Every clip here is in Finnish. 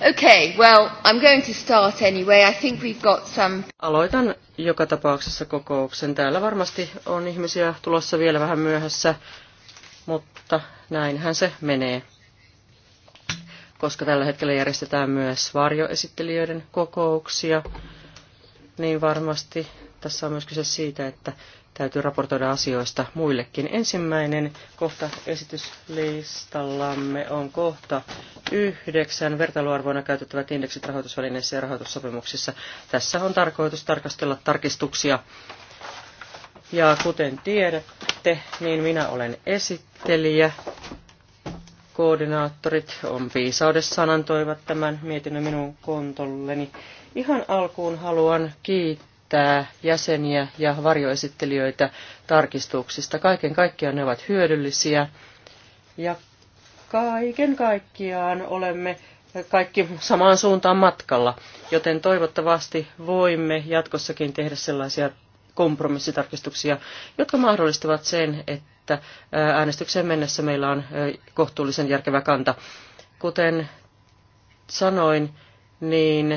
Okay, well, I'm going to start anyway. I think we've got some... Aloitan joka tapauksessa kokouksen. Täällä varmasti on ihmisiä tulossa vielä vähän myöhässä, mutta näinhän se menee. Koska tällä hetkellä järjestetään myös varjoesittelijöiden kokouksia, niin varmasti tässä on myös kyse siitä, että täytyy raportoida asioista muillekin. Ensimmäinen kohta esityslistallamme on kohta yhdeksän vertailuarvoina käytettävät indeksit rahoitusvälineissä ja rahoitussopimuksissa. Tässä on tarkoitus tarkastella tarkistuksia. Ja kuten tiedätte, niin minä olen esittelijä. Koordinaattorit on viisaudessaan antoivat tämän mietinnön minun kontolleni. Ihan alkuun haluan kiittää kiittää jäseniä ja varjoesittelijöitä tarkistuksista. Kaiken kaikkiaan ne ovat hyödyllisiä. Ja kaiken kaikkiaan olemme kaikki samaan suuntaan matkalla, joten toivottavasti voimme jatkossakin tehdä sellaisia kompromissitarkistuksia, jotka mahdollistavat sen, että äänestykseen mennessä meillä on kohtuullisen järkevä kanta. Kuten sanoin, niin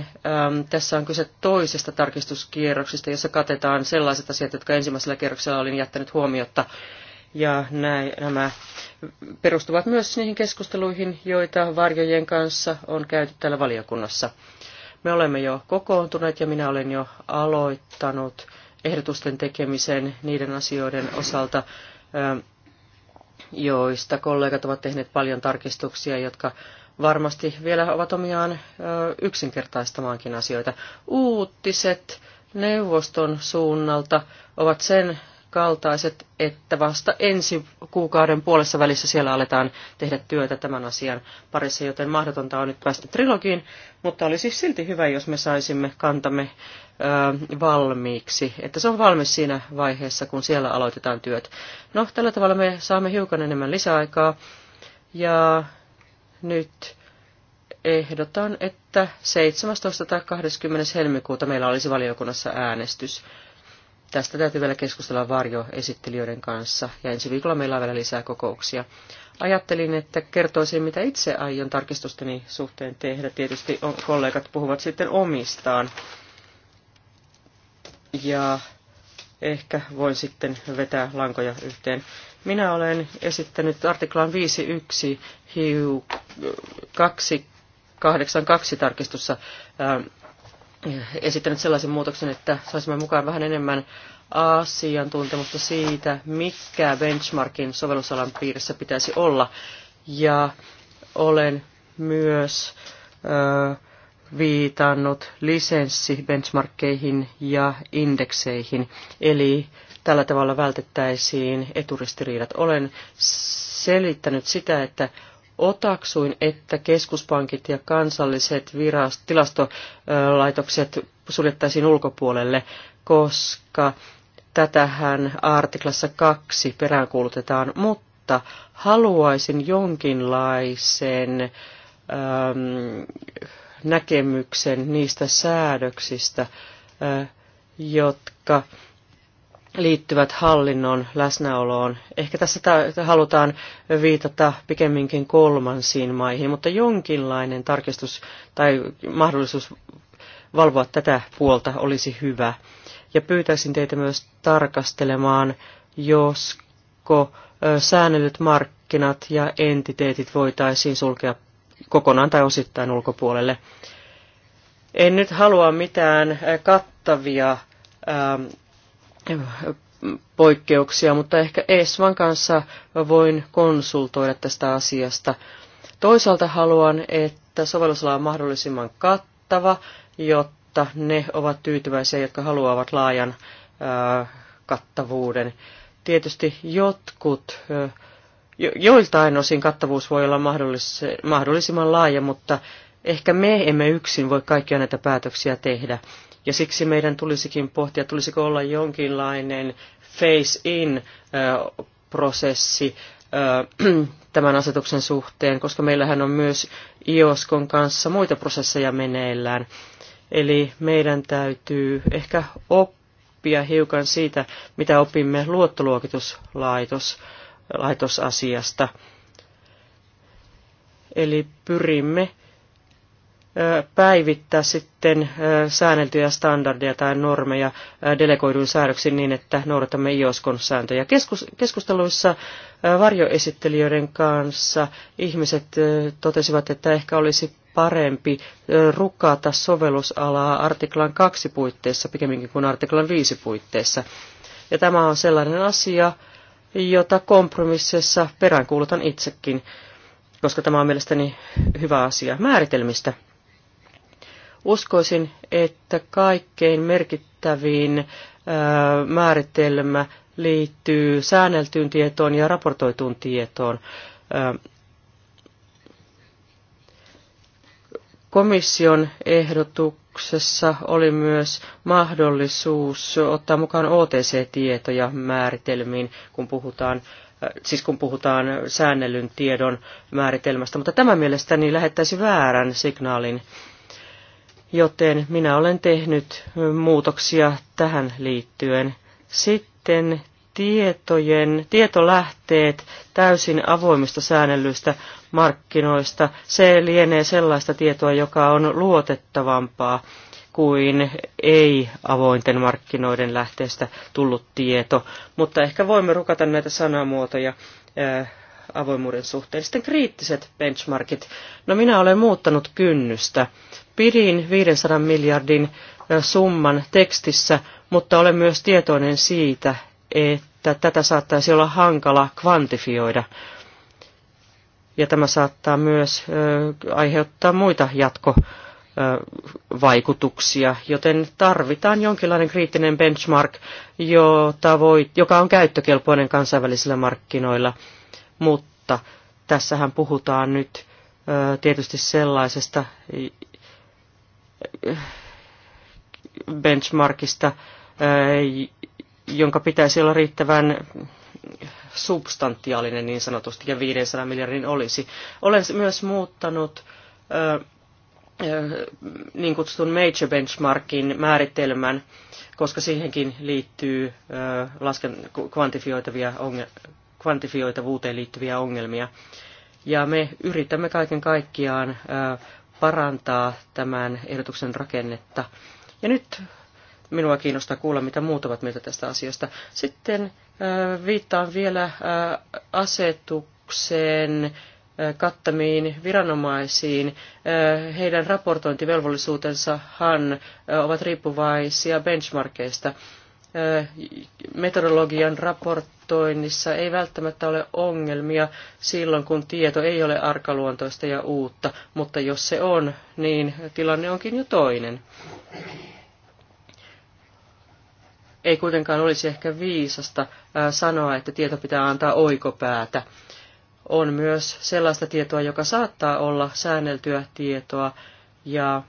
äm, tässä on kyse toisesta tarkistuskierroksesta, jossa katetaan sellaiset asiat, jotka ensimmäisellä kierroksella olin jättänyt huomiotta. Ja näin, nämä perustuvat myös niihin keskusteluihin, joita varjojen kanssa on käyty täällä valiokunnassa. Me olemme jo kokoontuneet ja minä olen jo aloittanut ehdotusten tekemisen niiden asioiden osalta, ähm, joista kollegat ovat tehneet paljon tarkistuksia, jotka varmasti vielä ovat omiaan yksinkertaistamaankin asioita. Uutiset neuvoston suunnalta ovat sen kaltaiset, että vasta ensi kuukauden puolessa välissä siellä aletaan tehdä työtä tämän asian parissa, joten mahdotonta on nyt päästä trilogiin, mutta olisi siis silti hyvä, jos me saisimme kantamme ö, valmiiksi, että se on valmis siinä vaiheessa, kun siellä aloitetaan työt. No, tällä tavalla me saamme hiukan enemmän lisäaikaa, ja nyt ehdotan, että 17. tai 20. helmikuuta meillä olisi valiokunnassa äänestys. Tästä täytyy vielä keskustella varjoesittelijöiden kanssa ja ensi viikolla meillä on vielä lisää kokouksia. Ajattelin, että kertoisin, mitä itse aion tarkistusteni suhteen tehdä. Tietysti kollegat puhuvat sitten omistaan. Ja ehkä voin sitten vetää lankoja yhteen. Minä olen esittänyt artiklaan 5.1 hiu 2. 82 tarkistussa esittänyt sellaisen muutoksen, että saisimme mukaan vähän enemmän asiantuntemusta siitä, mikä benchmarkin sovellusalan piirissä pitäisi olla. Ja olen myös viitannut lisenssibenchmarkkeihin ja indekseihin, eli tällä tavalla vältettäisiin eturistiriidat. Olen selittänyt sitä, että otaksuin, että keskuspankit ja kansalliset virast, tilastolaitokset suljettaisiin ulkopuolelle, koska tätähän artiklassa kaksi peräänkuulutetaan, mutta haluaisin jonkinlaisen ähm, näkemyksen niistä säädöksistä, äh, jotka äh, liittyvät hallinnon läsnäoloon. Ehkä tässä halutaan viitata pikemminkin kolmansiin maihin, mutta jonkinlainen tarkistus tai mahdollisuus valvoa tätä puolta olisi hyvä. Ja pyytäisin teitä myös tarkastelemaan, josko säännellyt markkinat ja entiteetit voitaisiin sulkea kokonaan tai osittain ulkopuolelle. En nyt halua mitään kattavia poikkeuksia, mutta ehkä Esvan kanssa voin konsultoida tästä asiasta. Toisaalta haluan, että sovellusala on mahdollisimman kattava, jotta ne ovat tyytyväisiä, jotka haluavat laajan ää, äh, kattavuuden. Tietysti jotkut, äh, jo, joiltain osin kattavuus voi olla mahdollisimman laaja, mutta ehkä me emme yksin voi kaikkia näitä päätöksiä tehdä. Ja siksi meidän tulisikin pohtia, tulisiko olla jonkinlainen face-in-prosessi tämän asetuksen suhteen, koska meillähän on myös IOSKon kanssa muita prosesseja meneillään. Eli meidän täytyy ehkä oppia hiukan siitä, mitä opimme luottoluokituslaitosasiasta. Eli pyrimme päivittää sitten säänneltyjä standardeja tai normeja delegoiduin säädöksiin niin, että noudatamme IOSKon sääntöjä. Keskusteluissa varjoesittelijöiden kanssa ihmiset totesivat, että ehkä olisi parempi rukata sovellusalaa artiklan 2 puitteissa pikemminkin kuin artiklan 5 puitteissa. Ja tämä on sellainen asia, jota kompromississa peräänkuulutan itsekin, koska tämä on mielestäni hyvä asia. Määritelmistä Uskoisin, että kaikkein merkittävin määritelmä liittyy säänneltyyn tietoon ja raportoituun tietoon. Komission ehdotuksessa oli myös mahdollisuus ottaa mukaan OTC-tietoja määritelmiin, kun puhutaan siis kun puhutaan säännellyn tiedon määritelmästä, mutta tämä mielestäni lähettäisi väärän signaalin joten minä olen tehnyt muutoksia tähän liittyen. Sitten tietojen, tietolähteet täysin avoimista säännellyistä markkinoista. Se lienee sellaista tietoa, joka on luotettavampaa kuin ei-avointen markkinoiden lähteestä tullut tieto. Mutta ehkä voimme rukata näitä sanamuotoja äh, avoimuuden suhteen. Sitten kriittiset benchmarkit. No minä olen muuttanut kynnystä. Pidin 500 miljardin summan tekstissä, mutta olen myös tietoinen siitä, että tätä saattaisi olla hankala kvantifioida. Ja tämä saattaa myös aiheuttaa muita jatkovaikutuksia, joten tarvitaan jonkinlainen kriittinen benchmark, jota voi, joka on käyttökelpoinen kansainvälisillä markkinoilla – mutta tässähän puhutaan nyt tietysti sellaisesta benchmarkista, jonka pitäisi olla riittävän substantiaalinen niin sanotusti, ja 500 miljardin olisi. Olen myös muuttanut niin kutsutun major benchmarkin määritelmän, koska siihenkin liittyy lasken kvantifioitavia kvantifioitavuuteen liittyviä ongelmia. Ja me yritämme kaiken kaikkiaan parantaa tämän ehdotuksen rakennetta. Ja nyt minua kiinnostaa kuulla, mitä muut ovat mieltä tästä asiasta. Sitten viittaan vielä asetukseen kattamiin viranomaisiin. Heidän raportointivelvollisuutensahan ovat riippuvaisia benchmarkeista metodologian raportoinnissa ei välttämättä ole ongelmia silloin, kun tieto ei ole arkaluontoista ja uutta, mutta jos se on, niin tilanne onkin jo toinen. Ei kuitenkaan olisi ehkä viisasta sanoa, että tieto pitää antaa oikopäätä. On myös sellaista tietoa, joka saattaa olla säänneltyä tietoa ja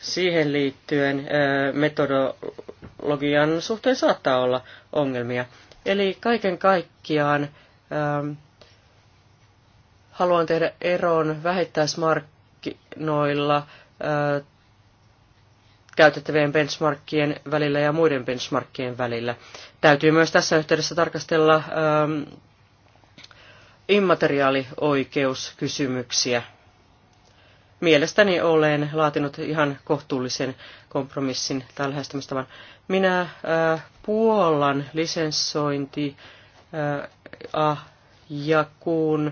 siihen liittyen metodologian suhteen saattaa olla ongelmia. Eli kaiken kaikkiaan haluan tehdä eron vähittäismarkkinoilla käytettävien benchmarkkien välillä ja muiden benchmarkkien välillä. Täytyy myös tässä yhteydessä tarkastella immateriaalioikeuskysymyksiä mielestäni olen laatinut ihan kohtuullisen kompromissin tai lähestymistavan. Minä äh, puolan lisenssointi äh, ah, ja kun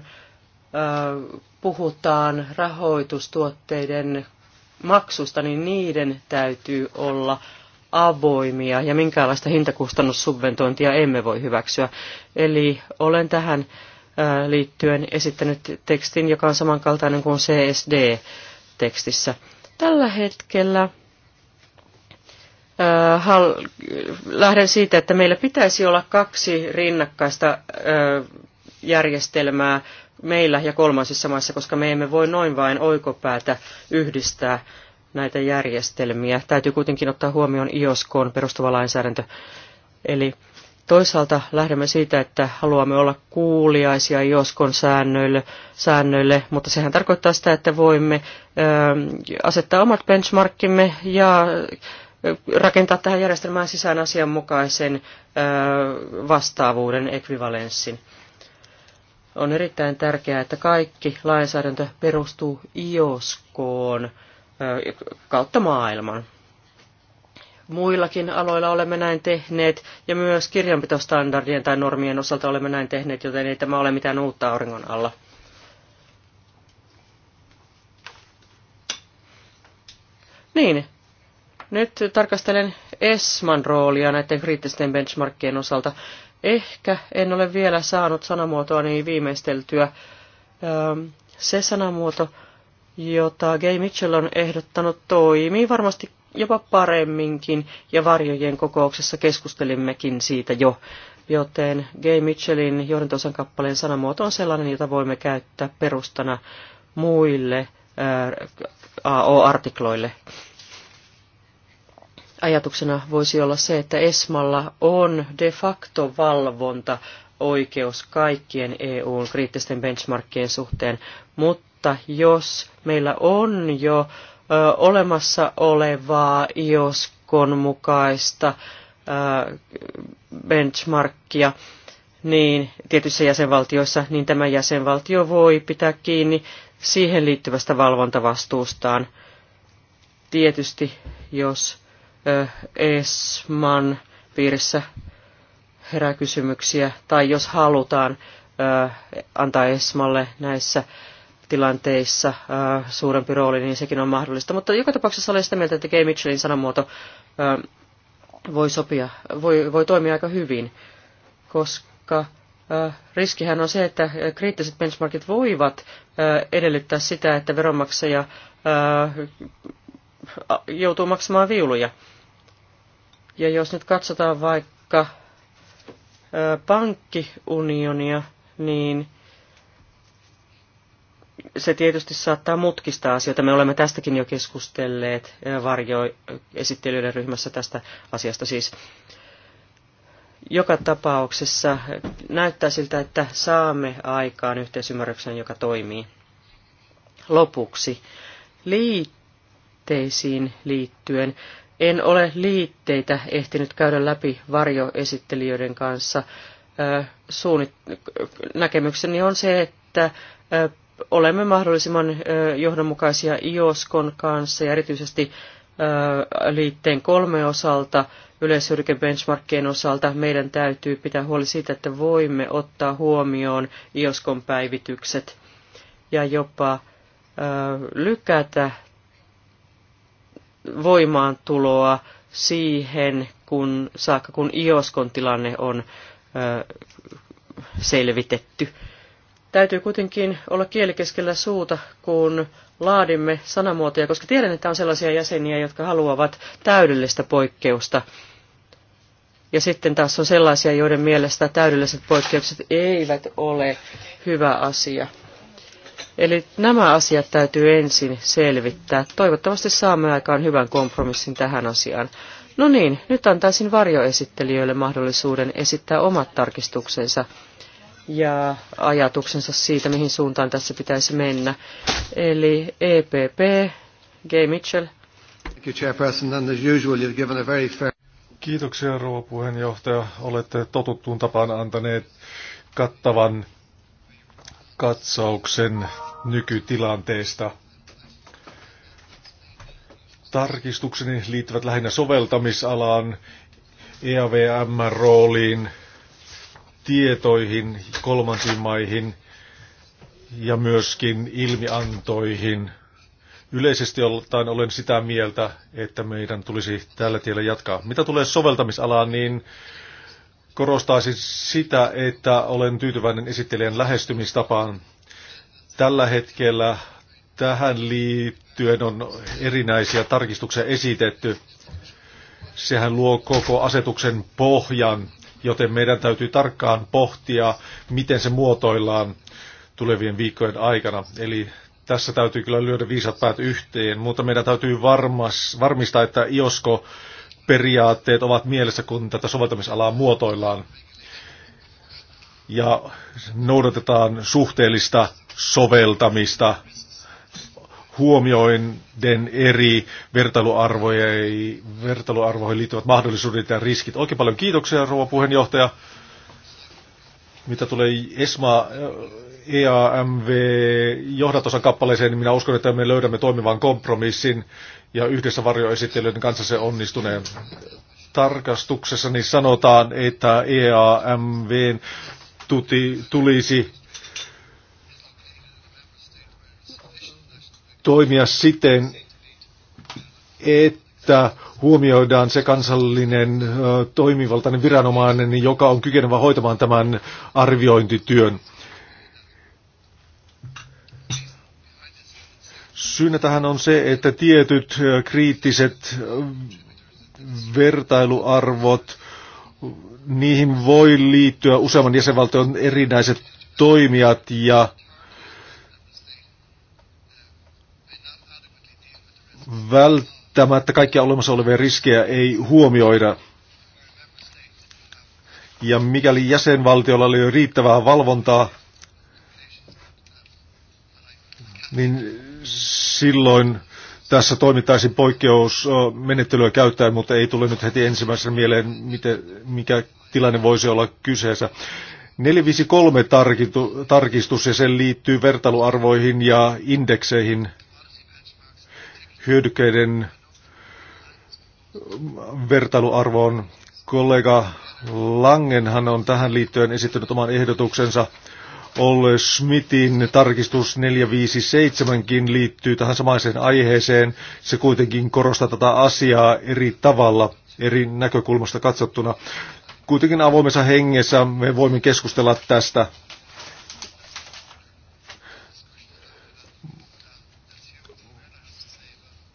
äh, puhutaan rahoitustuotteiden maksusta, niin niiden täytyy olla avoimia ja minkäänlaista hintakustannussubventointia emme voi hyväksyä. Eli olen tähän äh, liittyen esittänyt tekstin, joka on samankaltainen kuin CSD-tekstissä. Tällä hetkellä lähden siitä, että meillä pitäisi olla kaksi rinnakkaista järjestelmää meillä ja kolmansissa maissa, koska me emme voi noin vain oikopäätä yhdistää näitä järjestelmiä. Täytyy kuitenkin ottaa huomioon IOSKOon perustuva lainsäädäntö. Eli Toisaalta lähdemme siitä, että haluamme olla kuuliaisia joskon säännöille, säännöille mutta sehän tarkoittaa sitä, että voimme ö, ähm, asettaa omat benchmarkkimme ja äh, rakentaa tähän järjestelmään sisään asianmukaisen ö, äh, vastaavuuden, ekvivalenssin. On erittäin tärkeää, että kaikki lainsäädäntö perustuu IOSKOon äh, kautta maailman. Muillakin aloilla olemme näin tehneet ja myös kirjanpitostandardien tai normien osalta olemme näin tehneet, joten ei tämä ole mitään uutta auringon alla. Niin, nyt tarkastelen ESMAn roolia näiden kriittisten benchmarkkien osalta. Ehkä en ole vielä saanut sanamuotoa niin viimeisteltyä. Se sanamuoto, jota Gay Mitchell on ehdottanut, toimii varmasti jopa paremminkin, ja varjojen kokouksessa keskustelimmekin siitä jo. Joten Gay Mitchellin johdantosan kappaleen sanamuoto on sellainen, jota voimme käyttää perustana muille AO-artikloille. Ajatuksena voisi olla se, että ESMalla on de facto valvonta oikeus kaikkien EUn kriittisten benchmarkkien suhteen, mutta jos meillä on jo olemassa olevaa IOSKon mukaista benchmarkia, niin tietyissä jäsenvaltioissa, niin tämä jäsenvaltio voi pitää kiinni siihen liittyvästä valvontavastuustaan. Tietysti jos ö, ESMAN piirissä herää kysymyksiä, tai jos halutaan ö, antaa ESMAlle näissä tilanteissa äh, suurempi rooli, niin sekin on mahdollista. Mutta joka tapauksessa olen sitä mieltä, että Gay Mitchellin sanamuoto äh, voi sopia, voi, voi toimia aika hyvin, koska äh, riskihän on se, että kriittiset benchmarkit voivat edellyttää sitä, että veronmaksaja joutuu maksamaan viuluja. Ja jos nyt katsotaan vaikka pankkiunionia, niin se tietysti saattaa mutkistaa asioita. Me olemme tästäkin jo keskustelleet varjoesittelyiden ryhmässä tästä asiasta siis. Joka tapauksessa näyttää siltä, että saamme aikaan yhteisymmärryksen, joka toimii. Lopuksi liitteisiin liittyen. En ole liitteitä ehtinyt käydä läpi varjoesittelijöiden kanssa. Suunnit- näkemykseni on se, että olemme mahdollisimman johdonmukaisia IOSKon kanssa ja erityisesti liitteen kolme osalta, yleishyödykebenchmarkkien osalta meidän täytyy pitää huoli siitä, että voimme ottaa huomioon IOSKon päivitykset ja jopa lykätä voimaantuloa siihen, kun, saakka kun IOSKon tilanne on selvitetty. Täytyy kuitenkin olla kieli keskellä suuta, kun laadimme sanamuotoja, koska tiedän, että on sellaisia jäseniä, jotka haluavat täydellistä poikkeusta. Ja sitten taas on sellaisia, joiden mielestä täydelliset poikkeukset eivät ole hyvä asia. Eli nämä asiat täytyy ensin selvittää. Toivottavasti saamme aikaan hyvän kompromissin tähän asiaan. No niin, nyt antaisin varjoesittelijöille mahdollisuuden esittää omat tarkistuksensa ja ajatuksensa siitä, mihin suuntaan tässä pitäisi mennä. Eli EPP, Gay Mitchell. Kiitoksia, rouva puheenjohtaja. Olette totuttuun tapaan antaneet kattavan katsauksen nykytilanteesta. Tarkistukseni liittyvät lähinnä soveltamisalaan, EAVM-rooliin, tietoihin kolmansiin maihin ja myöskin ilmiantoihin. Yleisesti ottaen olen sitä mieltä, että meidän tulisi tällä tiellä jatkaa. Mitä tulee soveltamisalaan, niin korostaisin sitä, että olen tyytyväinen esittelijän lähestymistapaan. Tällä hetkellä tähän liittyen on erinäisiä tarkistuksia esitetty. Sehän luo koko asetuksen pohjan joten meidän täytyy tarkkaan pohtia, miten se muotoillaan tulevien viikkojen aikana. Eli tässä täytyy kyllä lyödä viisat päät yhteen, mutta meidän täytyy varmas, varmistaa, että IOSKO periaatteet ovat mielessä, kun tätä soveltamisalaa muotoillaan. Ja noudatetaan suhteellista soveltamista huomioiden eri vertailuarvoihin liittyvät mahdollisuudet ja riskit. Oikein paljon kiitoksia, rouva puheenjohtaja. Mitä tulee ESMA, äh, EAMV johdatosan kappaleeseen, niin minä uskon, että me löydämme toimivan kompromissin ja yhdessä varjoesittelyiden kanssa se onnistuneen tarkastuksessa, niin sanotaan, että EAMVn tuti, tulisi toimia siten, että huomioidaan se kansallinen toimivaltainen viranomainen, joka on kykenevä hoitamaan tämän arviointityön. Syynä tähän on se, että tietyt kriittiset vertailuarvot, niihin voi liittyä useamman jäsenvaltion erinäiset toimijat ja välttämättä kaikkia olemassa olevia riskejä ei huomioida. Ja mikäli jäsenvaltiolla oli riittävää valvontaa, niin silloin tässä toimittaisiin poikkeusmenettelyä käyttäen, mutta ei tule nyt heti ensimmäisenä mieleen, miten, mikä tilanne voisi olla kyseessä. 453 tarkistus ja sen liittyy vertailuarvoihin ja indekseihin – hyödykkeiden vertailuarvoon. Kollega Langenhan on tähän liittyen esittänyt oman ehdotuksensa. Olle Smithin tarkistus 457kin liittyy tähän samaiseen aiheeseen. Se kuitenkin korostaa tätä asiaa eri tavalla, eri näkökulmasta katsottuna. Kuitenkin avoimessa hengessä me voimme keskustella tästä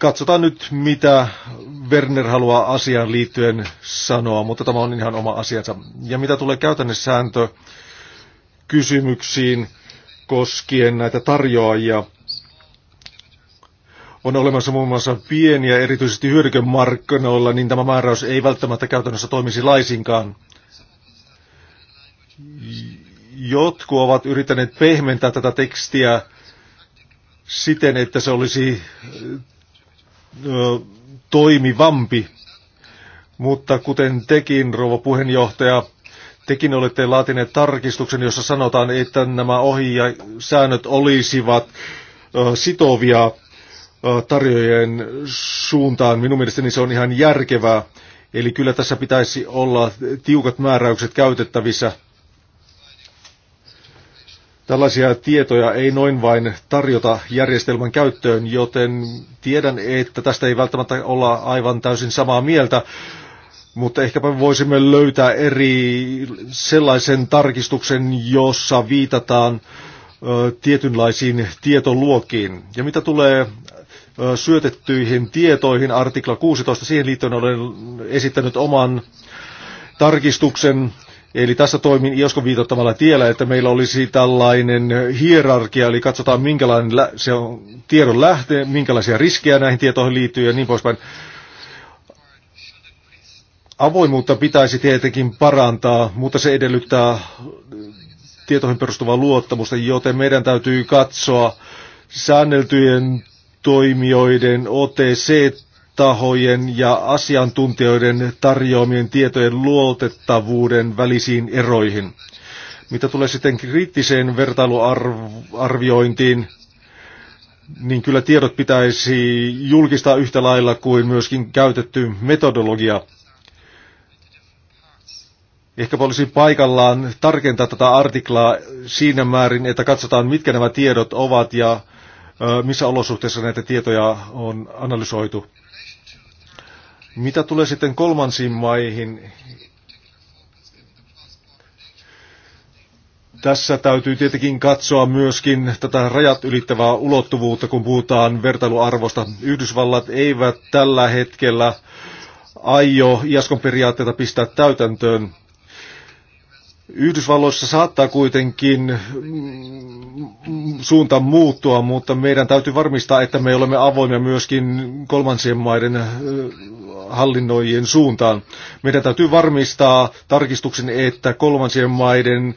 Katsotaan nyt, mitä Werner haluaa asiaan liittyen sanoa, mutta tämä on ihan oma asiansa. Ja mitä tulee käytännössääntö kysymyksiin koskien näitä tarjoajia, on olemassa muun muassa pieniä, erityisesti hyödykemarkkinoilla, niin tämä määräys ei välttämättä käytännössä toimisi laisinkaan. Jotkut ovat yrittäneet pehmentää tätä tekstiä siten, että se olisi toimivampi. Mutta kuten tekin, rouva puheenjohtaja, tekin olette laatineet tarkistuksen, jossa sanotaan, että nämä ohjausäännöt olisivat sitovia tarjoajien suuntaan. Minun mielestäni se on ihan järkevää. Eli kyllä tässä pitäisi olla tiukat määräykset käytettävissä Tällaisia tietoja ei noin vain tarjota järjestelmän käyttöön, joten tiedän, että tästä ei välttämättä olla aivan täysin samaa mieltä, mutta ehkäpä voisimme löytää eri sellaisen tarkistuksen, jossa viitataan ö, tietynlaisiin tietoluokkiin. Ja mitä tulee ö, syötettyihin tietoihin, artikla 16, siihen liittyen olen esittänyt oman tarkistuksen Eli tässä toimin iosko viitottamalla tiellä, että meillä olisi tällainen hierarkia, eli katsotaan minkälainen lä- se on tiedon lähte, minkälaisia riskejä näihin tietoihin liittyy ja niin poispäin. Avoimuutta pitäisi tietenkin parantaa, mutta se edellyttää tietoihin perustuvaa luottamusta, joten meidän täytyy katsoa säänneltyjen toimijoiden OTC tahojen ja asiantuntijoiden tarjoamien tietojen luotettavuuden välisiin eroihin. Mitä tulee sitten kriittiseen vertailuarviointiin, niin kyllä tiedot pitäisi julkistaa yhtä lailla kuin myöskin käytetty metodologia. Ehkä olisi paikallaan tarkentaa tätä artiklaa siinä määrin, että katsotaan, mitkä nämä tiedot ovat ja missä olosuhteissa näitä tietoja on analysoitu. Mitä tulee sitten kolmansiin maihin? Tässä täytyy tietenkin katsoa myöskin tätä rajat ylittävää ulottuvuutta, kun puhutaan vertailuarvosta. Yhdysvallat eivät tällä hetkellä aio Iaskon periaatteita pistää täytäntöön. Yhdysvalloissa saattaa kuitenkin mm, suunta muuttua, mutta meidän täytyy varmistaa, että me olemme avoimia myöskin kolmansien maiden hallinnoijien suuntaan. Meidän täytyy varmistaa tarkistuksen, että kolmansien maiden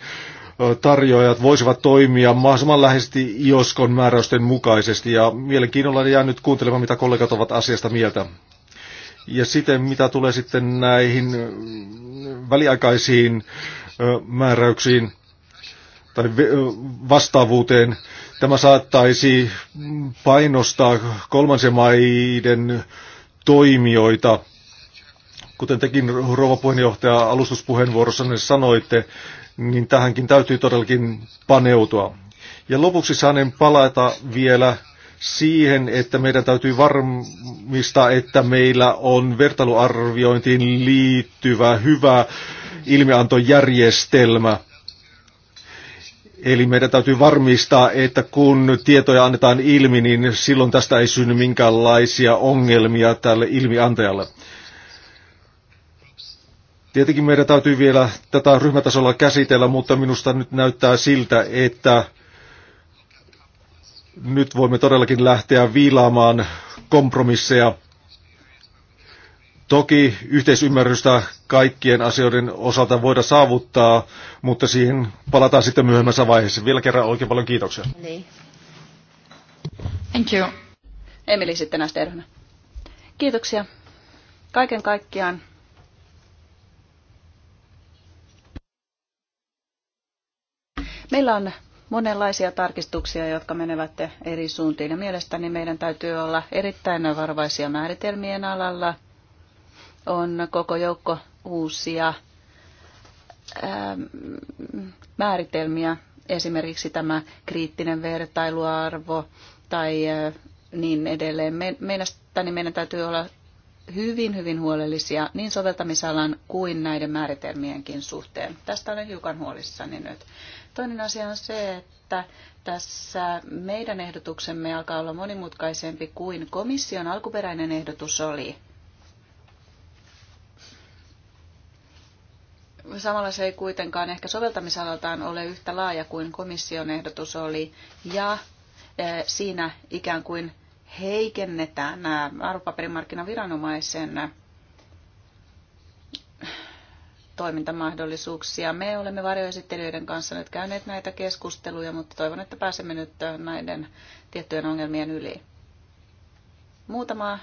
tarjoajat voisivat toimia mahdollisimman läheisesti Ioskon määräysten mukaisesti. Ja mielenkiinnolla jään nyt kuuntelemaan, mitä kollegat ovat asiasta mieltä. Ja sitten mitä tulee sitten näihin mm, väliaikaisiin äh, määräyksiin tai vastaavuuteen. Tämä saattaisi painostaa kolmansien maiden toimijoita. Kuten tekin rouva puheenjohtaja alustuspuheenvuorossanne sanoitte, niin tähänkin täytyy todellakin paneutua. Ja lopuksi saanen palata vielä siihen, että meidän täytyy varmistaa, että meillä on vertailuarviointiin liittyvä hyvä ilmiantojärjestelmä. Eli meidän täytyy varmistaa, että kun tietoja annetaan ilmi, niin silloin tästä ei synny minkäänlaisia ongelmia tälle ilmiantajalle. Tietenkin meidän täytyy vielä tätä ryhmätasolla käsitellä, mutta minusta nyt näyttää siltä, että nyt voimme todellakin lähteä viilaamaan kompromisseja Toki yhteisymmärrystä kaikkien asioiden osalta voida saavuttaa, mutta siihen palataan sitten myöhemmässä vaiheessa. Vielä kerran oikein paljon kiitoksia. Niin. Thank you. Emily sitten näistä ryhmä Kiitoksia. Kaiken kaikkiaan Meillä on monenlaisia tarkistuksia, jotka menevät eri suuntiin ja mielestäni meidän täytyy olla erittäin varovaisia määritelmien alalla on koko joukko uusia ähm, määritelmiä, esimerkiksi tämä kriittinen vertailuarvo tai äh, niin edelleen. Meidän, meidän täytyy olla hyvin, hyvin huolellisia niin soveltamisalan kuin näiden määritelmienkin suhteen. Tästä olen hiukan huolissani nyt. Toinen asia on se, että tässä meidän ehdotuksemme alkaa olla monimutkaisempi kuin komission alkuperäinen ehdotus oli. Samalla se ei kuitenkaan ehkä soveltamisalaltaan ole yhtä laaja kuin komission ehdotus oli, ja e, siinä ikään kuin heikennetään nämä arvopaperimarkkinaviranomaisen e, toimintamahdollisuuksia. Me olemme varjoesittelijöiden kanssa nyt käyneet näitä keskusteluja, mutta toivon, että pääsemme nyt e, näiden tiettyjen ongelmien yli. Muutama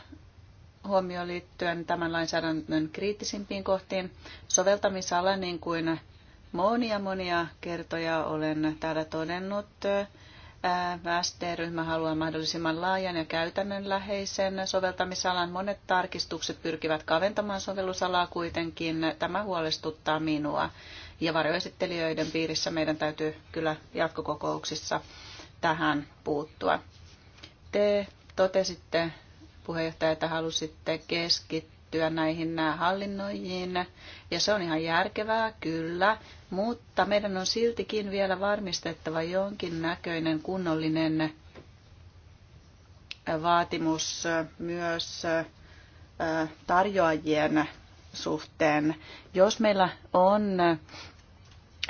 huomio liittyen tämän lainsäädännön kriittisimpiin kohtiin. Soveltamisala, niin kuin monia monia kertoja olen täällä todennut, ST-ryhmä haluaa mahdollisimman laajan ja käytännönläheisen soveltamisalan. Monet tarkistukset pyrkivät kaventamaan sovellusalaa kuitenkin. Tämä huolestuttaa minua. Ja varjoesittelijöiden piirissä meidän täytyy kyllä jatkokokouksissa tähän puuttua. Te totesitte puheenjohtaja, että halusitte keskittyä näihin hallinnoijiin. Ja se on ihan järkevää, kyllä. Mutta meidän on siltikin vielä varmistettava jonkin näköinen kunnollinen vaatimus myös tarjoajien suhteen. Jos meillä on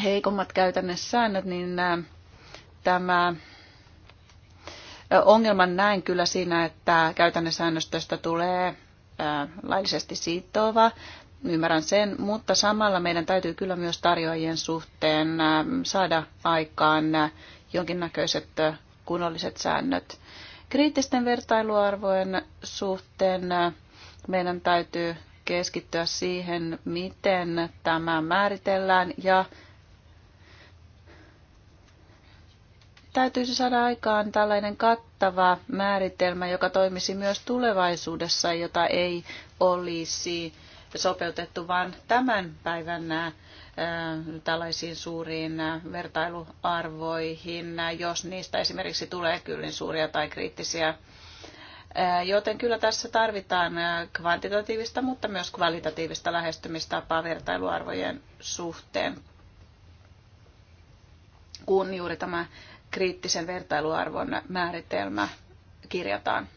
heikommat käytännössäännöt, niin tämä Ongelman näen kyllä siinä, että käytännön säännöstöstä tulee laillisesti siittoava. Ymmärrän sen, mutta samalla meidän täytyy kyllä myös tarjoajien suhteen saada aikaan jonkinnäköiset kunnolliset säännöt. Kriittisten vertailuarvojen suhteen meidän täytyy keskittyä siihen, miten tämä määritellään ja täytyisi saada aikaan tällainen kattava määritelmä, joka toimisi myös tulevaisuudessa, jota ei olisi sopeutettu vain tämän päivän nämä tällaisiin suuriin vertailuarvoihin, jos niistä esimerkiksi tulee kyllin suuria tai kriittisiä. Joten kyllä tässä tarvitaan kvantitatiivista, mutta myös kvalitatiivista lähestymistapaa vertailuarvojen suhteen, kun juuri tämä kriittisen vertailuarvon määritelmä kirjataan.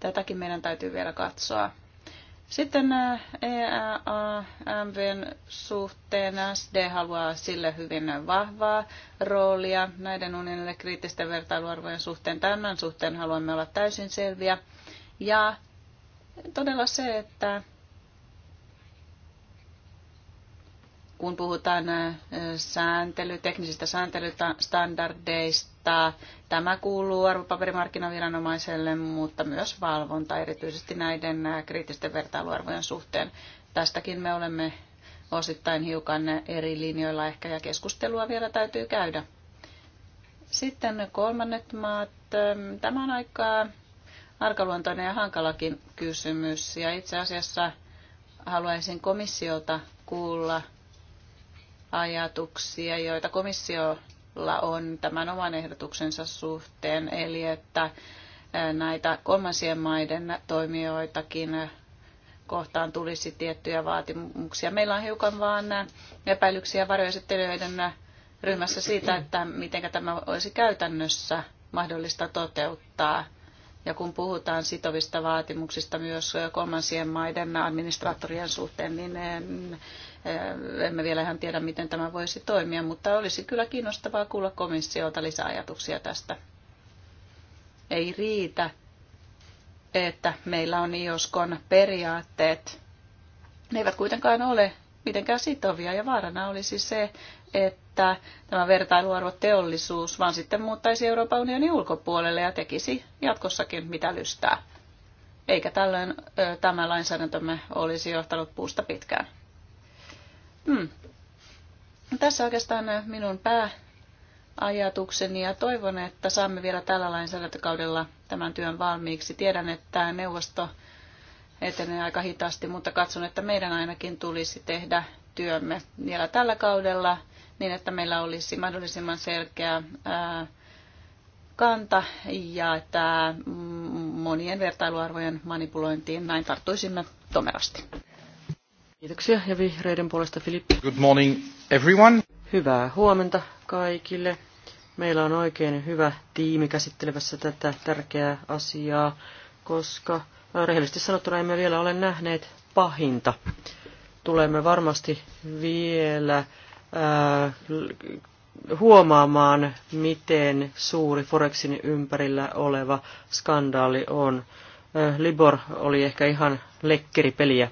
Tätäkin meidän täytyy vielä katsoa. Sitten äh, EAMVn suhteen SD haluaa sille hyvin vahvaa roolia näiden unionille kriittisten vertailuarvojen suhteen. Tämän suhteen haluamme olla täysin selviä. Ja todella se, että kun puhutaan sääntely, teknisistä sääntelystandardeista, tämä kuuluu arvopaperimarkkinaviranomaiselle, mutta myös valvonta, erityisesti näiden kriittisten vertailuarvojen suhteen. Tästäkin me olemme osittain hiukan eri linjoilla ehkä, ja keskustelua vielä täytyy käydä. Sitten kolmannet maat. Tämä on aika arkaluontoinen ja hankalakin kysymys, ja itse asiassa haluaisin komissiolta kuulla – ajatuksia, joita komissiolla on tämän oman ehdotuksensa suhteen, eli että näitä kolmansien maiden toimijoitakin kohtaan tulisi tiettyjä vaatimuksia. Meillä on hiukan vaan epäilyksiä varjoesittelijöiden ryhmässä siitä, että miten tämä olisi käytännössä mahdollista toteuttaa. Ja kun puhutaan sitovista vaatimuksista myös kolmansien maiden administraattorien suhteen, niin en, eh, emme vielä ihan tiedä, miten tämä voisi toimia, mutta olisi kyllä kiinnostavaa kuulla komissiolta lisäajatuksia tästä. Ei riitä, että meillä on IOSKon periaatteet. Ne eivät kuitenkaan ole mitenkään sitovia ja vaarana olisi se, että tämä vertailuarvo teollisuus vaan sitten muuttaisi Euroopan unionin ulkopuolelle ja tekisi jatkossakin mitä lystää. Eikä tällöin ö, tämä lainsäädäntömme olisi johtanut puusta pitkään. Hmm. Tässä oikeastaan minun pääajatukseni ja toivon, että saamme vielä tällä lainsäädäntökaudella tämän työn valmiiksi. Tiedän, että neuvosto etenee aika hitaasti, mutta katson, että meidän ainakin tulisi tehdä työmme vielä tällä kaudella niin että meillä olisi mahdollisimman selkeä kanta ja että monien vertailuarvojen manipulointiin näin tarttuisimme tomerasti. Kiitoksia ja vihreiden puolesta Filippi. Good morning everyone. Hyvää huomenta kaikille. Meillä on oikein hyvä tiimi käsittelevässä tätä tärkeää asiaa, koska rehellisesti sanottuna emme vielä ole nähneet pahinta. Tulemme varmasti vielä Äh, huomaamaan, miten suuri Forexin ympärillä oleva skandaali on. Äh, Libor oli ehkä ihan lekkeripeliä.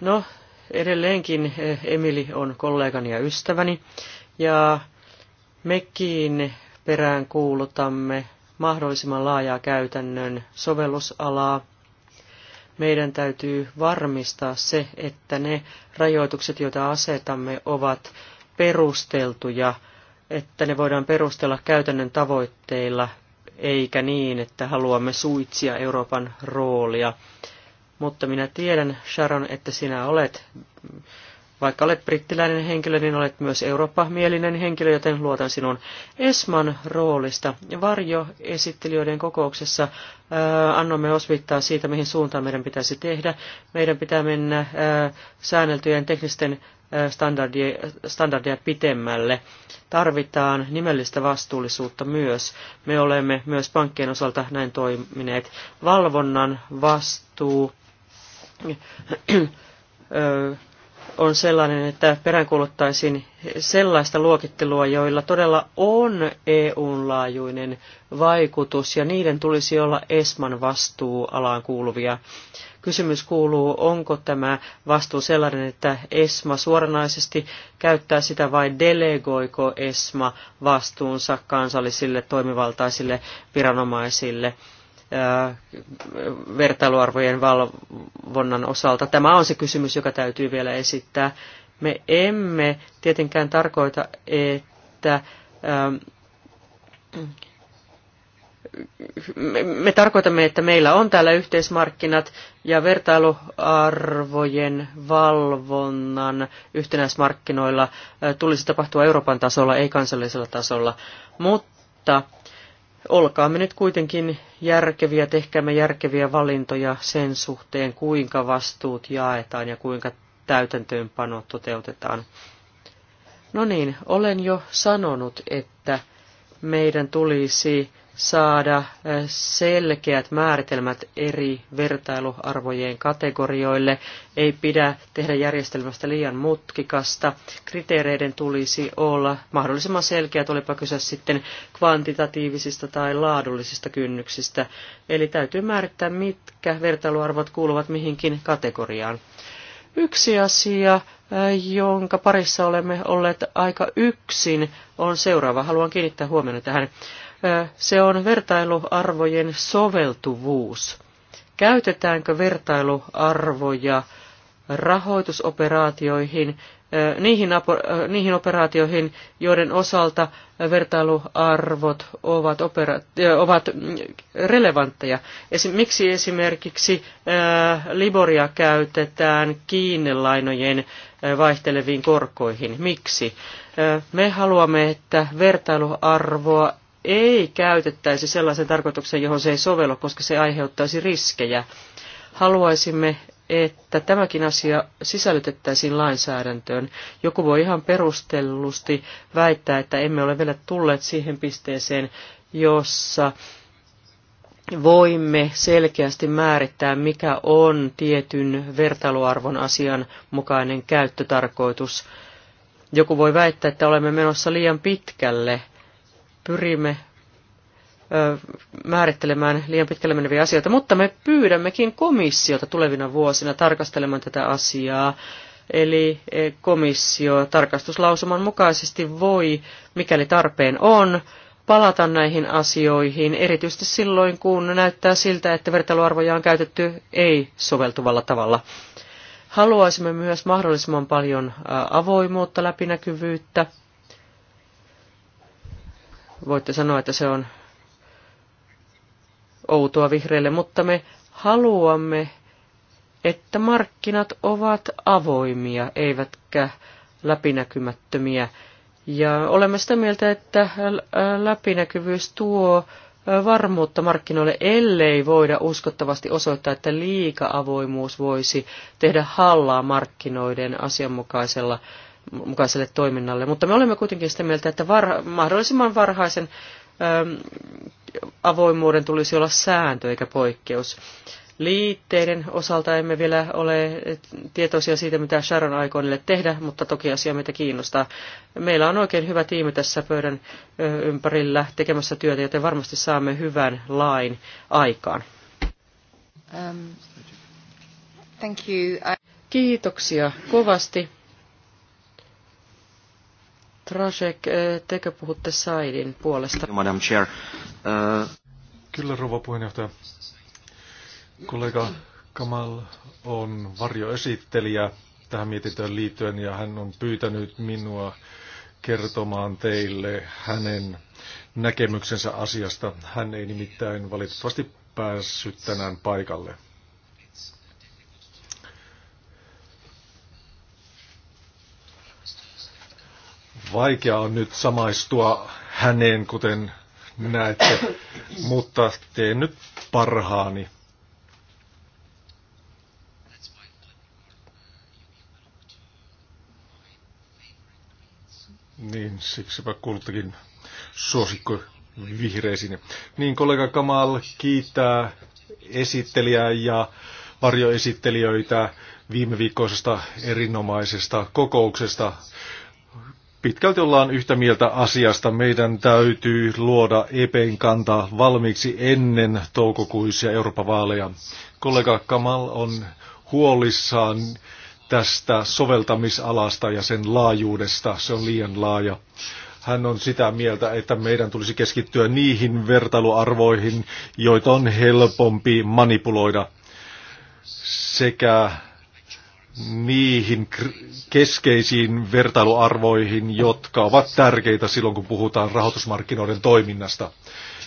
No, edelleenkin äh, Emili on kollegani ja ystäväni, ja mekin perään kuulutamme mahdollisimman laajaa käytännön sovellusalaa meidän täytyy varmistaa se, että ne rajoitukset, joita asetamme, ovat perusteltuja, että ne voidaan perustella käytännön tavoitteilla, eikä niin, että haluamme suitsia Euroopan roolia. Mutta minä tiedän, Sharon, että sinä olet vaikka olet brittiläinen henkilö, niin olet myös Eurooppa-mielinen henkilö, joten luotan sinun Esman roolista. Varjo-esittelijöiden kokouksessa äh, annamme osvittaa siitä, mihin suuntaan meidän pitäisi tehdä. Meidän pitää mennä äh, säänneltyjen teknisten standardia, standardia pitemmälle. Tarvitaan nimellistä vastuullisuutta myös. Me olemme myös pankkien osalta näin toimineet. Valvonnan vastuu on sellainen, että peräänkuuluttaisin sellaista luokittelua, joilla todella on EUn laajuinen vaikutus ja niiden tulisi olla ESMAn vastuualaan kuuluvia. Kysymys kuuluu, onko tämä vastuu sellainen, että ESMA suoranaisesti käyttää sitä vai delegoiko ESMA vastuunsa kansallisille toimivaltaisille viranomaisille – vertailuarvojen valvonnan osalta. Tämä on se kysymys, joka täytyy vielä esittää. Me emme tietenkään tarkoita, että ähm, me tarkoitamme, että meillä on täällä yhteismarkkinat ja vertailuarvojen valvonnan yhtenäismarkkinoilla äh, tulisi tapahtua Euroopan tasolla, ei kansallisella tasolla. Mutta olkaamme nyt kuitenkin järkeviä, tehkäämme järkeviä valintoja sen suhteen, kuinka vastuut jaetaan ja kuinka täytäntöönpano toteutetaan. No niin, olen jo sanonut, että meidän tulisi saada eh, selkeät määritelmät eri vertailuarvojen kategorioille. Ei pidä tehdä järjestelmästä liian mutkikasta. Kriteereiden tulisi olla mahdollisimman selkeät, olipa kyse sitten kvantitatiivisista tai laadullisista kynnyksistä. Eli täytyy määrittää, mitkä vertailuarvot kuuluvat mihinkin kategoriaan. Yksi asia, eh, jonka parissa olemme olleet aika yksin, on seuraava. Haluan kiinnittää huomiota tähän se on vertailuarvojen soveltuvuus. Käytetäänkö vertailuarvoja rahoitusoperaatioihin, niihin, niihin operaatioihin, joiden osalta vertailuarvot ovat, opera, ovat mm, relevantteja. miksi esimerkiksi Liboria käytetään kiinnelainojen vaihteleviin korkoihin? Miksi? Me haluamme, että vertailuarvoa ei käytettäisi sellaisen tarkoituksen, johon se ei sovellu, koska se aiheuttaisi riskejä. Haluaisimme, että tämäkin asia sisällytettäisiin lainsäädäntöön. Joku voi ihan perustellusti väittää, että emme ole vielä tulleet siihen pisteeseen, jossa voimme selkeästi määrittää, mikä on tietyn vertailuarvon asian mukainen käyttötarkoitus. Joku voi väittää, että olemme menossa liian pitkälle pyrimme määrittelemään liian pitkälle meneviä asioita, mutta me pyydämmekin komissiota tulevina vuosina tarkastelemaan tätä asiaa. Eli e, komissio tarkastuslausuman mukaisesti voi, mikäli tarpeen on, palata näihin asioihin, erityisesti silloin, kun näyttää siltä, että vertailuarvoja on käytetty ei-soveltuvalla tavalla. Haluaisimme myös mahdollisimman paljon avoimuutta, läpinäkyvyyttä voitte sanoa, että se on outoa vihreille, mutta me haluamme, että markkinat ovat avoimia, eivätkä läpinäkymättömiä. Ja olemme sitä mieltä, että läpinäkyvyys tuo varmuutta markkinoille, ellei voida uskottavasti osoittaa, että liika-avoimuus voisi tehdä hallaa markkinoiden asianmukaisella mukaiselle toiminnalle. Mutta me olemme kuitenkin sitä mieltä, että varha, mahdollisimman varhaisen ähm, avoimuuden tulisi olla sääntö eikä poikkeus. Liitteiden osalta emme vielä ole tietoisia siitä, mitä Sharon aikoo niille tehdä, mutta toki asia meitä kiinnostaa. Meillä on oikein hyvä tiimi tässä pöydän ympärillä tekemässä työtä, joten varmasti saamme hyvän lain aikaan. Um, thank you. I... Kiitoksia kovasti. Trasek, eh, tekö puhutte Saidin puolesta? Madam Chair. Uh... Kyllä, rouva puheenjohtaja. Kollega Kamal on varjoesittelijä tähän mietintöön liittyen ja hän on pyytänyt minua kertomaan teille hänen näkemyksensä asiasta. Hän ei nimittäin valitettavasti päässyt tänään paikalle. Vaikea on nyt samaistua häneen, kuten näette, mutta teen nyt parhaani. Niin, siksipä kultakin suosikko vihreisiin. Niin, kollega Kamal kiittää esittelijää ja varjoesittelijöitä viime viikkoisesta erinomaisesta kokouksesta pitkälti ollaan yhtä mieltä asiasta. Meidän täytyy luoda EPn kanta valmiiksi ennen toukokuisia Euroopan vaaleja. Kollega Kamal on huolissaan tästä soveltamisalasta ja sen laajuudesta. Se on liian laaja. Hän on sitä mieltä, että meidän tulisi keskittyä niihin vertailuarvoihin, joita on helpompi manipuloida sekä niihin keskeisiin vertailuarvoihin, jotka ovat tärkeitä silloin, kun puhutaan rahoitusmarkkinoiden toiminnasta.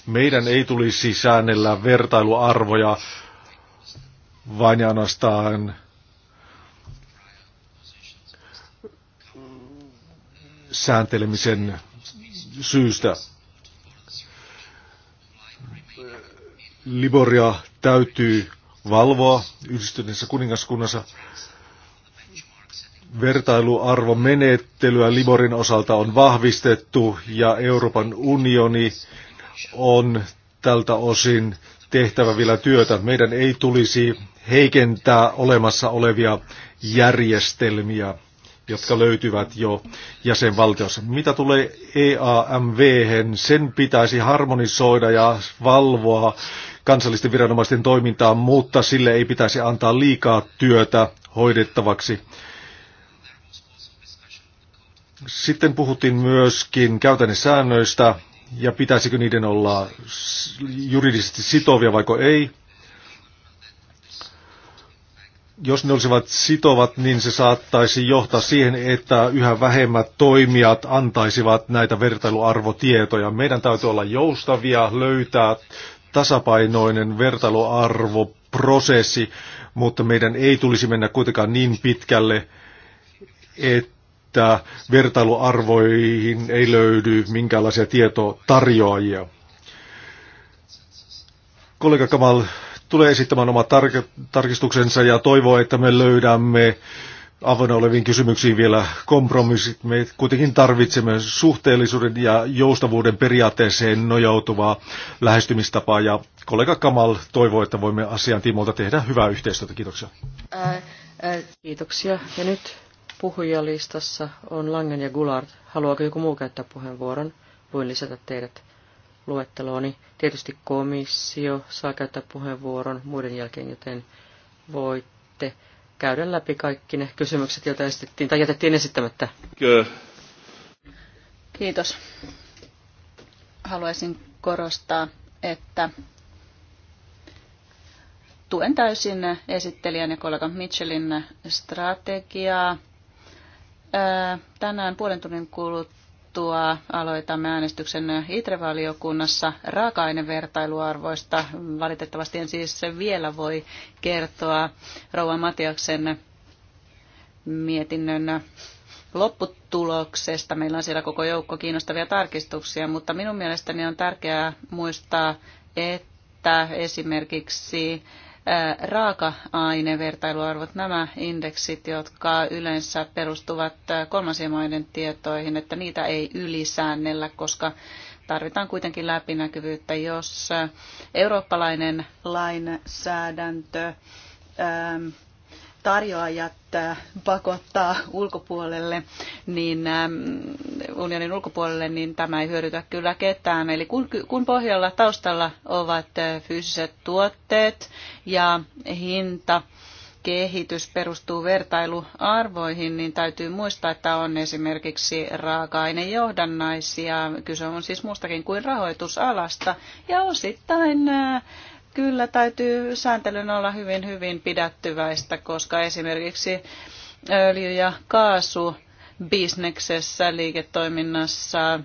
Meidän ei tulisi säännellä vertailuarvoja vain ja ainoastaan sääntelemisen syystä. Liboria täytyy valvoa yhdistyneessä kuningaskunnassa vertailuarvomenettelyä Liborin osalta on vahvistettu ja Euroopan unioni on tältä osin tehtävä vielä työtä. Meidän ei tulisi heikentää olemassa olevia järjestelmiä, jotka löytyvät jo jäsenvaltiossa. Mitä tulee EAMV, sen pitäisi harmonisoida ja valvoa kansallisten viranomaisten toimintaa, mutta sille ei pitäisi antaa liikaa työtä hoidettavaksi. Sitten puhuttiin myöskin säännöistä ja pitäisikö niiden olla juridisesti sitovia vaiko ei. Jos ne olisivat sitovat, niin se saattaisi johtaa siihen, että yhä vähemmät toimijat antaisivat näitä vertailuarvotietoja. Meidän täytyy olla joustavia, löytää tasapainoinen vertailuarvoprosessi, mutta meidän ei tulisi mennä kuitenkaan niin pitkälle, että että vertailuarvoihin ei löydy minkäänlaisia tietotarjoajia. Kollega Kamal tulee esittämään oma tar- tarkistuksensa ja toivoo, että me löydämme avoinna oleviin kysymyksiin vielä kompromissit. Me kuitenkin tarvitsemme suhteellisuuden ja joustavuuden periaatteeseen nojautuvaa lähestymistapaa ja kollega Kamal toivoo, että voimme asian tehdä hyvää yhteistyötä. Kiitoksia. Ää, äh, ää, äh. kiitoksia. Ja nyt puhujalistassa on Langen ja Gulard. Haluaako joku muu käyttää puheenvuoron? Voin lisätä teidät luettelooni. Tietysti komissio saa käyttää puheenvuoron muiden jälkeen, joten voitte käydä läpi kaikki ne kysymykset, joita esitettiin tai jätettiin esittämättä. Kiitos. Haluaisin korostaa, että tuen täysin esittelijän ja kollegan Mitchellin strategiaa Tänään puolen tunnin kuluttua aloitamme äänestyksen ITRE-valiokunnassa raaka-ainevertailuarvoista. Valitettavasti en siis vielä voi kertoa Rouva Matiaksen mietinnön lopputuloksesta. Meillä on siellä koko joukko kiinnostavia tarkistuksia, mutta minun mielestäni on tärkeää muistaa, että esimerkiksi raaka-ainevertailuarvot, nämä indeksit, jotka yleensä perustuvat kolmansien maiden tietoihin, että niitä ei ylisäännellä, koska tarvitaan kuitenkin läpinäkyvyyttä, jos eurooppalainen lainsäädäntö tarjoajat äh, pakottaa ulkopuolelle, niin ähm, unionin ulkopuolelle, niin tämä ei hyödytä kyllä ketään. Eli kun, kun pohjalla taustalla ovat äh, fyysiset tuotteet ja hinta, kehitys perustuu vertailuarvoihin, niin täytyy muistaa, että on esimerkiksi raaka-ainejohdannaisia. Kyse on siis muustakin kuin rahoitusalasta. Ja osittain äh, Kyllä täytyy sääntelyn olla hyvin hyvin pidättyväistä, koska esimerkiksi öljy- ja kaasu bisneksessä, liiketoiminnassa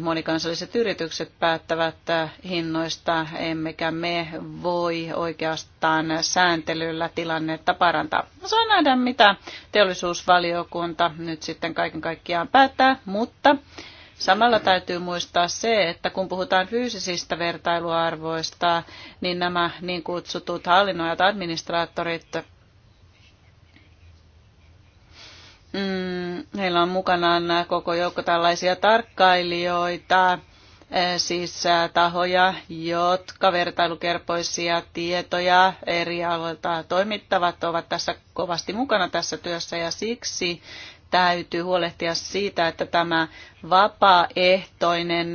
monikansalliset yritykset päättävät hinnoista, emmekä me voi oikeastaan sääntelyllä tilannetta parantaa. Saa nähdä, mitä teollisuusvaliokunta nyt sitten kaiken kaikkiaan päättää, mutta Samalla täytyy muistaa se, että kun puhutaan fyysisistä vertailuarvoista, niin nämä niin kutsutut hallinnoijat, administraattorit, mm, heillä on mukanaan koko joukko tällaisia tarkkailijoita, eh, siis eh, tahoja, jotka vertailukerpoisia tietoja eri alueilta toimittavat, ovat tässä kovasti mukana tässä työssä ja siksi täytyy huolehtia siitä, että tämä vapaaehtoinen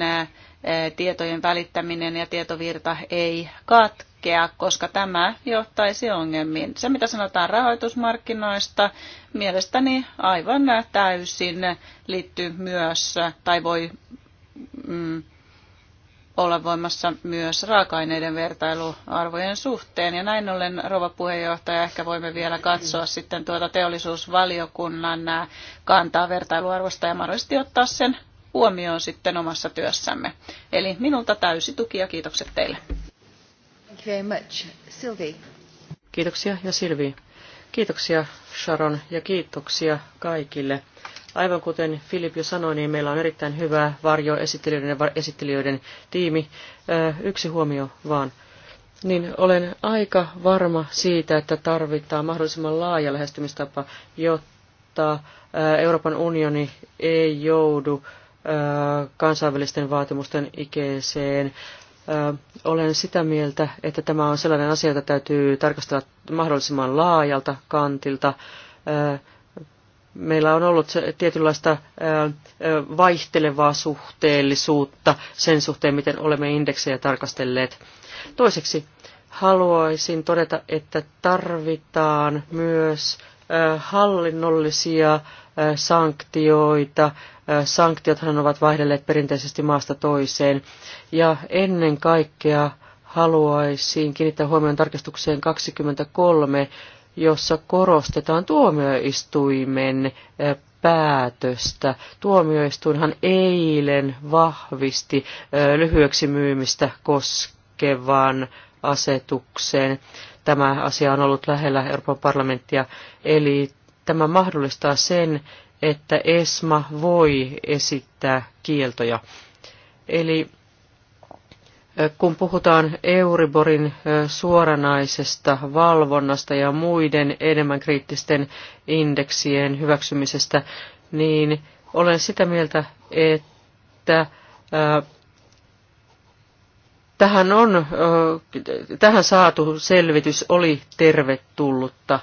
tietojen välittäminen ja tietovirta ei katkea, koska tämä johtaisi ongelmiin. Se, mitä sanotaan rahoitusmarkkinoista, mielestäni aivan täysin liittyy myös tai voi mm, olla voimassa myös raaka-aineiden vertailuarvojen suhteen. Ja näin ollen, rouva puheenjohtaja, ehkä voimme vielä katsoa sitten tuota teollisuusvaliokunnan kantaa vertailuarvosta ja mahdollisesti ottaa sen huomioon sitten omassa työssämme. Eli minulta täysi tuki ja kiitokset teille. Thank you very much. Sylvie. Kiitoksia ja Silvi. Kiitoksia Sharon ja kiitoksia kaikille Aivan kuten Filip jo sanoi, niin meillä on erittäin hyvä varjoesittelijöiden ja esittelijöiden tiimi. Yksi huomio vaan. Niin olen aika varma siitä, että tarvitaan mahdollisimman laaja lähestymistapa, jotta Euroopan unioni ei joudu kansainvälisten vaatimusten ikeeseen. Olen sitä mieltä, että tämä on sellainen asia, jota täytyy tarkastella mahdollisimman laajalta kantilta meillä on ollut tietynlaista vaihtelevaa suhteellisuutta sen suhteen, miten olemme indeksejä tarkastelleet. Toiseksi haluaisin todeta, että tarvitaan myös hallinnollisia sanktioita. Sanktiothan ovat vaihdelleet perinteisesti maasta toiseen. Ja ennen kaikkea haluaisin kiinnittää huomioon tarkastukseen 23 jossa korostetaan tuomioistuimen eh, päätöstä. Tuomioistuinhan eilen vahvisti eh, lyhyeksi myymistä koskevan asetukseen. Tämä asia on ollut lähellä Euroopan parlamenttia, eli tämä mahdollistaa sen, että ESMA voi esittää kieltoja. Eli kun puhutaan Euriborin suoranaisesta valvonnasta ja muiden enemmän kriittisten indeksien hyväksymisestä, niin olen sitä mieltä, että tähän, on, tähän saatu selvitys oli tervetullutta.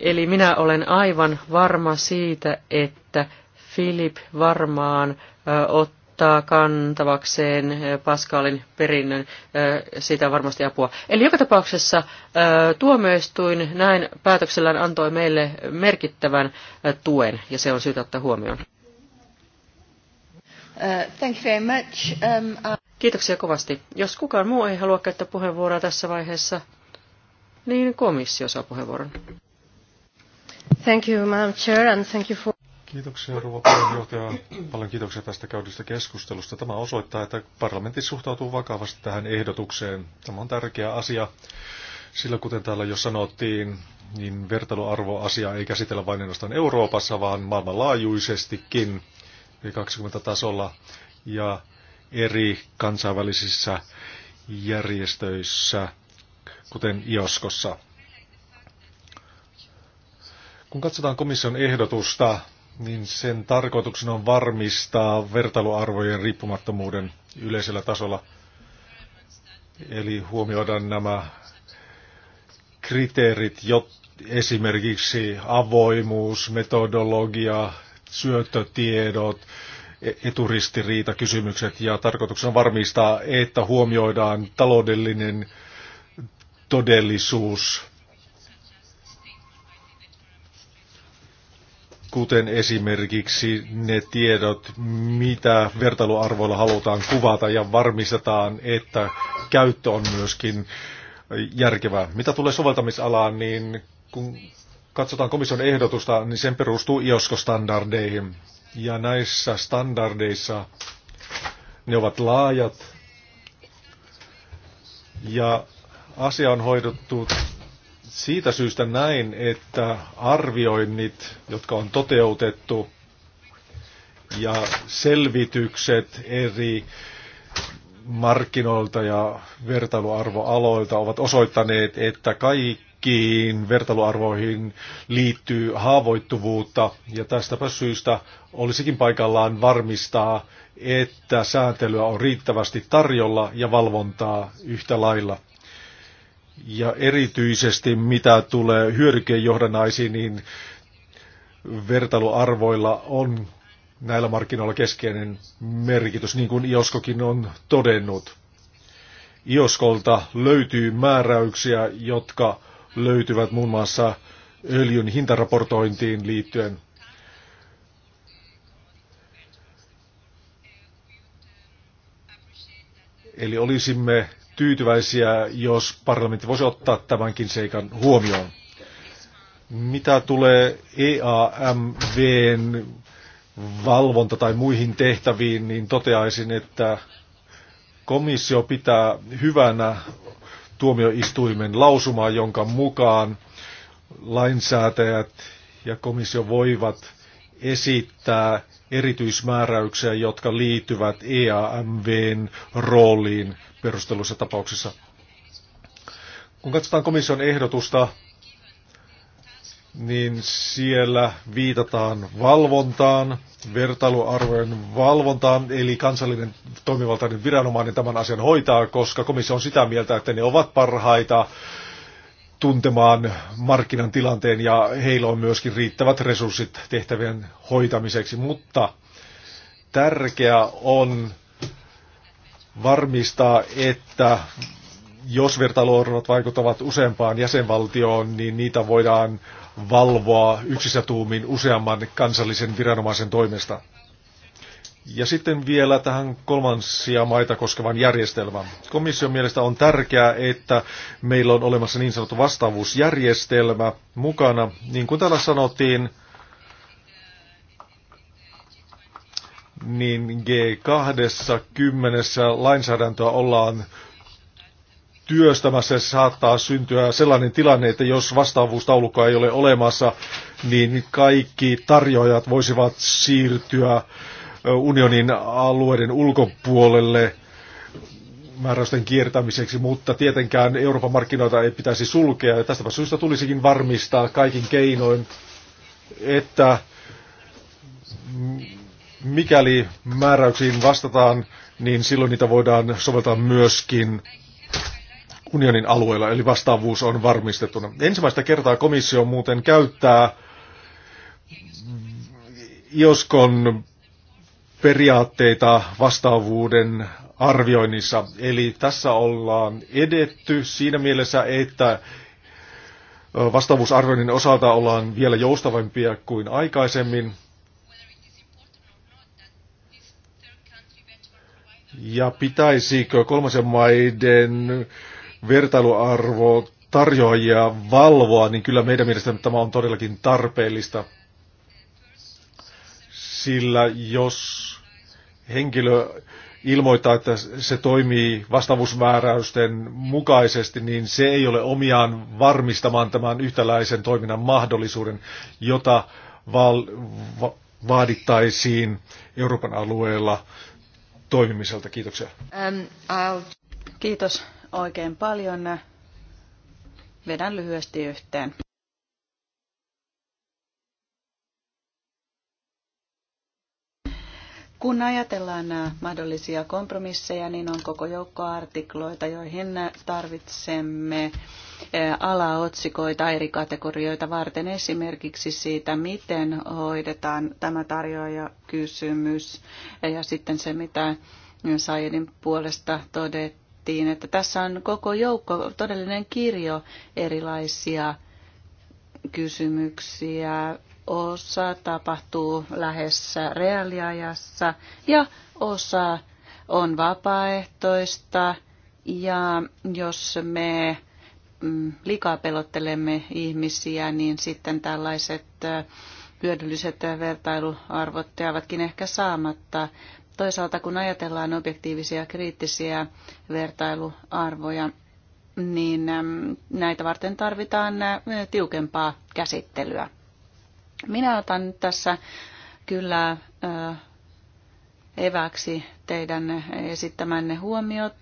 Eli minä olen aivan varma siitä, että Filip varmaan ottaa ottaa kantavakseen eh, Pascalin perinnön, eh, siitä on varmasti apua. Eli joka tapauksessa eh, tuomioistuin näin päätöksellään antoi meille merkittävän tuen, ja se on syytä ottaa huomioon. Uh, thank you very much. Um, uh, Kiitoksia kovasti. Jos kukaan muu ei halua käyttää puheenvuoroa tässä vaiheessa, niin komissio saa puheenvuoron. Thank you, Madam Chair, and thank you for... Kiitoksia rouva puheenjohtaja. Paljon kiitoksia tästä käydystä keskustelusta. Tämä osoittaa, että parlamentti suhtautuu vakavasti tähän ehdotukseen. Tämä on tärkeä asia, sillä kuten täällä jo sanottiin, niin vertailuarvoasia ei käsitellä vain ainoastaan Euroopassa, vaan maailmanlaajuisestikin, eli 20 tasolla ja eri kansainvälisissä järjestöissä, kuten IOSKossa. Kun katsotaan komission ehdotusta, niin sen tarkoituksena on varmistaa vertailuarvojen riippumattomuuden yleisellä tasolla. Eli huomioida nämä kriteerit, jo esimerkiksi avoimuus, metodologia, syöttötiedot, e- eturistiriitakysymykset ja tarkoituksena on varmistaa, että huomioidaan taloudellinen todellisuus kuten esimerkiksi ne tiedot, mitä vertailuarvoilla halutaan kuvata ja varmistetaan, että käyttö on myöskin järkevää. Mitä tulee soveltamisalaan, niin kun katsotaan komission ehdotusta, niin sen perustuu IOSCO-standardeihin. Ja näissä standardeissa ne ovat laajat ja asia on hoidettu siitä syystä näin, että arvioinnit, jotka on toteutettu, ja selvitykset eri markkinoilta ja vertailuarvoaloilta ovat osoittaneet, että kaikkiin vertailuarvoihin liittyy haavoittuvuutta ja tästäpä syystä olisikin paikallaan varmistaa, että sääntelyä on riittävästi tarjolla ja valvontaa yhtä lailla. Ja erityisesti mitä tulee hyödykejohdannaisiin, niin vertailuarvoilla on näillä markkinoilla keskeinen merkitys, niin kuin Ioskokin on todennut. Ioskolta löytyy määräyksiä, jotka löytyvät muun muassa öljyn hintaraportointiin liittyen. Eli olisimme tyytyväisiä, jos parlamentti voisi ottaa tämänkin seikan huomioon. Mitä tulee EAMVn valvonta tai muihin tehtäviin, niin toteaisin, että komissio pitää hyvänä tuomioistuimen lausumaa, jonka mukaan lainsäätäjät ja komissio voivat esittää erityismääräyksiä, jotka liittyvät EAMVn rooliin perustelluissa tapauksissa. Kun katsotaan komission ehdotusta, niin siellä viitataan valvontaan, vertailuarvojen valvontaan, eli kansallinen toimivaltainen viranomainen tämän asian hoitaa, koska komissio on sitä mieltä, että ne ovat parhaita tuntemaan markkinan tilanteen ja heillä on myöskin riittävät resurssit tehtävien hoitamiseksi, mutta tärkeää on varmistaa, että jos vertailuohjelmat vaikuttavat useampaan jäsenvaltioon, niin niitä voidaan valvoa yksissä tuumin useamman kansallisen viranomaisen toimesta. Ja sitten vielä tähän kolmansia maita koskevan järjestelmän. Komission mielestä on tärkeää, että meillä on olemassa niin sanottu vastaavuusjärjestelmä mukana. Niin kuin täällä sanottiin, niin G20 lainsäädäntöä ollaan työstämässä saattaa syntyä sellainen tilanne, että jos vastaavuustaulukkoa ei ole olemassa, niin kaikki tarjoajat voisivat siirtyä unionin alueiden ulkopuolelle määräysten kiertämiseksi, mutta tietenkään Euroopan markkinoita ei pitäisi sulkea. Ja tästä syystä tulisikin varmistaa kaikin keinoin, että mikäli määräyksiin vastataan, niin silloin niitä voidaan soveltaa myöskin unionin alueella, eli vastaavuus on varmistettuna. Ensimmäistä kertaa komissio muuten käyttää IOSKON periaatteita vastaavuuden arvioinnissa. Eli tässä ollaan edetty siinä mielessä, että vastaavuusarvioinnin osalta ollaan vielä joustavampia kuin aikaisemmin. Ja pitäisikö kolmasen maiden vertailuarvo tarjoajia valvoa, niin kyllä meidän mielestämme tämä on todellakin tarpeellista. Sillä jos henkilö ilmoittaa, että se toimii vastaavuusmääräysten mukaisesti, niin se ei ole omiaan varmistamaan tämän yhtäläisen toiminnan mahdollisuuden, jota val- va- vaadittaisiin Euroopan alueella toimimiselta. Kiitoksia. Um, Kiitos oikein paljon. Vedän lyhyesti yhteen. Kun ajatellaan äh, mahdollisia kompromisseja, niin on koko joukko artikloita, joihin äh, tarvitsemme alaotsikoita eri kategorioita varten, esimerkiksi siitä, miten hoidetaan tämä tarjoajakysymys ja sitten se, mitä Saidin puolesta todettiin, että tässä on koko joukko, todellinen kirjo erilaisia kysymyksiä. Osa tapahtuu lähes reaaliajassa ja osa on vapaaehtoista. Ja jos me Mm, liikaa pelottelemme ihmisiä, niin sitten tällaiset hyödylliset vertailuarvot jäävätkin ehkä saamatta. Toisaalta kun ajatellaan objektiivisia kriittisiä vertailuarvoja, niin näitä varten tarvitaan tiukempaa käsittelyä. Minä otan tässä kyllä eväksi teidän esittämänne huomiot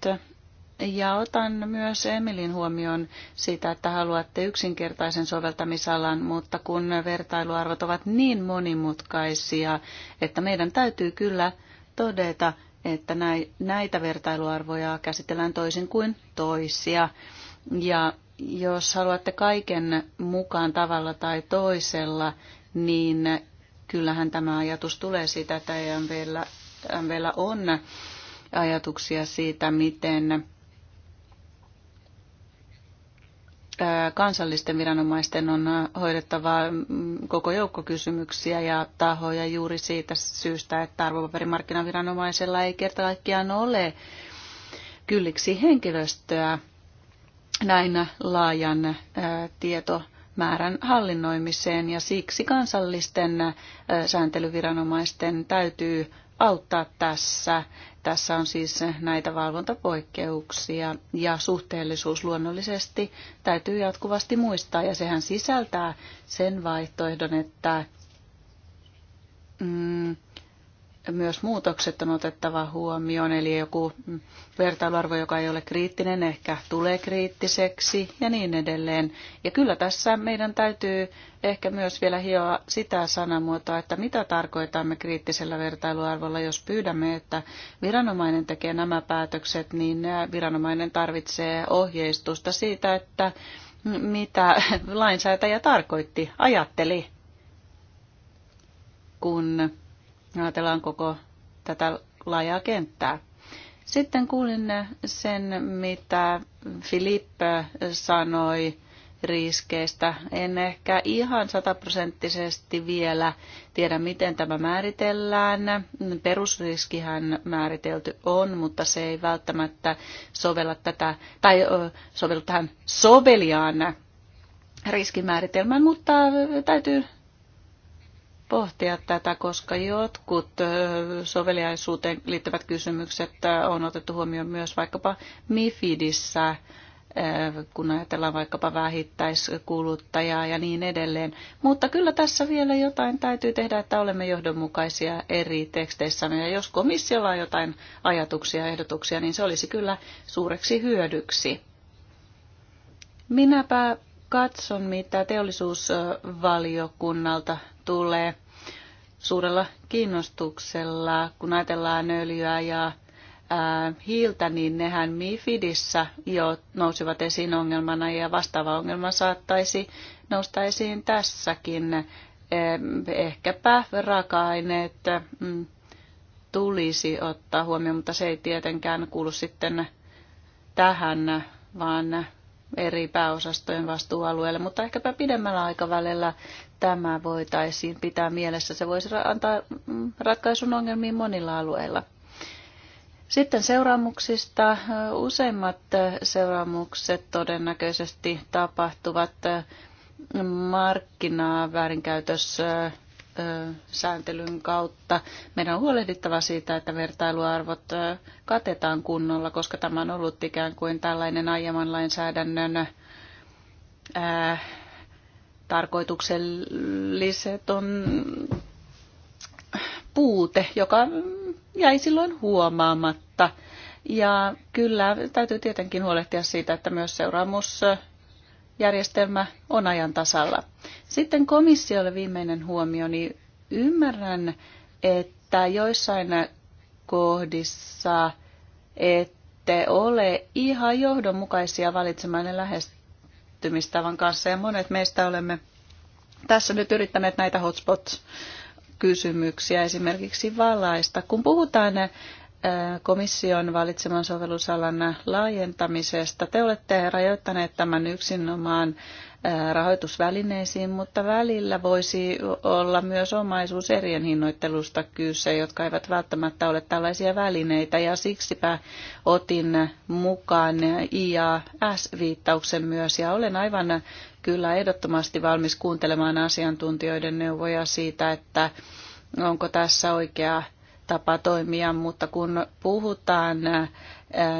ja otan myös Emilin huomioon siitä, että haluatte yksinkertaisen soveltamisalan, mutta kun vertailuarvot ovat niin monimutkaisia, että meidän täytyy kyllä todeta, että näitä vertailuarvoja käsitellään toisin kuin toisia. Ja jos haluatte kaiken mukaan tavalla tai toisella, niin kyllähän tämä ajatus tulee siitä, että e MVllä, e on ajatuksia siitä, miten kansallisten viranomaisten on hoidettava mm, koko joukko kysymyksiä ja tahoja juuri siitä syystä, että arvopaperimarkkinaviranomaisella ei kerta kaikkiaan ole kylliksi henkilöstöä näin laajan tietomäärän hallinnoimiseen ja siksi kansallisten sääntelyviranomaisten täytyy auttaa tässä tässä on siis näitä valvontapoikkeuksia ja suhteellisuus luonnollisesti täytyy jatkuvasti muistaa ja sehän sisältää sen vaihtoehdon, että mm, myös muutokset on otettava huomioon, eli joku vertailuarvo, joka ei ole kriittinen, ehkä tulee kriittiseksi ja niin edelleen. Ja kyllä tässä meidän täytyy ehkä myös vielä hioa sitä sanamuotoa, että mitä tarkoitamme kriittisellä vertailuarvolla, jos pyydämme, että viranomainen tekee nämä päätökset, niin viranomainen tarvitsee ohjeistusta siitä, että mitä lainsäätäjä tarkoitti, ajatteli, kun Ajatellaan koko tätä laajaa kenttää. Sitten kuulin sen, mitä Filippe sanoi riskeistä. En ehkä ihan sataprosenttisesti vielä tiedä, miten tämä määritellään. Perusriskihän määritelty on, mutta se ei välttämättä sovella tätä, tai sovellu tähän soveliaan riskimääritelmään, mutta täytyy pohtia tätä, koska jotkut soveliaisuuteen liittyvät kysymykset on otettu huomioon myös vaikkapa MIFIDissä, kun ajatellaan vaikkapa vähittäiskuluttajaa ja niin edelleen. Mutta kyllä tässä vielä jotain täytyy tehdä, että olemme johdonmukaisia eri teksteissämme. Ja jos komissiolla on jotain ajatuksia ja ehdotuksia, niin se olisi kyllä suureksi hyödyksi. Minäpä katson, mitä teollisuusvaliokunnalta tulee suurella kiinnostuksella. Kun ajatellaan öljyä ja ää, hiiltä, niin nehän MIFIDissä jo nousivat esiin ongelmana ja vastaava ongelma saattaisi nousta esiin tässäkin. Ehkäpä raaka-aineet mm, tulisi ottaa huomioon, mutta se ei tietenkään kuulu sitten tähän, vaan eri pääosastojen vastuualueelle, mutta ehkäpä pidemmällä aikavälillä tämä voitaisiin pitää mielessä. Se voisi antaa mm, ratkaisun ongelmiin monilla alueilla. Sitten seuraamuksista. Useimmat seuraamukset todennäköisesti tapahtuvat markkinaa sääntelyn kautta. Meidän on huolehdittava siitä, että vertailuarvot katetaan kunnolla, koska tämä on ollut ikään kuin tällainen aiemman lainsäädännön ää, on puute, joka jäi silloin huomaamatta. Ja kyllä täytyy tietenkin huolehtia siitä, että myös seuraamus järjestelmä on ajan tasalla. Sitten komissiolle viimeinen huomio, niin ymmärrän, että joissain kohdissa ette ole ihan johdonmukaisia valitsemanne lähestymistavan kanssa, ja monet meistä olemme tässä nyt yrittäneet näitä hotspots kysymyksiä esimerkiksi valaista. Kun puhutaan komission valitseman sovellusalan laajentamisesta. Te olette rajoittaneet tämän yksinomaan rahoitusvälineisiin, mutta välillä voisi olla myös omaisuus erien hinnoittelusta kyse, jotka eivät välttämättä ole tällaisia välineitä, ja siksipä otin mukaan IAS-viittauksen myös, ja olen aivan kyllä ehdottomasti valmis kuuntelemaan asiantuntijoiden neuvoja siitä, että onko tässä oikea tapa toimia, mutta kun puhutaan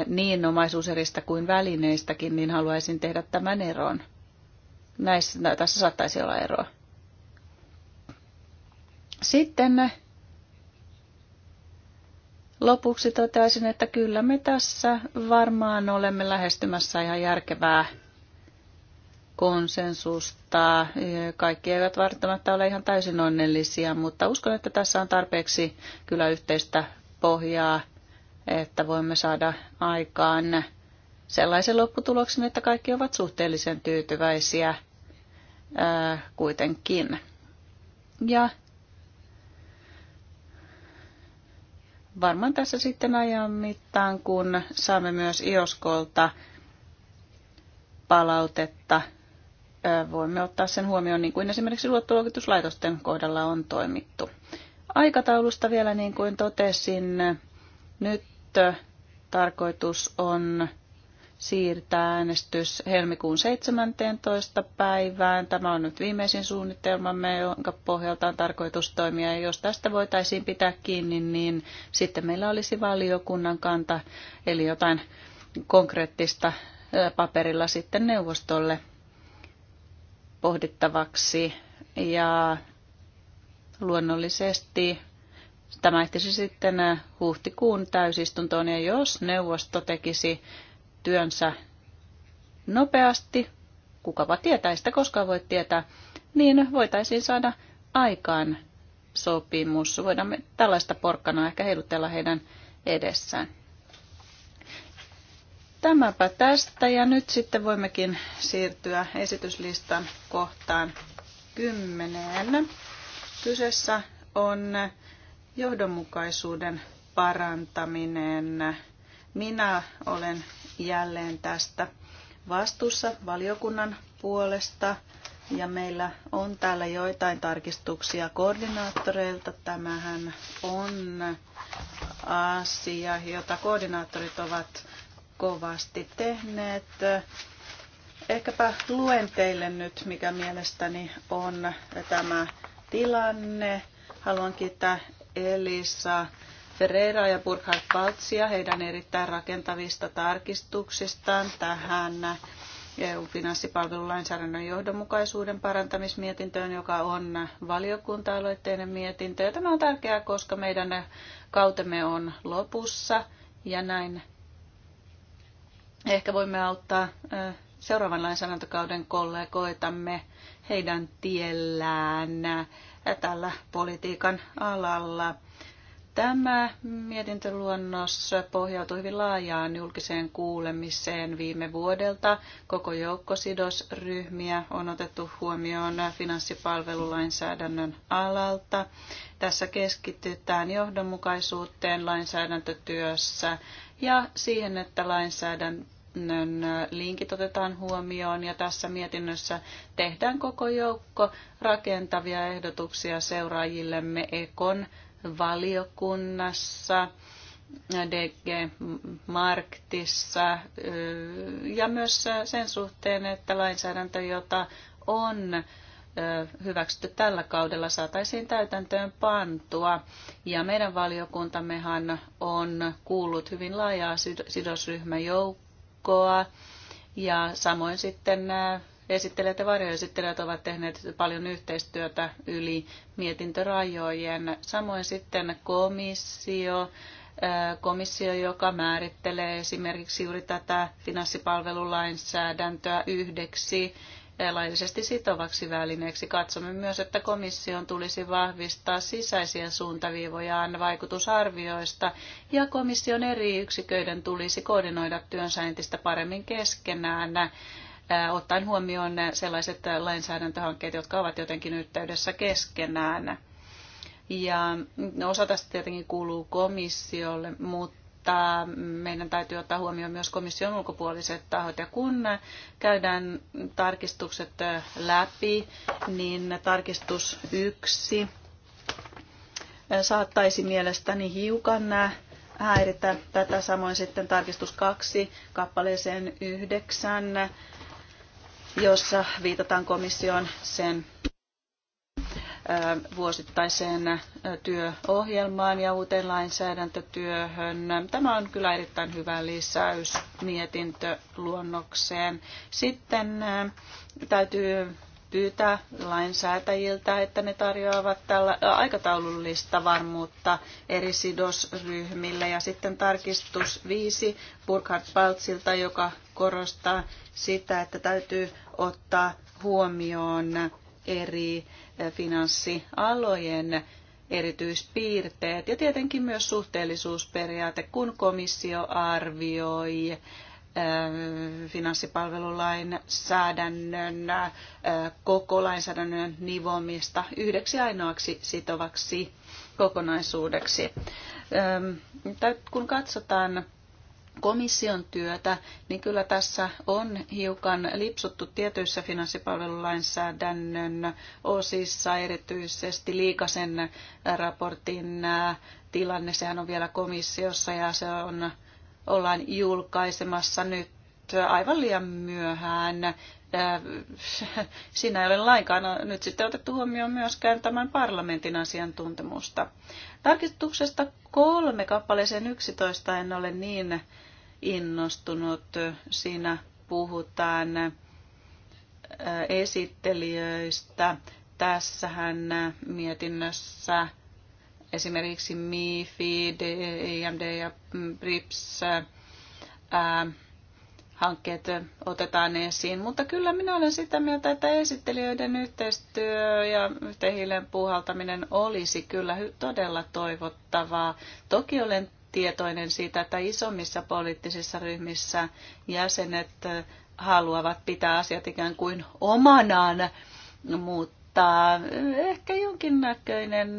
niin omaisuuseristä kuin välineistäkin, niin haluaisin tehdä tämän eron. Näissä, tässä saattaisi olla eroa. Sitten lopuksi toteaisin, että kyllä me tässä varmaan olemme lähestymässä ihan järkevää konsensusta. Kaikki eivät välttämättä ole ihan täysin onnellisia, mutta uskon, että tässä on tarpeeksi kyllä yhteistä pohjaa, että voimme saada aikaan sellaisen lopputuloksen, että kaikki ovat suhteellisen tyytyväisiä ää, kuitenkin. Ja varmaan tässä sitten ajan mittaan, kun saamme myös IOSKolta palautetta voimme ottaa sen huomioon, niin kuin esimerkiksi luottoluokituslaitosten kohdalla on toimittu. Aikataulusta vielä, niin kuin totesin, nyt tarkoitus on siirtää äänestys helmikuun 17. päivään. Tämä on nyt viimeisin suunnitelmamme, jonka pohjalta on tarkoitus toimia. Ja jos tästä voitaisiin pitää kiinni, niin sitten meillä olisi valiokunnan kanta, eli jotain konkreettista paperilla sitten neuvostolle pohdittavaksi ja luonnollisesti tämä ehtisi sitten huhtikuun täysistuntoon ja jos neuvosto tekisi työnsä nopeasti, kukapa tietää, sitä koskaan voi tietää, niin voitaisiin saada aikaan sopimus. Voidaan tällaista porkkanaa ehkä heilutella heidän edessään. Tämäpä tästä ja nyt sitten voimmekin siirtyä esityslistan kohtaan kymmeneen. Kyseessä on johdonmukaisuuden parantaminen. Minä olen jälleen tästä vastuussa valiokunnan puolesta ja meillä on täällä joitain tarkistuksia koordinaattoreilta. Tämähän on asia, jota koordinaattorit ovat kovasti tehneet. Ehkäpä luen teille nyt, mikä mielestäni on tämä tilanne. Haluan kiittää Elisa Ferreira ja Burkhard Paltsia heidän erittäin rakentavista tarkistuksistaan tähän EU-finanssipalvelulainsäädännön johdonmukaisuuden parantamismietintöön, joka on valiokunta-aloitteinen mietintö. Ja tämä on tärkeää, koska meidän kautemme on lopussa ja näin Ehkä voimme auttaa seuraavan lainsäädäntökauden kollegoitamme heidän tiellään tällä politiikan alalla. Tämä mietintöluonnos pohjautui hyvin laajaan julkiseen kuulemiseen viime vuodelta. Koko joukko sidosryhmiä on otettu huomioon finanssipalvelulainsäädännön alalta. Tässä keskitytään johdonmukaisuuteen lainsäädäntötyössä ja siihen, että lainsäädäntö linkit otetaan huomioon ja tässä mietinnössä tehdään koko joukko rakentavia ehdotuksia seuraajillemme Ekon valiokunnassa. DG Marktissa ja myös sen suhteen, että lainsäädäntö, jota on hyväksytty tällä kaudella, saataisiin täytäntöön pantua. Ja meidän valiokuntammehan on kuullut hyvin laajaa sidosryhmäjoukkoa ulkoa. Ja samoin sitten nämä äh, esittelijät ja varjoesittelijät ovat tehneet paljon yhteistyötä yli mietintörajojen. Samoin sitten komissio, äh, komissio, joka määrittelee esimerkiksi juuri tätä finanssipalvelulainsäädäntöä yhdeksi laillisesti sitovaksi välineeksi. Katsomme myös, että komission tulisi vahvistaa sisäisiä suuntaviivojaan vaikutusarvioista ja komission eri yksiköiden tulisi koordinoida työnsä entistä paremmin keskenään äh, ottaen huomioon sellaiset lainsäädäntöhankkeet, jotka ovat jotenkin yhteydessä keskenään. Ja osa tästä tietenkin kuuluu komissiolle, mutta mutta meidän täytyy ottaa huomioon myös komission ulkopuoliset tahot. Ja kun käydään tarkistukset läpi, niin tarkistus yksi saattaisi mielestäni hiukan häiritä tätä. Samoin sitten tarkistus kaksi kappaleeseen yhdeksän, jossa viitataan komission sen vuosittaiseen työohjelmaan ja uuteen lainsäädäntötyöhön. Tämä on kyllä erittäin hyvä lisäys mietintöluonnokseen. Sitten täytyy pyytää lainsäätäjiltä, että ne tarjoavat tällä aikataulullista varmuutta eri sidosryhmille. Ja sitten tarkistus 5 Burkhard Paltsilta, joka korostaa sitä, että täytyy ottaa huomioon eri finanssialojen erityispiirteet ja tietenkin myös suhteellisuusperiaate, kun komissio arvioi äh, finanssipalvelulain säädännön äh, koko lainsäädännön nivomista yhdeksi ainoaksi sitovaksi kokonaisuudeksi. Ähm, kun katsotaan komission työtä, niin kyllä tässä on hiukan lipsuttu tietyissä finanssipalvelulainsäädännön osissa, erityisesti liikasen raportin tilanne, sehän on vielä komissiossa ja se on, ollaan julkaisemassa nyt aivan liian myöhään. Siinä ei ole lainkaan nyt sitten otettu huomioon myöskään tämän parlamentin asiantuntemusta. Tarkistuksesta kolme kappaleeseen 11 en ole niin innostunut. Siinä puhutaan esittelijöistä. Tässähän mietinnössä esimerkiksi Mifi, e IMD ja BRIPS hankkeet otetaan esiin. Mutta kyllä minä olen sitä mieltä, että esittelijöiden yhteistyö ja yhteen puhaltaminen olisi kyllä todella toivottavaa. Toki olen tietoinen siitä, että isommissa poliittisissa ryhmissä jäsenet haluavat pitää asiat ikään kuin omanaan, mutta ehkä jonkinnäköinen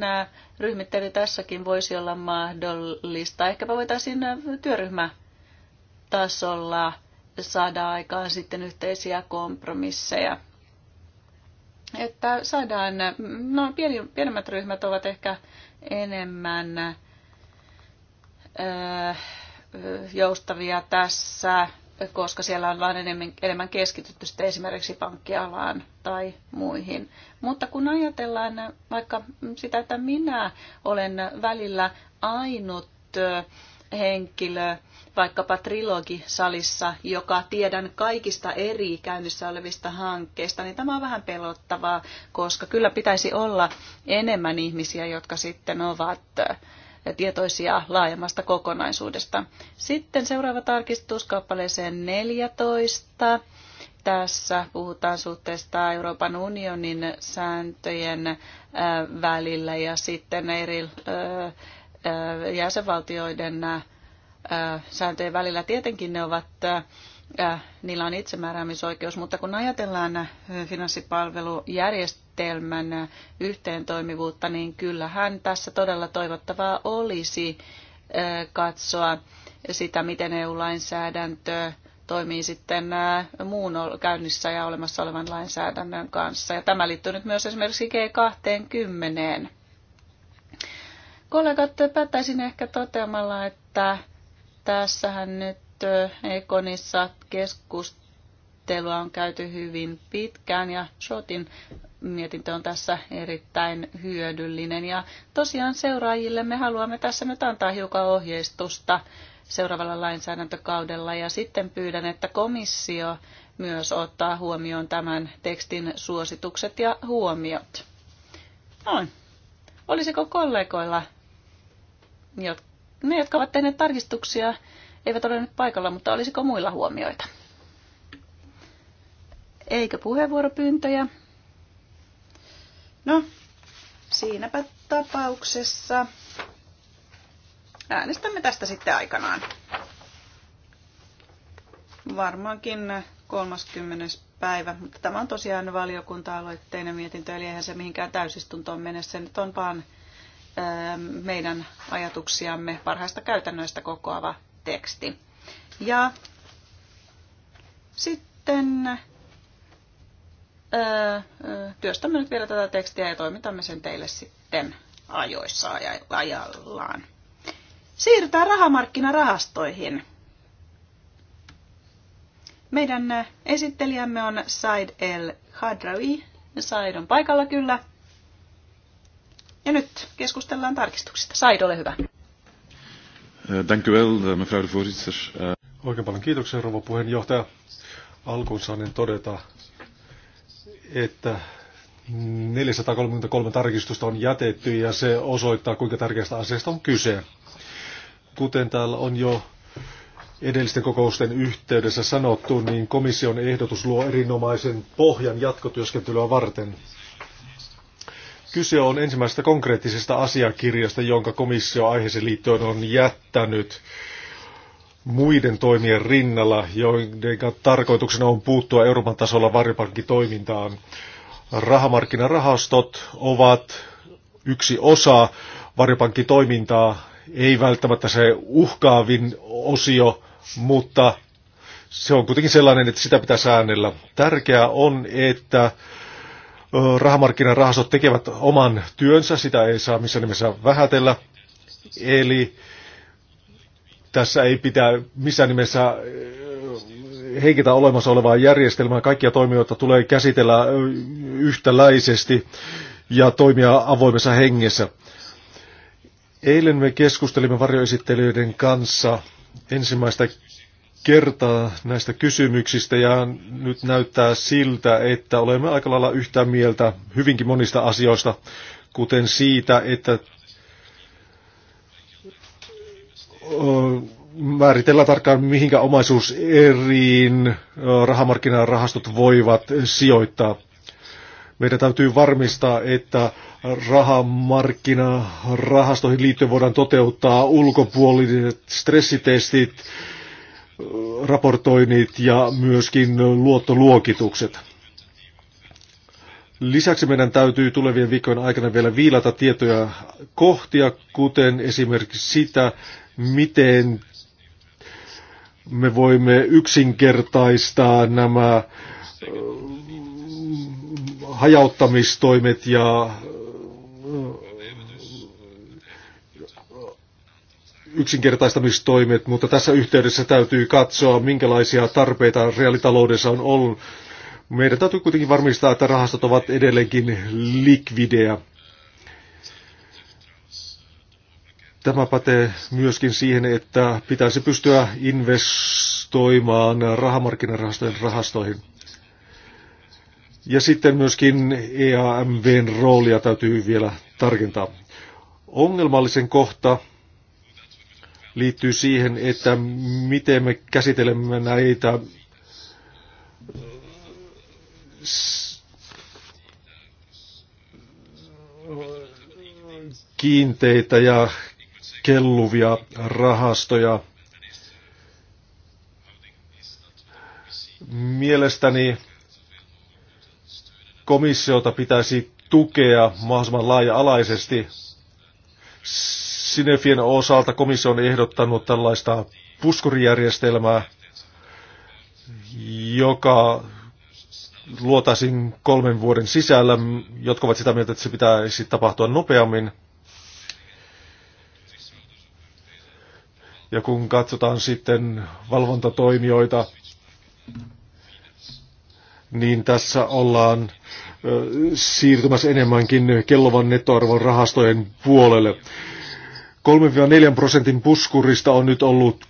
ryhmittely tässäkin voisi olla mahdollista. Ehkäpä voitaisiin työryhmätasolla saada aikaan sitten yhteisiä kompromisseja. Että saadaan, no pienemmät ryhmät ovat ehkä enemmän joustavia tässä, koska siellä on vain enemmän, enemmän keskitytty sitten esimerkiksi pankkialaan tai muihin. Mutta kun ajatellaan vaikka sitä, että minä olen välillä ainut henkilö, vaikkapa trilogisalissa, joka tiedän kaikista eri käynnissä olevista hankkeista, niin tämä on vähän pelottavaa, koska kyllä pitäisi olla enemmän ihmisiä, jotka sitten ovat tietoisia laajemmasta kokonaisuudesta. Sitten seuraava tarkistus kappaleeseen 14. Tässä puhutaan suhteesta Euroopan unionin sääntöjen äh, välillä ja sitten eri äh, äh, jäsenvaltioiden sääntöjen välillä. Tietenkin ne ovat niillä on itsemääräämisoikeus, mutta kun ajatellaan finanssipalvelujärjestelmää, järjestelmän yhteentoimivuutta, niin kyllähän tässä todella toivottavaa olisi katsoa sitä, miten EU-lainsäädäntö toimii sitten muun käynnissä ja olemassa olevan lainsäädännön kanssa. Ja tämä liittyy nyt myös esimerkiksi G20. Kollegat, päättäisin ehkä toteamalla, että tässähän nyt Ekonissa keskustelua on käyty hyvin pitkään ja Shotin mietintö on tässä erittäin hyödyllinen. Ja tosiaan seuraajille me haluamme tässä nyt antaa hiukan ohjeistusta seuraavalla lainsäädäntökaudella. Ja sitten pyydän, että komissio myös ottaa huomioon tämän tekstin suositukset ja huomiot. Noin. Olisiko kollegoilla, ne jotka ovat tehneet tarkistuksia, eivät ole nyt paikalla, mutta olisiko muilla huomioita? Eikö puheenvuoropyyntöjä? No, siinäpä tapauksessa äänestämme tästä sitten aikanaan. Varmaankin 30. päivä, mutta tämä on tosiaan valiokunta-aloitteinen mietintö, eli eihän se mihinkään täysistuntoon mene. Se nyt on vaan ähm, meidän ajatuksiamme parhaista käytännöistä kokoava teksti. Ja sitten työstämme nyt vielä tätä tekstiä ja toimitamme sen teille sitten ajoissa ja ajallaan. Siirrytään rahamarkkinarahastoihin. Meidän esittelijämme on Said El Hadrawi. Said on paikalla kyllä. Ja nyt keskustellaan tarkistuksista. Said, ole hyvä. Dank u wel, mevrouw de Oikein paljon kiitoksia, rouva puheenjohtaja. Alkuun saan niin todeta, että 433 tarkistusta on jätetty ja se osoittaa, kuinka tärkeästä asiasta on kyse. Kuten täällä on jo edellisten kokousten yhteydessä sanottu, niin komission ehdotus luo erinomaisen pohjan jatkotyöskentelyä varten. Kyse on ensimmäisestä konkreettisesta asiakirjasta, jonka komissio aiheeseen liittyen on jättänyt muiden toimien rinnalla, joiden tarkoituksena on puuttua Euroopan tasolla varjopankkitoimintaan. Rahamarkkinarahastot ovat yksi osa varjopankkitoimintaa, ei välttämättä se uhkaavin osio, mutta se on kuitenkin sellainen, että sitä pitää säännellä. Tärkeää on, että rahamarkkinarahastot tekevät oman työnsä, sitä ei saa missään nimessä vähätellä. Eli tässä ei pitää missään nimessä äh, heikentää olemassa olevaa järjestelmää. Kaikkia toimijoita tulee käsitellä äh, yhtäläisesti ja toimia avoimessa hengessä. Eilen me keskustelimme varjoesittelijöiden kanssa ensimmäistä kertaa näistä kysymyksistä ja nyt näyttää siltä, että olemme aika lailla yhtä mieltä hyvinkin monista asioista, kuten siitä, että määritellä tarkkaan, mihinkä omaisuuseriin rahamarkkinarahastot voivat sijoittaa. Meidän täytyy varmistaa, että rahamarkkinarahastoihin liittyen voidaan toteuttaa ulkopuoliset stressitestit, raportoinnit ja myöskin luottoluokitukset. Lisäksi meidän täytyy tulevien viikkojen aikana vielä viilata tietoja kohtia, kuten esimerkiksi sitä, miten me voimme yksinkertaistaa nämä äh, hajauttamistoimet ja äh, yksinkertaistamistoimet, mutta tässä yhteydessä täytyy katsoa, minkälaisia tarpeita reaalitaloudessa on ollut. Meidän täytyy kuitenkin varmistaa, että rahastot ovat edelleenkin likvideja. Tämä pätee myöskin siihen, että pitäisi pystyä investoimaan rahamarkkinarahastojen rahastoihin. Ja sitten myöskin EAMVn roolia täytyy vielä tarkentaa. Ongelmallisen kohta liittyy siihen, että miten me käsittelemme näitä kiinteitä ja kelluvia rahastoja. Mielestäni komissiota pitäisi tukea mahdollisimman laaja-alaisesti. Sinefien osalta komissio on ehdottanut tällaista puskurijärjestelmää, joka luotaisin kolmen vuoden sisällä, jotka ovat sitä mieltä, että se pitäisi tapahtua nopeammin – Ja kun katsotaan sitten valvontatoimijoita, niin tässä ollaan siirtymässä enemmänkin kellovan nettoarvon rahastojen puolelle. 3-4 prosentin puskurista on nyt ollut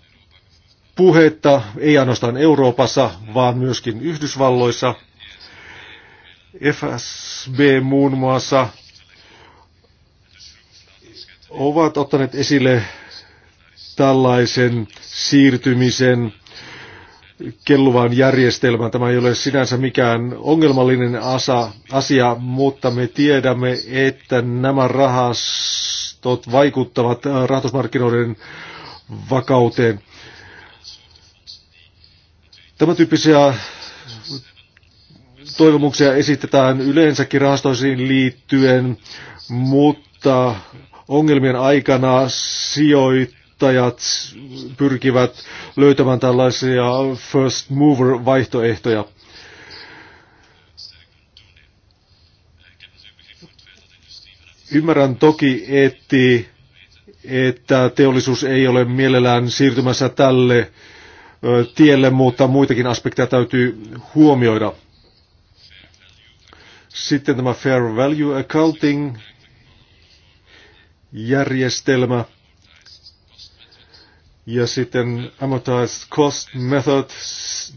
puhetta, ei ainoastaan Euroopassa, vaan myöskin Yhdysvalloissa. FSB muun muassa ovat ottaneet esille tällaisen siirtymisen kelluvan järjestelmän Tämä ei ole sinänsä mikään ongelmallinen asa, asia, mutta me tiedämme, että nämä rahastot vaikuttavat rahoitusmarkkinoiden vakauteen. Tämä tyyppisiä toivomuksia esitetään yleensäkin rahastoisiin liittyen, mutta ongelmien aikana sijoit kuluttajat pyrkivät löytämään tällaisia first mover vaihtoehtoja. Ymmärrän toki, että, että teollisuus ei ole mielellään siirtymässä tälle tielle, mutta muitakin aspekteja täytyy huomioida. Sitten tämä Fair Value Accounting järjestelmä – ja sitten amortized cost method,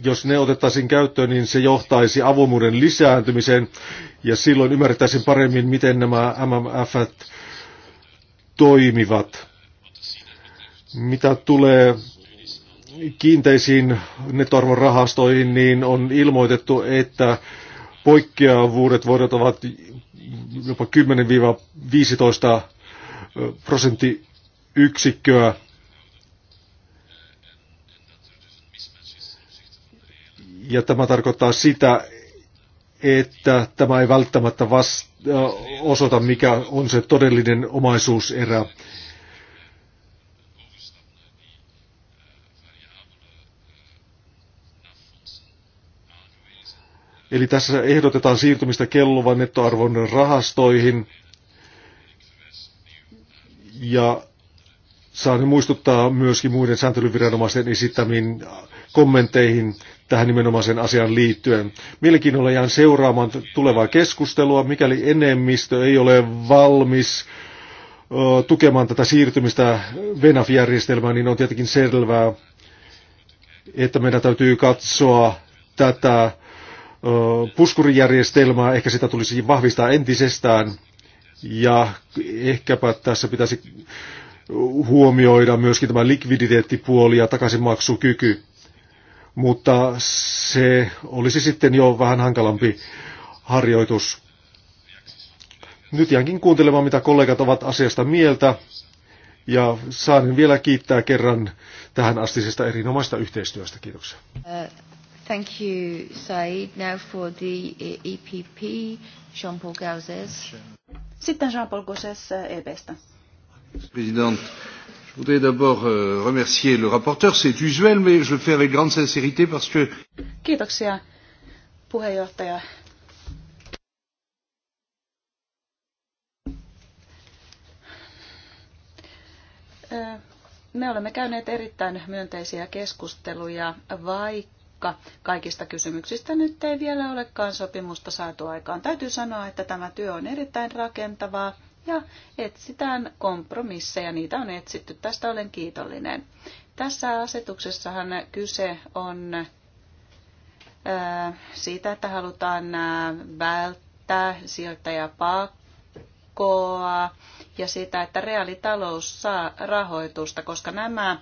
jos ne otettaisiin käyttöön, niin se johtaisi avoimuuden lisääntymiseen. Ja silloin ymmärtäisin paremmin, miten nämä MMF toimivat. Mitä tulee kiinteisiin netorvon rahastoihin, niin on ilmoitettu, että poikkeavuudet voidaan ovat jopa 10-15 prosenttiyksikköä Ja tämä tarkoittaa sitä, että tämä ei välttämättä vasta- osoita, mikä on se todellinen omaisuuserä. Eli tässä ehdotetaan siirtymistä kelluvan nettoarvon rahastoihin. Ja Saan muistuttaa myöskin muiden sääntelyviranomaisten esittämiin kommentteihin tähän nimenomaiseen asiaan liittyen. Mielenkiinnolla jään seuraamaan tulevaa keskustelua, mikäli enemmistö ei ole valmis tukemaan tätä siirtymistä VENAF-järjestelmään, niin on tietenkin selvää, että meidän täytyy katsoa tätä puskurijärjestelmää, ehkä sitä tulisi vahvistaa entisestään, ja ehkäpä tässä pitäisi huomioida myöskin tämä likviditeettipuoli ja takaisinmaksukyky. Mutta se olisi sitten jo vähän hankalampi harjoitus. Nyt jäänkin kuuntelemaan, mitä kollegat ovat asiasta mieltä. Ja saan vielä kiittää kerran tähän astisesta erinomaista yhteistyöstä. Kiitoksia. Uh, thank you, Said. Now for the EPP, Jean-Paul Gauzes. Sitten Jean-Paul Gauzes EPstä présidente Je voudrais d'abord euh, remercier le rapporteur, c'est usuel, mais je le fais avec grande sincérité parce que... Kiitoksia, puheenjohtaja. Me olemme käyneet erittäin myönteisiä keskusteluja, vaikka kaikista kysymyksistä nyt ei vielä olekaan sopimusta saatu aikaan. Täytyy sanoa, että tämä työ on erittäin rakentavaa ja etsitään kompromisseja. Niitä on etsitty. Tästä olen kiitollinen. Tässä asetuksessahan kyse on äh, siitä, että halutaan äh, välttää sijoittajapakkoa ja sitä, että reaalitalous saa rahoitusta, koska nämä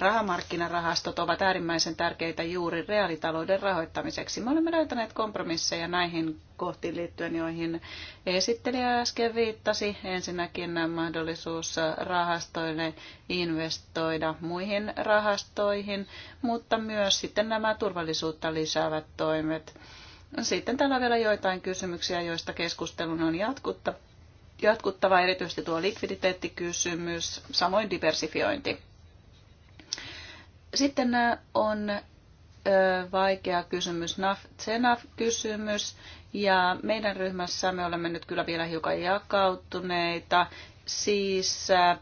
rahamarkkinarahastot ovat äärimmäisen tärkeitä juuri reaalitalouden rahoittamiseksi. Me olemme löytäneet kompromisseja näihin kohtiin liittyen, joihin esittelijä äsken viittasi. Ensinnäkin mahdollisuus rahastoille investoida muihin rahastoihin, mutta myös sitten nämä turvallisuutta lisäävät toimet. Sitten täällä on vielä joitain kysymyksiä, joista keskustelun on jatkuttava. jatkuttava, erityisesti tuo likviditeettikysymys, samoin diversifiointi. Sitten äh, on äh, vaikea kysymys, tsenaf kysymys ja meidän ryhmässä me olemme nyt kyllä vielä hiukan jakautuneita, siis äh,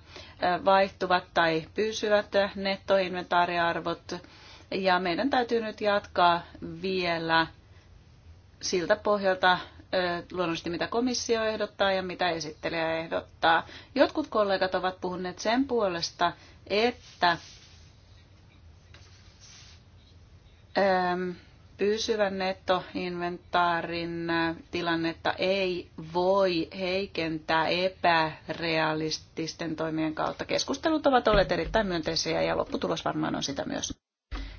vaihtuvat tai pysyvät nettoinventaariarvot, ja meidän täytyy nyt jatkaa vielä siltä pohjalta luonnollisesti mitä komissio ehdottaa ja mitä esittelijä ehdottaa. Jotkut kollegat ovat puhuneet sen puolesta, että pysyvän nettoinventaarin tilannetta ei voi heikentää epärealististen toimien kautta. Keskustelut ovat olleet erittäin myönteisiä ja lopputulos varmaan on sitä myös.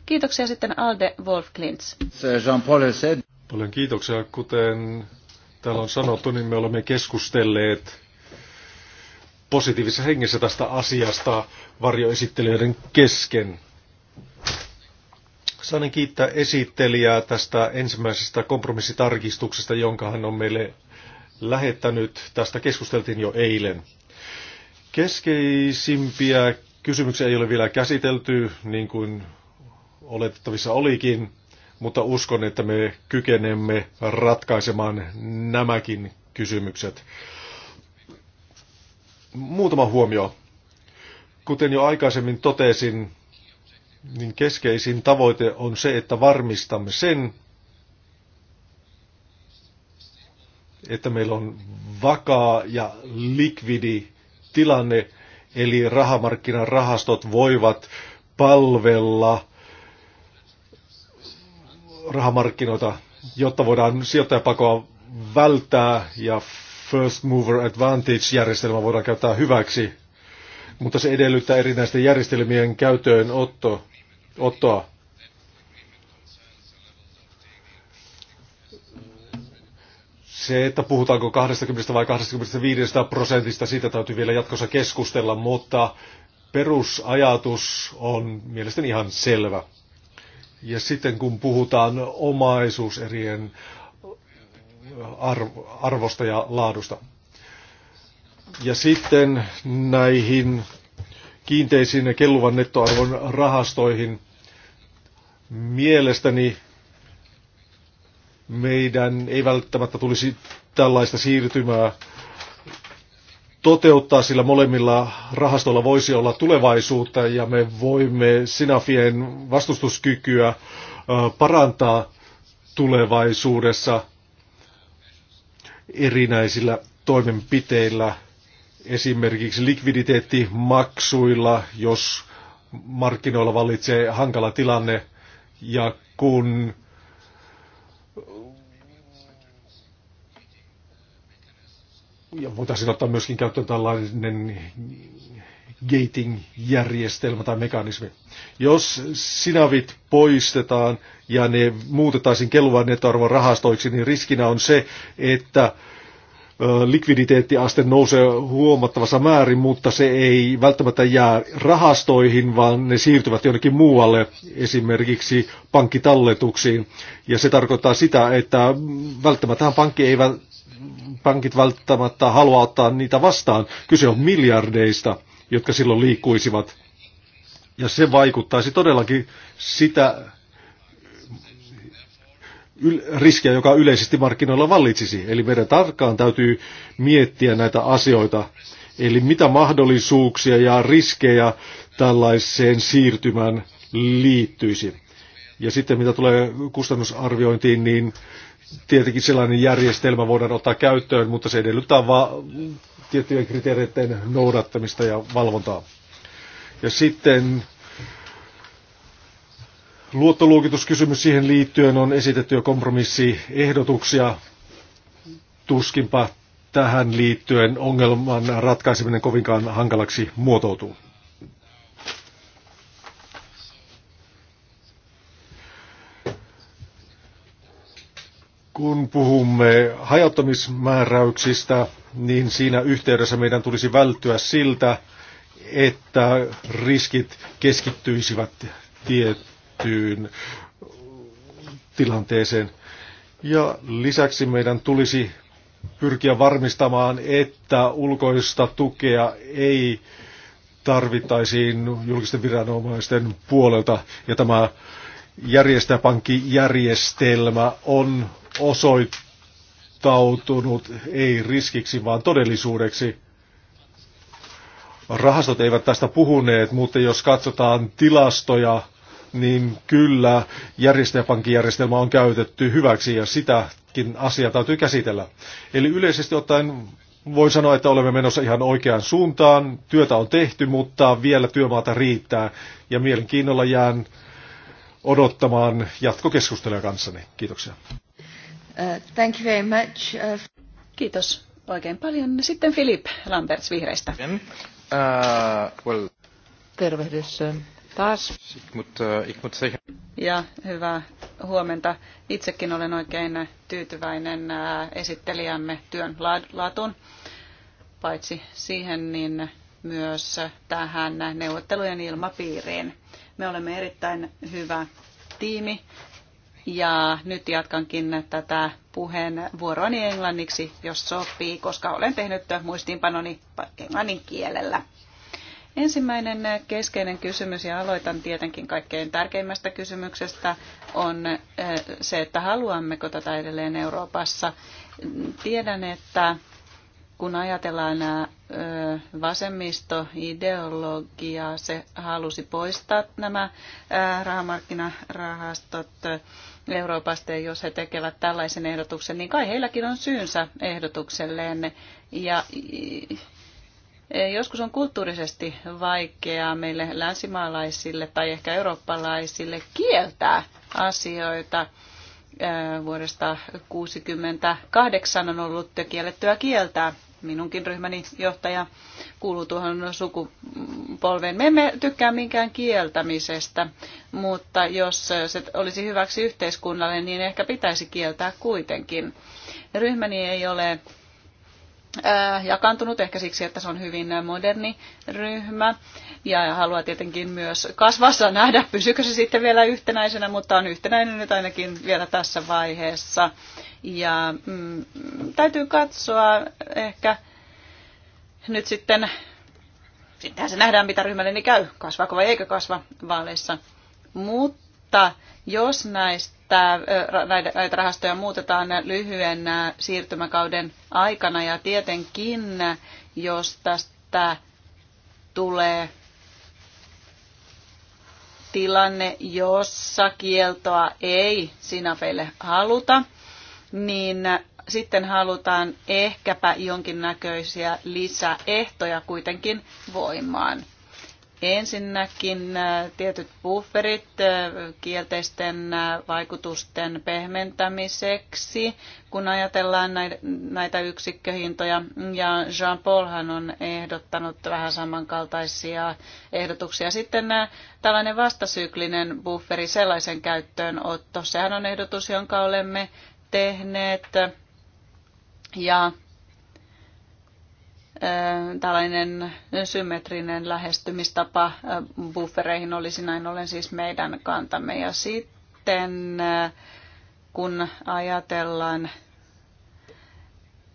Kiitoksia sitten Alde Wolf Klintz. Paljon kiitoksia. Kuten täällä on sanottu, niin me olemme keskustelleet positiivisessa hengessä tästä asiasta varjoesittelijöiden kesken. Saanen kiittää esittelijää tästä ensimmäisestä kompromissitarkistuksesta, jonka hän on meille lähettänyt. Tästä keskusteltiin jo eilen. Keskeisimpiä kysymyksiä ei ole vielä käsitelty, niin kuin oletettavissa olikin, mutta uskon, että me kykenemme ratkaisemaan nämäkin kysymykset. Muutama huomio. Kuten jo aikaisemmin totesin, niin keskeisin tavoite on se, että varmistamme sen, että meillä on vakaa ja likvidi tilanne, eli rahamarkkinan rahastot voivat palvella rahamarkkinoita, jotta voidaan sijoittajapakoa välttää ja first mover advantage järjestelmä voidaan käyttää hyväksi mutta se edellyttää erinäisten järjestelmien käyttöön otto, ottoa. Se, että puhutaanko 20 vai 25 prosentista, siitä täytyy vielä jatkossa keskustella, mutta perusajatus on mielestäni ihan selvä. Ja sitten kun puhutaan omaisuuserien arvosta ja laadusta. Ja sitten näihin kiinteisiin ja kelluvan nettoarvon rahastoihin. Mielestäni meidän ei välttämättä tulisi tällaista siirtymää toteuttaa, sillä molemmilla rahastoilla voisi olla tulevaisuutta ja me voimme Sinafien vastustuskykyä parantaa tulevaisuudessa erinäisillä toimenpiteillä – esimerkiksi likviditeettimaksuilla, jos markkinoilla vallitsee hankala tilanne ja kun ja voitaisiin ottaa myöskin käyttöön tällainen gating-järjestelmä tai mekanismi. Jos sinavit poistetaan ja ne muutetaisiin kelluvan netoarvon rahastoiksi, niin riskinä on se, että likviditeettiaste nousee huomattavassa määrin, mutta se ei välttämättä jää rahastoihin, vaan ne siirtyvät jonnekin muualle, esimerkiksi pankkitalletuksiin. Ja se tarkoittaa sitä, että välttämättä pankki ei vält- pankit välttämättä halua ottaa niitä vastaan. Kyse on miljardeista, jotka silloin liikkuisivat. Ja se vaikuttaisi todellakin sitä riskiä, joka yleisesti markkinoilla vallitsisi. Eli meidän tarkkaan täytyy miettiä näitä asioita, eli mitä mahdollisuuksia ja riskejä tällaiseen siirtymään liittyisi. Ja sitten mitä tulee kustannusarviointiin, niin tietenkin sellainen järjestelmä voidaan ottaa käyttöön, mutta se edellyttää vain tiettyjen kriteereiden noudattamista ja valvontaa. Ja sitten Luottoluokituskysymys siihen liittyen on esitetty jo kompromissiehdotuksia. Tuskinpa tähän liittyen ongelman ratkaiseminen kovinkaan hankalaksi muotoutuu. Kun puhumme hajauttamismääräyksistä, niin siinä yhteydessä meidän tulisi välttyä siltä, että riskit keskittyisivät tiettyyn tiettyyn tilanteeseen. Ja lisäksi meidän tulisi pyrkiä varmistamaan, että ulkoista tukea ei tarvittaisiin julkisten viranomaisten puolelta. Ja tämä järjestäjäpankkijärjestelmä on osoittautunut ei riskiksi, vaan todellisuudeksi. Rahastot eivät tästä puhuneet, mutta jos katsotaan tilastoja niin kyllä järjestäjäpankkijärjestelmä on käytetty hyväksi ja sitäkin asiaa täytyy käsitellä. Eli yleisesti ottaen voin sanoa, että olemme menossa ihan oikeaan suuntaan. Työtä on tehty, mutta vielä työmaata riittää ja mielenkiinnolla jään odottamaan jatkokeskustelua kanssani. Kiitoksia. Uh, thank you very much. Uh... Kiitos oikein paljon. Sitten Filip Lamberts vihreistä. Uh, well. Tervehdys uh, taas. Äh, ja hyvää huomenta. Itsekin olen oikein tyytyväinen äh, esittelijämme työn laatuun. Paitsi siihen, niin myös tähän neuvottelujen ilmapiiriin. Me olemme erittäin hyvä tiimi ja nyt jatkankin tätä puheenvuoroani englanniksi, jos sopii, koska olen tehnyt muistiinpanoni englannin kielellä. Ensimmäinen keskeinen kysymys, ja aloitan tietenkin kaikkein tärkeimmästä kysymyksestä, on se, että haluammeko tätä edelleen Euroopassa. Tiedän, että kun ajatellaan vasemmistoideologiaa, se halusi poistaa nämä rahamarkkinarahastot Euroopasta, ja jos he tekevät tällaisen ehdotuksen, niin kai heilläkin on syynsä ehdotukselleen. Ja Joskus on kulttuurisesti vaikeaa meille länsimaalaisille tai ehkä eurooppalaisille kieltää asioita. Vuodesta 1968 on ollut kiellettyä kieltää. Minunkin ryhmäni johtaja kuuluu tuohon sukupolveen. Me emme tykkää minkään kieltämisestä, mutta jos se olisi hyväksi yhteiskunnalle, niin ehkä pitäisi kieltää kuitenkin. Ryhmäni ei ole Äh, jakantunut, ehkä siksi, että se on hyvin moderni ryhmä ja haluaa tietenkin myös kasvassa nähdä, pysykö se sitten vielä yhtenäisenä, mutta on yhtenäinen nyt ainakin vielä tässä vaiheessa. Ja mm, täytyy katsoa ehkä nyt sitten, sittenhän se nähdään mitä ryhmälle niin käy, kasvaako vai eikö kasva vaaleissa. Mutta mutta jos näistä, näitä rahastoja muutetaan lyhyen siirtymäkauden aikana ja tietenkin, jos tästä tulee tilanne, jossa kieltoa ei sinafeille haluta, niin sitten halutaan ehkäpä jonkinnäköisiä lisäehtoja kuitenkin voimaan. Ensinnäkin äh, tietyt bufferit äh, kielteisten äh, vaikutusten pehmentämiseksi, kun ajatellaan näitä yksikköhintoja. Ja Jean-Paulhan on ehdottanut vähän samankaltaisia ehdotuksia. Sitten tällainen vastasyklinen bufferi, sellaisen käyttöönotto, sehän on ehdotus, jonka olemme tehneet. Ja tällainen symmetrinen lähestymistapa buffereihin olisi näin ollen siis meidän kantamme. Ja sitten kun ajatellaan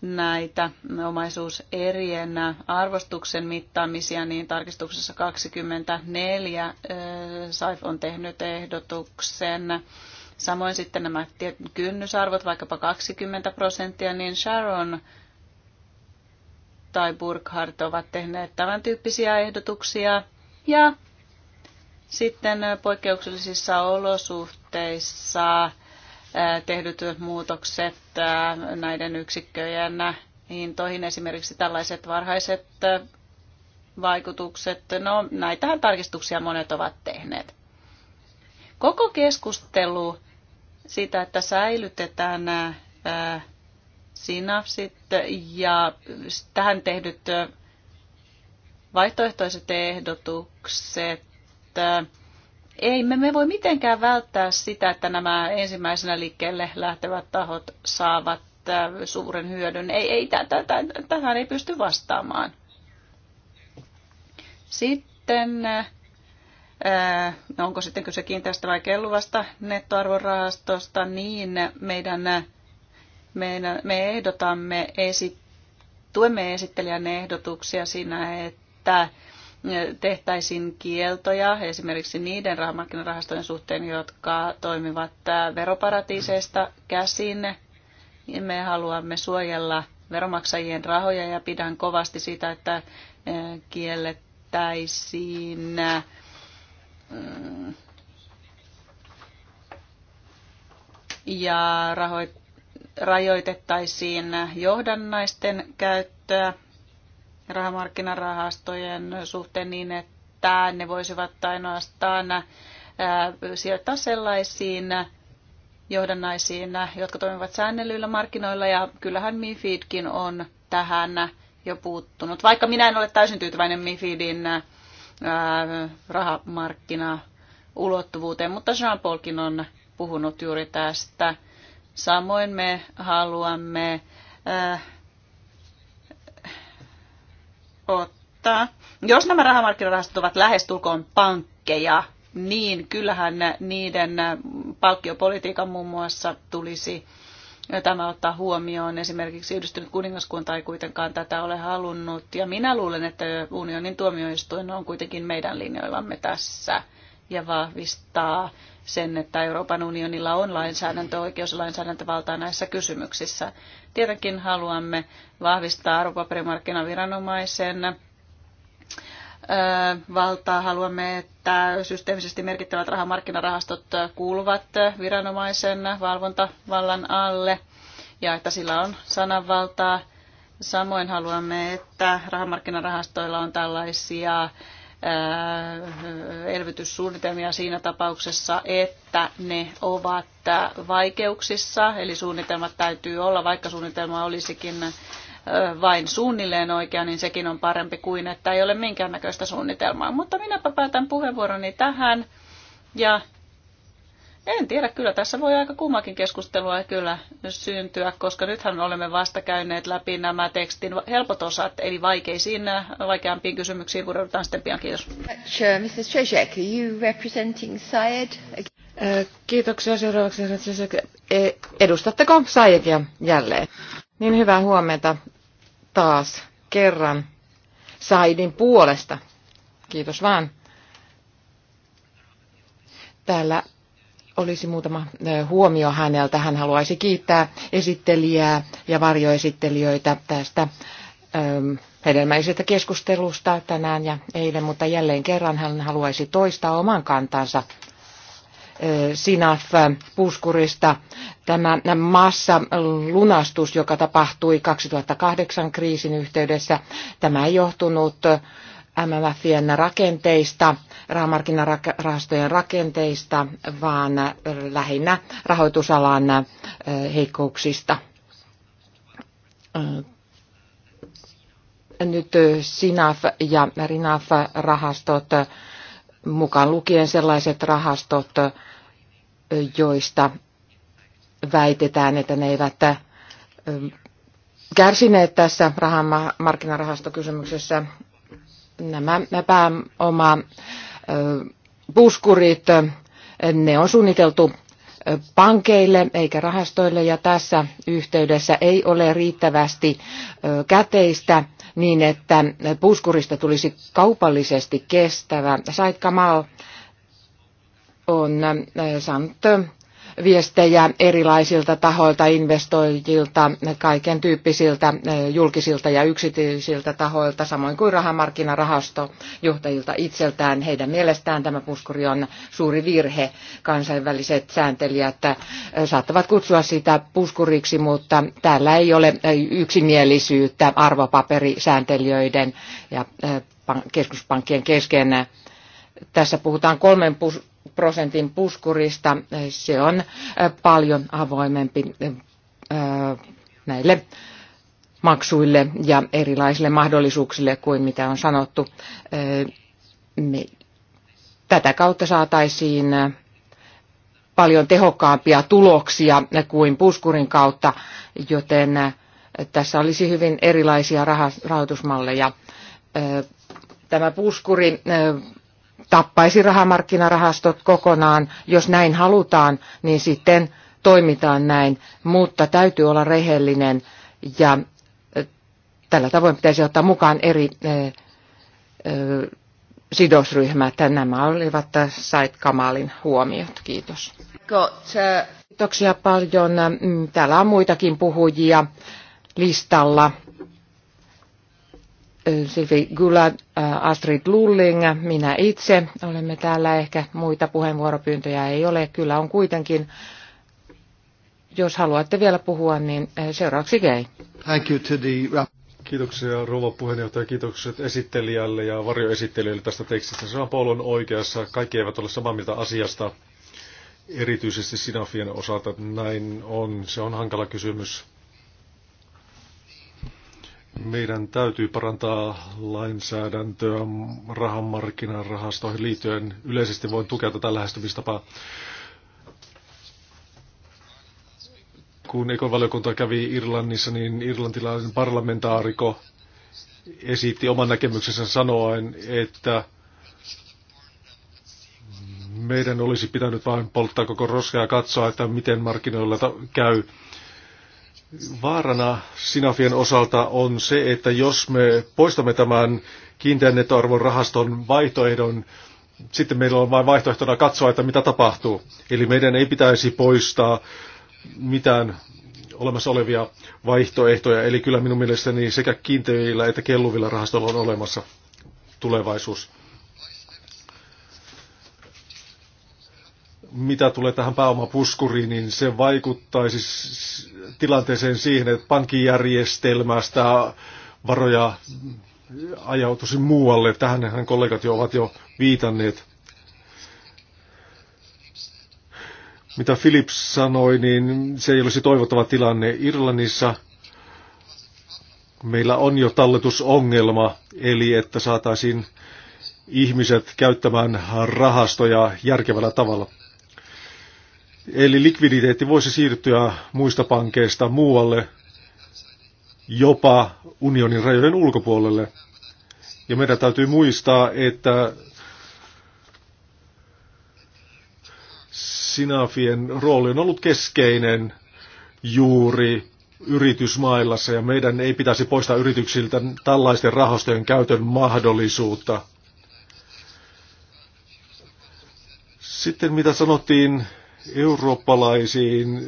näitä omaisuuserien arvostuksen mittaamisia, niin tarkistuksessa 24 SAIF on tehnyt ehdotuksen. Samoin sitten nämä kynnysarvot, vaikkapa 20 prosenttia, niin Sharon tai Burkhardt ovat tehneet tämän tyyppisiä ehdotuksia. Ja sitten äh, poikkeuksellisissa olosuhteissa äh, tehdyt muutokset äh, näiden yksikköjen hintoihin, esimerkiksi tällaiset varhaiset vaikutukset. No, näitähän tarkistuksia monet ovat tehneet. Koko keskustelu siitä, että säilytetään nämä sinapsit ja tähän tehdyt vaihtoehtoiset ehdotukset. Ei me, me voi mitenkään välttää sitä, että nämä ensimmäisenä liikkeelle lähtevät tahot saavat suuren hyödyn. Ei, ei, tähän ei pysty vastaamaan. Sitten onko sitten kyse kiinteästä vai kelluvasta nettoarvorahastosta, niin meidän meidän, me ehdotamme, esit, tuemme esittelijän ehdotuksia siinä, että tehtäisiin kieltoja esimerkiksi niiden rahamarkkinarahastojen suhteen, jotka toimivat veroparatiiseista käsin. Me haluamme suojella veromaksajien rahoja ja pidän kovasti sitä, että kiellettäisiin ja rahoit rajoitettaisiin johdannaisten käyttöä rahamarkkinarahastojen suhteen niin, että ne voisivat ainoastaan sijoittaa sellaisiin johdannaisiin, jotka toimivat säännellyillä markkinoilla ja kyllähän MIFIDkin on tähän jo puuttunut. Vaikka minä en ole täysin tyytyväinen MIFIDin rahamarkkina ulottuvuuteen, mutta Jean Paulkin on puhunut juuri tästä. Samoin me haluamme äh, ottaa. Jos nämä rahamarkkinarahastot ovat lähestulkoon pankkeja, niin kyllähän niiden palkkiopolitiikan muun muassa tulisi tämä ottaa huomioon. Esimerkiksi yhdistynyt kuningaskunta ei kuitenkaan tätä ole halunnut. Ja minä luulen, että unionin tuomioistuin on kuitenkin meidän linjoillamme tässä ja vahvistaa sen, että Euroopan unionilla on oikeus- ja lainsäädäntövaltaa näissä kysymyksissä. Tietenkin haluamme vahvistaa arvopaperimarkkinaviranomaisen valtaa. Haluamme, että systeemisesti merkittävät rahamarkkinarahastot kuuluvat viranomaisen valvontavallan alle ja että sillä on sananvaltaa. Samoin haluamme, että rahamarkkinarahastoilla on tällaisia elvytyssuunnitelmia siinä tapauksessa, että ne ovat vaikeuksissa, eli suunnitelmat täytyy olla, vaikka suunnitelma olisikin vain suunnilleen oikea, niin sekin on parempi kuin, että ei ole minkäännäköistä suunnitelmaa. Mutta minäpä päätän puheenvuoroni tähän ja en tiedä, kyllä tässä voi aika kummakin keskustelua kyllä syntyä, koska nythän olemme vasta käyneet läpi nämä tekstin helpot osat, eli vaikeisiin, vaikeampiin kysymyksiin pureudutaan sitten pian. Kiitos. Äh, kiitoksia seuraavaksi. E, edustatteko Sajekia jälleen? Niin hyvää huomenta taas kerran Saidin puolesta. Kiitos vaan. Täällä olisi muutama huomio häneltä. Hän haluaisi kiittää esittelijää ja varjoesittelijöitä tästä hedelmällisestä keskustelusta tänään ja eilen, mutta jälleen kerran hän haluaisi toistaa oman kantansa SINAF-puskurista. Tämä massa lunastus, joka tapahtui 2008 kriisin yhteydessä, tämä ei johtunut MMFien rakenteista, rahamarkkinarahastojen rakenteista, vaan lähinnä rahoitusalan heikkouksista. Nyt SINAF ja RINAF-rahastot, mukaan lukien sellaiset rahastot, joista väitetään, että ne eivät kärsineet tässä rahamarkkinarahastokysymyksessä nämä pääoma puskurit, ne on suunniteltu pankeille eikä rahastoille ja tässä yhteydessä ei ole riittävästi käteistä niin, että puskurista tulisi kaupallisesti kestävä. Said on saanut viestejä erilaisilta tahoilta, investoijilta, kaiken tyyppisiltä eh, julkisilta ja yksityisiltä tahoilta, samoin kuin rahamarkkinarahastojohtajilta itseltään. Heidän mielestään tämä puskuri on suuri virhe. Kansainväliset sääntelijät eh, saattavat kutsua sitä puskuriksi, mutta täällä ei ole eh, yksimielisyyttä arvopaperisääntelijöiden ja keskuspankkien kesken. Tässä puhutaan kolmen prosentin puskurista. Se on äh, paljon avoimempi äh, näille maksuille ja erilaisille mahdollisuuksille kuin mitä on sanottu. Äh, tätä kautta saataisiin paljon tehokkaampia tuloksia kuin puskurin kautta, joten tässä olisi hyvin erilaisia rahoitusmalleja. Tämä puskuri tappaisi rahamarkkinarahastot kokonaan. Jos näin halutaan, niin sitten toimitaan näin, mutta täytyy olla rehellinen ja tällä tavoin pitäisi ottaa mukaan eri sidosryhmät. Nämä olivat Sait Kamalin huomiot. Kiitos. Uh, Kiitoksia paljon. Mm, täällä on muitakin puhujia listalla. Silvi Gulad, äh, Astrid Lulling, minä itse olemme täällä. Ehkä muita puheenvuoropyyntöjä ei ole. Kyllä on kuitenkin. Jos haluatte vielä puhua, niin äh, seuraavaksi Gay. Thank you to the... Kiitoksia rouva puheenjohtaja, kiitokset esittelijälle ja varjoesittelijälle tästä tekstistä. Se on Paulon oikeassa. Kaikki eivät ole samaa mieltä asiasta, erityisesti Sinafien osalta. Näin on. Se on hankala kysymys meidän täytyy parantaa lainsäädäntöä rahastoihin liittyen. Yleisesti voin tukea tätä lähestymistapaa. Kun ekovaliokunta kävi Irlannissa, niin irlantilainen parlamentaariko esitti oman näkemyksensä sanoen, että meidän olisi pitänyt vain polttaa koko roskaa ja katsoa, että miten markkinoilla käy Vaarana Sinafien osalta on se, että jos me poistamme tämän kiinteän nettoarvon rahaston vaihtoehdon, sitten meillä on vain vaihtoehtona katsoa, että mitä tapahtuu. Eli meidän ei pitäisi poistaa mitään olemassa olevia vaihtoehtoja. Eli kyllä minun mielestäni sekä kiinteillä että kelluvilla rahastolla on olemassa tulevaisuus. mitä tulee tähän pääomapuskuriin, niin se vaikuttaisi tilanteeseen siihen, että pankkijärjestelmästä varoja ajautuisi muualle. hän kollegat jo ovat jo viitanneet. Mitä Philips sanoi, niin se ei olisi toivottava tilanne Irlannissa. Meillä on jo talletusongelma, eli että saataisiin ihmiset käyttämään rahastoja järkevällä tavalla. Eli likviditeetti voisi siirtyä muista pankeista muualle, jopa unionin rajojen ulkopuolelle. Ja meidän täytyy muistaa, että Sinafien rooli on ollut keskeinen juuri yritysmaillassa ja meidän ei pitäisi poistaa yrityksiltä tällaisten rahastojen käytön mahdollisuutta. Sitten mitä sanottiin eurooppalaisiin,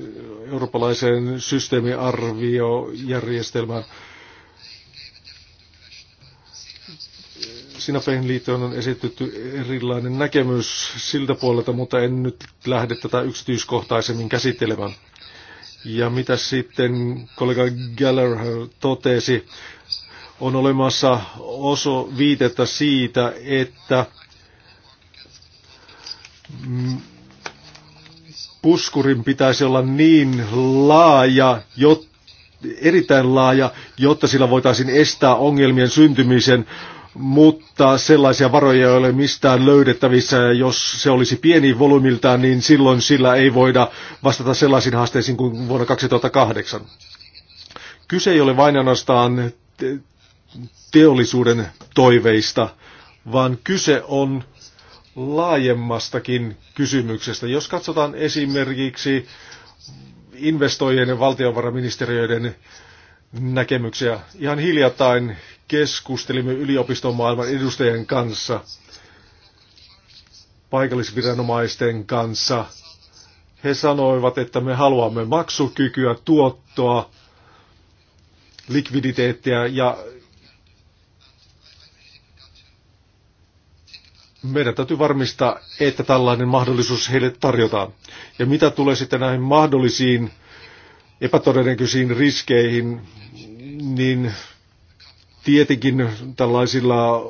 eurooppalaiseen systeemiarviojärjestelmään. Sinapeihin liittyen on esitetty erilainen näkemys siltä puolelta, mutta en nyt lähde tätä yksityiskohtaisemmin käsittelemään. Ja mitä sitten kollega Gallagher totesi, on olemassa oso viitettä siitä, että puskurin pitäisi olla niin laaja, jotta erittäin laaja, jotta sillä voitaisiin estää ongelmien syntymisen, mutta sellaisia varoja ei ole mistään löydettävissä. Jos se olisi pieni volyymiltaan, niin silloin sillä ei voida vastata sellaisiin haasteisiin kuin vuonna 2008. Kyse ei ole vain ainoastaan teollisuuden toiveista, vaan kyse on laajemmastakin kysymyksestä. Jos katsotaan esimerkiksi investoijien ja valtiovarainministeriöiden näkemyksiä, ihan hiljattain keskustelimme yliopistomaailman edustajien kanssa, paikallisviranomaisten kanssa. He sanoivat, että me haluamme maksukykyä, tuottoa, likviditeettiä ja meidän täytyy varmistaa, että tällainen mahdollisuus heille tarjotaan. Ja mitä tulee sitten näihin mahdollisiin epätodennäköisiin riskeihin, niin tietenkin tällaisilla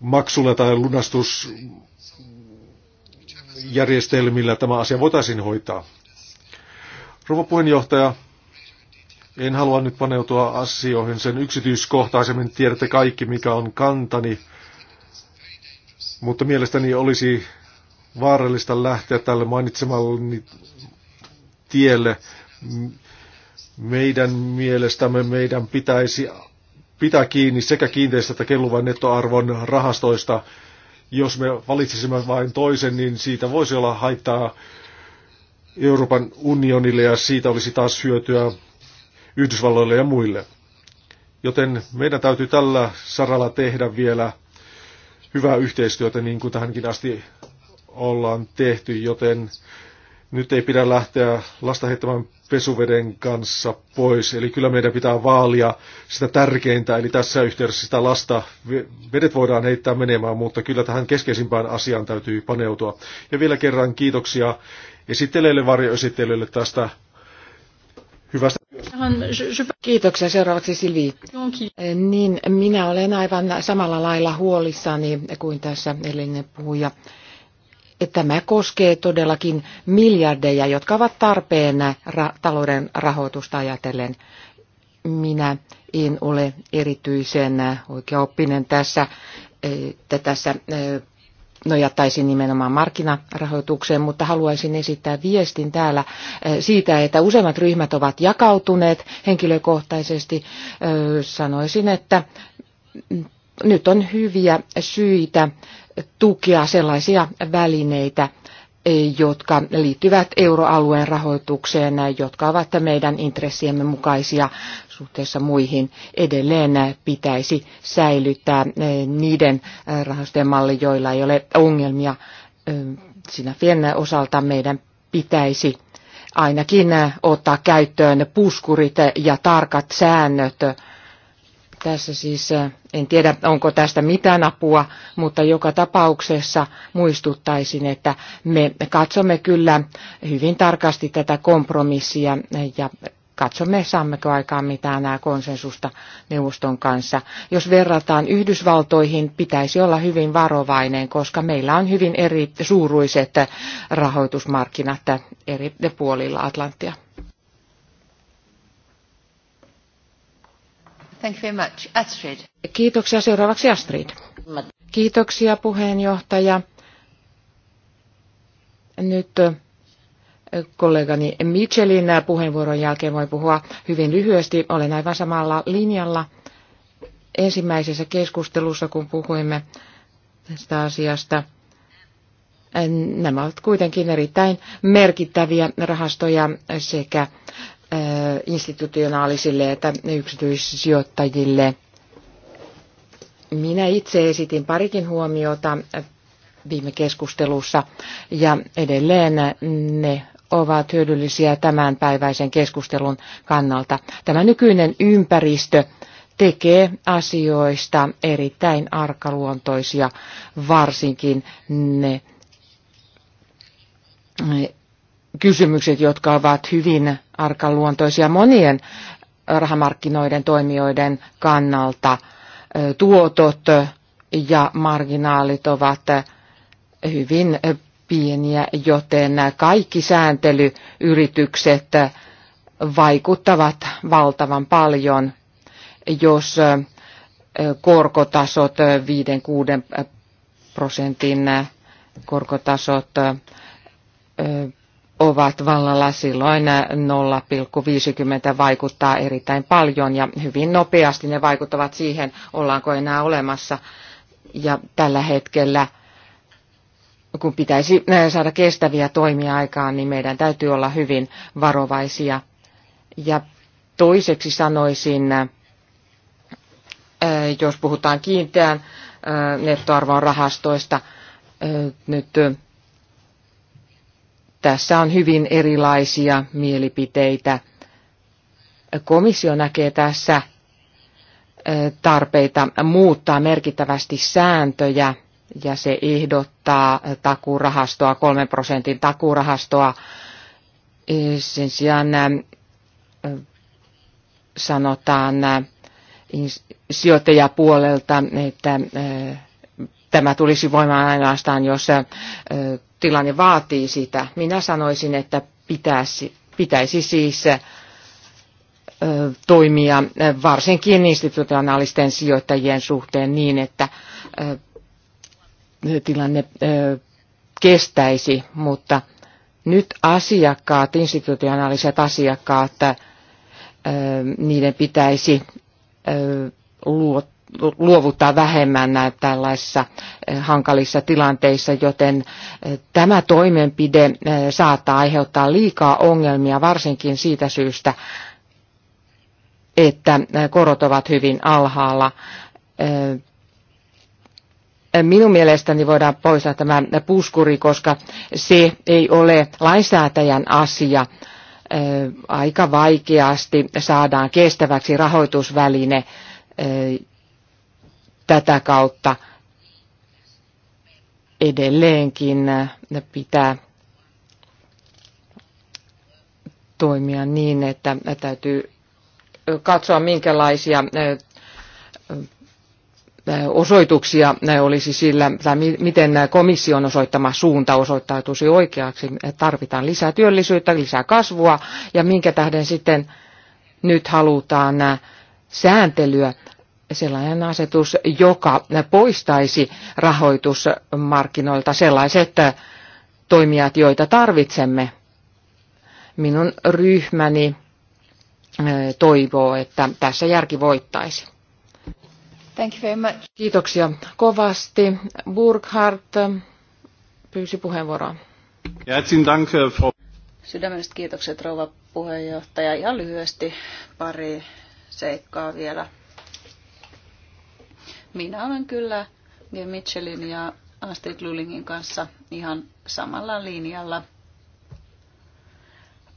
maksulla tai lunastusjärjestelmillä tämä asia voitaisiin hoitaa. Rouva puheenjohtaja, en halua nyt paneutua asioihin sen yksityiskohtaisemmin. Tiedätte kaikki, mikä on kantani mutta mielestäni olisi vaarallista lähteä tälle mainitsemalle tielle. Meidän mielestämme meidän pitäisi pitää kiinni sekä kiinteistä että kelluvan nettoarvon rahastoista. Jos me valitsisimme vain toisen, niin siitä voisi olla haittaa Euroopan unionille ja siitä olisi taas hyötyä Yhdysvalloille ja muille. Joten meidän täytyy tällä saralla tehdä vielä hyvää yhteistyötä niin kuin tähänkin asti ollaan tehty, joten nyt ei pidä lähteä lasta heittämään pesuveden kanssa pois. Eli kyllä meidän pitää vaalia sitä tärkeintä, eli tässä yhteydessä sitä lasta. Vedet voidaan heittää menemään, mutta kyllä tähän keskeisimpään asiaan täytyy paneutua. Ja vielä kerran kiitoksia esittelijöille, varjoesittelijöille tästä hyvästä Kiitoksia. Seuraavaksi Silvi. Eh, niin, minä olen aivan samalla lailla huolissani kuin tässä edellinen puhuja. Tämä koskee todellakin miljardeja, jotka ovat tarpeen ra- talouden rahoitusta ajatellen. Minä en ole erityisen oikeaoppinen tässä, eh, että tässä eh, nojattaisiin nimenomaan markkinarahoitukseen, mutta haluaisin esittää viestin täällä eh, siitä, että useimmat ryhmät ovat jakautuneet henkilökohtaisesti. Eh, sanoisin, että nyt on hyviä syitä tukea sellaisia välineitä, jotka liittyvät euroalueen rahoitukseen, jotka ovat meidän intressiemme mukaisia suhteessa muihin edelleen pitäisi säilyttää eh, niiden eh, rahastojen malli, joilla ei ole ongelmia. Eh, Siinä Fiennän osalta meidän pitäisi ainakin ottaa käyttöön puskurit ja tarkat säännöt. Tässä siis, en tiedä onko tästä mitään apua, mutta joka tapauksessa muistuttaisin, että me katsomme kyllä hyvin tarkasti tätä kompromissia ja katsomme, saammeko aikaan mitään nämä konsensusta neuvoston kanssa. Jos verrataan Yhdysvaltoihin, pitäisi olla hyvin varovainen, koska meillä on hyvin eri suuruiset rahoitusmarkkinat eri puolilla Atlanttia. Thank you very much. Astrid. Kiitoksia. Seuraavaksi Astrid. Kiitoksia puheenjohtaja. Nyt kollegani Michelin puheenvuoron jälkeen voi puhua hyvin lyhyesti. Olen aivan samalla linjalla ensimmäisessä keskustelussa, kun puhuimme tästä asiasta. Nämä ovat kuitenkin erittäin merkittäviä rahastoja sekä institutionaalisille että yksityissijoittajille. Minä itse esitin parikin huomiota viime keskustelussa ja edelleen ne ovat hyödyllisiä tämän päiväisen keskustelun kannalta. Tämä nykyinen ympäristö tekee asioista erittäin arkaluontoisia, varsinkin ne kysymykset, jotka ovat hyvin arkaluontoisia monien rahamarkkinoiden toimijoiden kannalta. Tuotot ja marginaalit ovat hyvin pieniä, joten kaikki sääntelyyritykset vaikuttavat valtavan paljon, jos korkotasot 5-6 prosentin korkotasot ovat vallalla silloin 0,50 vaikuttaa erittäin paljon ja hyvin nopeasti ne vaikuttavat siihen, ollaanko enää olemassa. Ja tällä hetkellä kun pitäisi äh, saada kestäviä toimia aikaan, niin meidän täytyy olla hyvin varovaisia. Ja toiseksi sanoisin, äh, jos puhutaan kiinteän äh, nettoarvon rahastoista, nyt tässä on hyvin erilaisia mielipiteitä. Komissio näkee tässä tarpeita muuttaa merkittävästi sääntöjä – ja se ehdottaa takurahastoa, kolmen prosentin takurahastoa. E, sen sijaan sanotaan sijoittajapuolelta, että tämä tulisi voimaan ainoastaan, jos tilanne vaatii sitä. Minä sanoisin, että pitäisi, pitäisi siis toimia varsinkin institutionaalisten sijoittajien suhteen niin, että tilanne kestäisi, mutta nyt asiakkaat, institutionaaliset asiakkaat, niiden pitäisi luovuttaa vähemmän näitä tällaisissa hankalissa tilanteissa, joten tämä toimenpide saattaa aiheuttaa liikaa ongelmia, varsinkin siitä syystä, että korot ovat hyvin alhaalla minun mielestäni voidaan poistaa tämä puskuri, koska se ei ole lainsäätäjän asia. Aika vaikeasti saadaan kestäväksi rahoitusväline tätä kautta edelleenkin pitää toimia niin, että täytyy katsoa minkälaisia osoituksia olisi sillä, tai miten komission osoittama suunta osoittautuisi oikeaksi. Tarvitaan lisää työllisyyttä, lisää kasvua ja minkä tähden sitten nyt halutaan sääntelyä sellainen asetus, joka poistaisi rahoitusmarkkinoilta sellaiset toimijat, joita tarvitsemme. Minun ryhmäni toivoo, että tässä järki voittaisi. Thank you very much. Kiitoksia kovasti. Burkhardt pyysi puheenvuoroa. Äh, Frau... Sydämelliset kiitokset, rouva puheenjohtaja. Ihan lyhyesti pari seikkaa vielä. Minä olen kyllä G. Mitchellin ja Astrid Lullingin kanssa ihan samalla linjalla.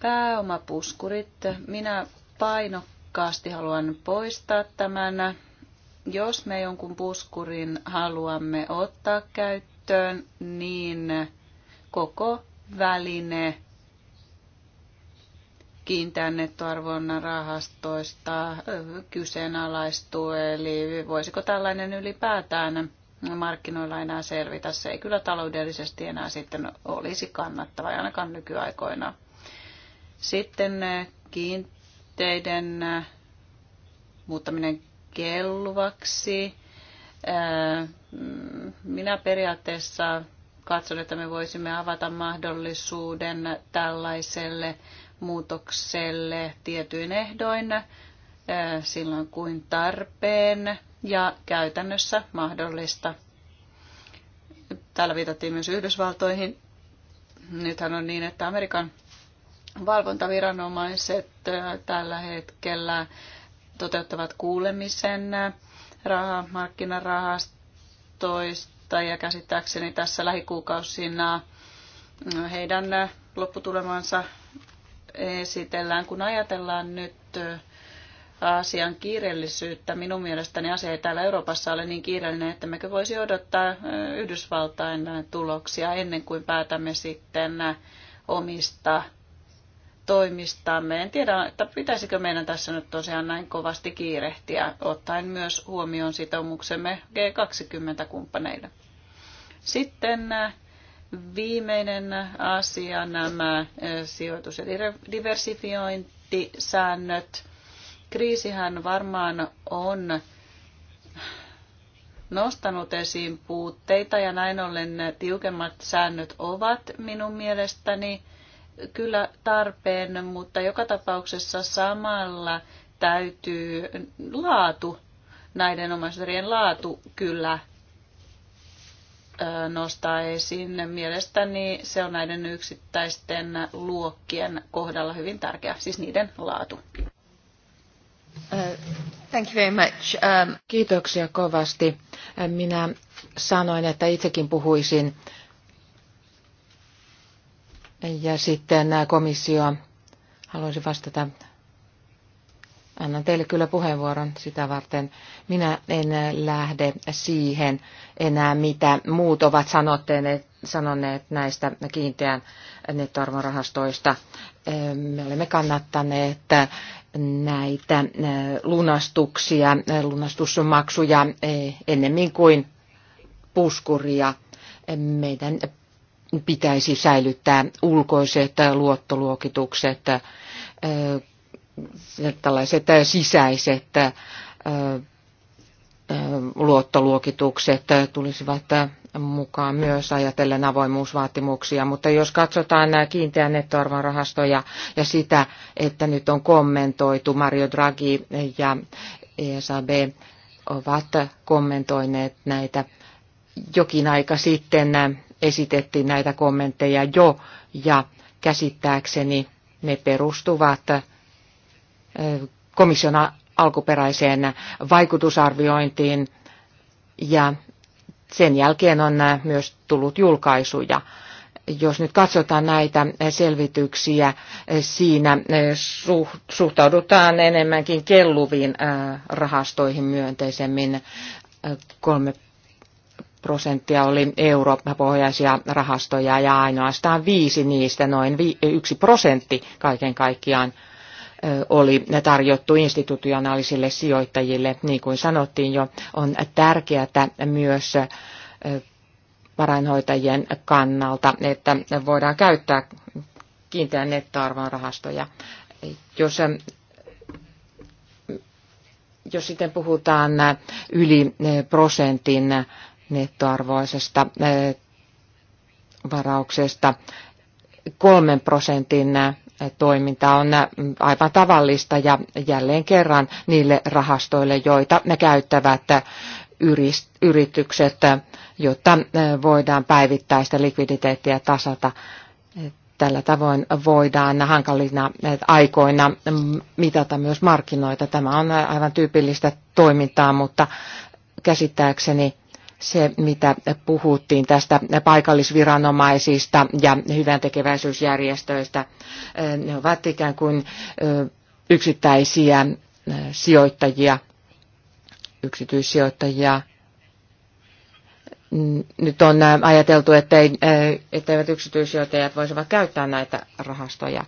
Pääomapuskurit. Minä painokkaasti haluan poistaa tämän jos me jonkun puskurin haluamme ottaa käyttöön, niin koko väline kiinteän rahastoista kyseenalaistuu, eli voisiko tällainen ylipäätään markkinoilla enää selvitä. Se ei kyllä taloudellisesti enää sitten olisi kannattava, ainakaan nykyaikoina. Sitten kiinteiden muuttaminen kelluvaksi. Mm, minä periaatteessa katson, että me voisimme avata mahdollisuuden tällaiselle muutokselle tietyin ehdoin silloin kuin tarpeen ja käytännössä mahdollista. Täällä viitattiin myös Yhdysvaltoihin. Nythän on niin, että Amerikan valvontaviranomaiset tällä hetkellä toteuttavat kuulemisen rahamarkkinarahastoista ja käsittääkseni tässä lähikuukausina heidän lopputulemansa esitellään, kun ajatellaan nyt asian kiireellisyyttä. Minun mielestäni asia ei täällä Euroopassa ole niin kiireellinen, että mekö voisi odottaa Yhdysvaltain tuloksia ennen kuin päätämme sitten omista toimistamme. En tiedä, että pitäisikö meidän tässä nyt tosiaan näin kovasti kiirehtiä, ottaen myös huomioon sitoumuksemme G20-kumppaneille. Sitten äh, viimeinen asia, nämä äh, sijoitus- ja diversifiointisäännöt. Kriisihän varmaan on nostanut esiin puutteita ja näin ollen tiukemmat säännöt ovat minun mielestäni – kyllä tarpeen, mutta joka tapauksessa samalla täytyy laatu, näiden omaisuuserien laatu kyllä nostaa esiin. Mielestäni se on näiden yksittäisten luokkien kohdalla hyvin tärkeä, siis niiden laatu. Thank you very much. Um, Kiitoksia kovasti. Minä sanoin, että itsekin puhuisin ja sitten komissio haluaisi vastata. Annan teille kyllä puheenvuoron sitä varten. Minä en lähde siihen enää, mitä muut ovat sanotteet, sanoneet näistä kiinteän nettoarvorahastoista. Me olemme kannattaneet näitä lunastuksia, lunastusmaksuja ennemmin kuin puskuria. Meidän pitäisi säilyttää ulkoiset luottoluokitukset, tällaiset sisäiset luottoluokitukset tulisivat mukaan myös ajatellen avoimuusvaatimuksia, mutta jos katsotaan nämä kiinteä nettoarvon rahastoja ja sitä, että nyt on kommentoitu Mario Draghi ja ESAB ovat kommentoineet näitä jokin aika sitten esitettiin näitä kommentteja jo ja käsittääkseni ne perustuvat komission alkuperäiseen vaikutusarviointiin ja sen jälkeen on myös tullut julkaisuja. Jos nyt katsotaan näitä selvityksiä, siinä suhtaudutaan enemmänkin kelluviin rahastoihin myönteisemmin kolme prosenttia oli pohjaisia rahastoja ja ainoastaan viisi niistä, noin yksi prosentti kaiken kaikkiaan, oli tarjottu institutionaalisille sijoittajille. Niin kuin sanottiin jo, on tärkeää myös varainhoitajien kannalta, että voidaan käyttää kiinteän nettoarvon rahastoja. Jos jos sitten puhutaan yli prosentin nettoarvoisesta eh, varauksesta. Kolmen prosentin eh, toiminta on eh, aivan tavallista ja jälleen kerran niille rahastoille, joita ne käyttävät yritykset, jotta voidaan sitä likviditeettiä tasata. Tällä tavoin voidaan hankalina aikoina mm, mitata myös markkinoita. Tämä on aivan tyypillistä toimintaa, mutta käsittääkseni se, mitä puhuttiin tästä paikallisviranomaisista ja hyväntekeväisyysjärjestöistä eh, ne ovat ikään kuin eh, yksittäisiä eh, sijoittajia, yksityissijoittajia. Nyt on ajateltu, ettei, etteivät yksityissijoittajat voisivat käyttää näitä rahastoja.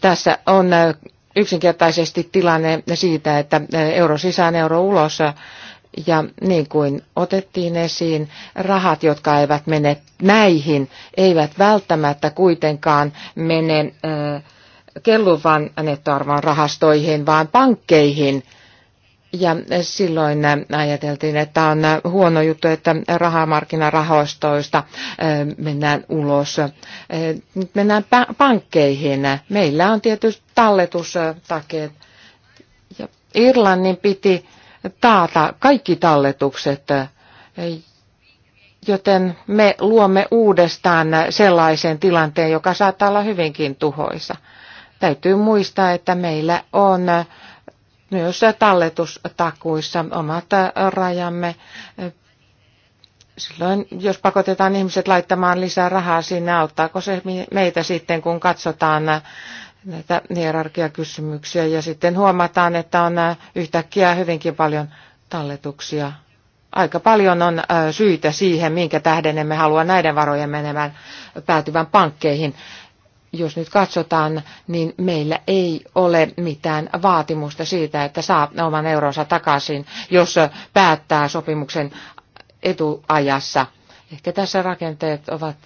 Tässä on yksinkertaisesti tilanne siitä, että euro sisään, euro ulos ja niin kuin otettiin esiin, rahat, jotka eivät mene näihin, eivät välttämättä kuitenkaan mene kelluvan nettoarvon rahastoihin, vaan pankkeihin. Ja silloin ajateltiin, että on huono juttu, että rahamarkkinarahoistoista mennään ulos. Nyt mennään pankkeihin. Meillä on tietysti talletustakeet. Ja Irlannin piti taata kaikki talletukset, joten me luomme uudestaan sellaisen tilanteen, joka saattaa olla hyvinkin tuhoisa. Täytyy muistaa, että meillä on myös talletustakuissa omat rajamme. Silloin, jos pakotetaan ihmiset laittamaan lisää rahaa sinne, auttaako se meitä sitten, kun katsotaan näitä hierarkiakysymyksiä ja sitten huomataan, että on äh, yhtäkkiä hyvinkin paljon talletuksia. Aika paljon on äh, syitä siihen, minkä tähden emme halua näiden varojen menevän päätyvän pankkeihin. Jos nyt katsotaan, niin meillä ei ole mitään vaatimusta siitä, että saa oman euronsa takaisin, jos äh, päättää sopimuksen etuajassa. Ehkä tässä rakenteet ovat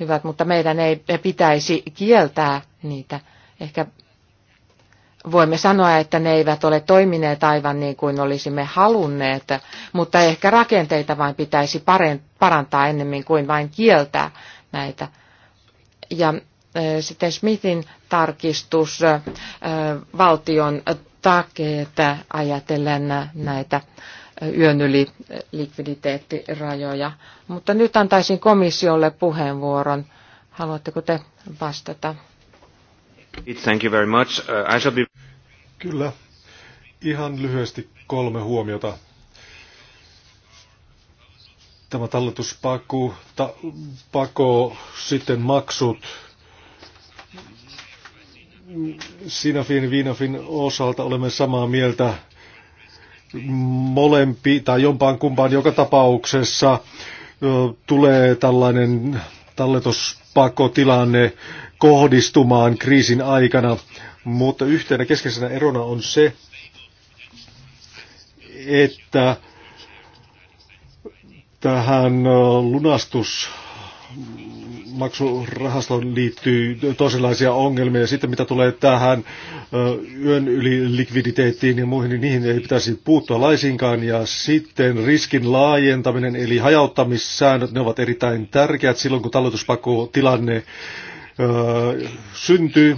hyvät, mutta meidän ei pitäisi kieltää niitä Ehkä voimme sanoa, että ne eivät ole toimineet aivan niin kuin olisimme halunneet, mutta ehkä rakenteita vain pitäisi parantaa ennemmin kuin vain kieltää näitä. Ja sitten Smithin tarkistus valtion takeet ajatellen näitä yön yli likviditeettirajoja. Mutta nyt antaisin komissiolle puheenvuoron. Haluatteko te vastata? Thank you very much. Uh, I shall be... Kyllä. Ihan lyhyesti kolme huomiota. Tämä talletuspaku, ta, pako, sitten maksut. Sinafin, Viinafin osalta olemme samaa mieltä molempi tai jompaan kumpaan joka tapauksessa tulee tällainen talletus pakotilanne kohdistumaan kriisin aikana, mutta yhtenä keskeisenä erona on se, että tähän lunastus maksurahastoon liittyy toisenlaisia ongelmia. Ja sitten mitä tulee tähän yön yli likviditeettiin ja muihin, niin niihin ei pitäisi puuttua laisinkaan. Ja sitten riskin laajentaminen eli hajauttamissäännöt, ne ovat erittäin tärkeät silloin, kun tilanne syntyy.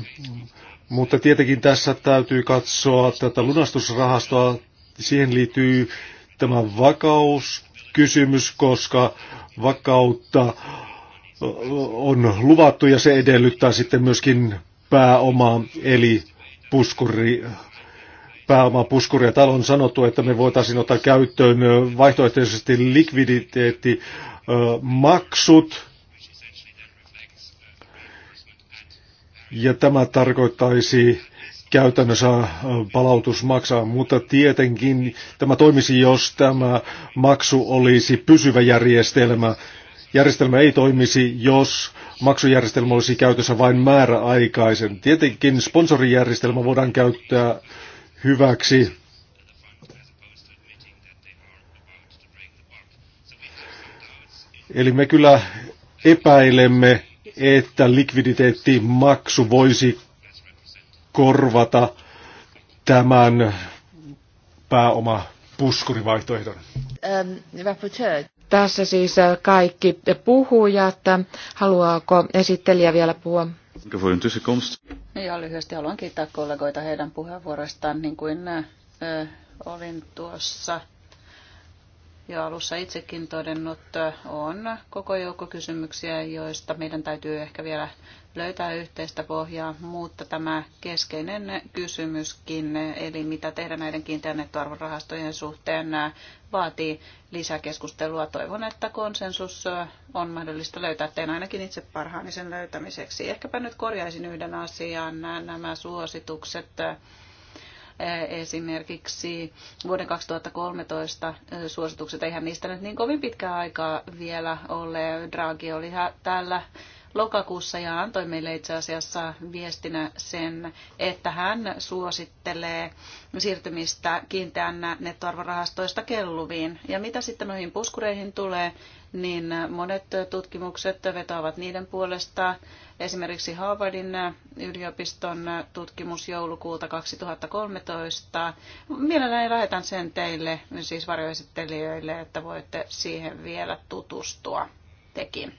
Mutta tietenkin tässä täytyy katsoa tätä lunastusrahastoa. Siihen liittyy tämä vakauskysymys, koska vakautta on luvattu ja se edellyttää sitten myöskin pääomaa, eli puskuri, puskuri Ja täällä on sanottu, että me voitaisiin ottaa käyttöön vaihtoehtoisesti likviditeettimaksut. Ja tämä tarkoittaisi käytännössä palautus maksaa, mutta tietenkin tämä toimisi, jos tämä maksu olisi pysyvä järjestelmä, järjestelmä ei toimisi, jos maksujärjestelmä olisi käytössä vain määräaikaisen. Tietenkin sponsorijärjestelmä voidaan käyttää hyväksi. Eli me kyllä epäilemme, että likviditeettimaksu voisi korvata tämän pääoma puskurivaihtoehdon. Um, ähm, tässä siis kaikki puhujat. Haluaako esittelijä vielä puhua? Ja niin, lyhyesti haluan kiittää kollegoita heidän puheenvuoroistaan, niin kuin olin tuossa jo alussa itsekin todennut, on koko joukko kysymyksiä, joista meidän täytyy ehkä vielä löytää yhteistä pohjaa, mutta tämä keskeinen kysymyskin, eli mitä tehdä näiden rahastojen suhteen, vaatii lisäkeskustelua. Toivon, että konsensus on mahdollista löytää. Teen ainakin itse parhaani sen löytämiseksi. Ehkäpä nyt korjaisin yhden asian nämä suositukset esimerkiksi vuoden 2013 suositukset, eihän niistä nyt niin kovin pitkää aikaa vielä ole. Draghi oli täällä lokakuussa ja antoi meille itse asiassa viestinä sen, että hän suosittelee siirtymistä kiinteän nettoarvorahastoista kelluviin. Ja mitä sitten noihin puskureihin tulee, niin monet tutkimukset vetoavat niiden puolesta. Esimerkiksi Harvardin yliopiston tutkimus joulukuulta 2013. Mielelläni lähetän sen teille, siis varjoesittelijöille, että voitte siihen vielä tutustua tekin.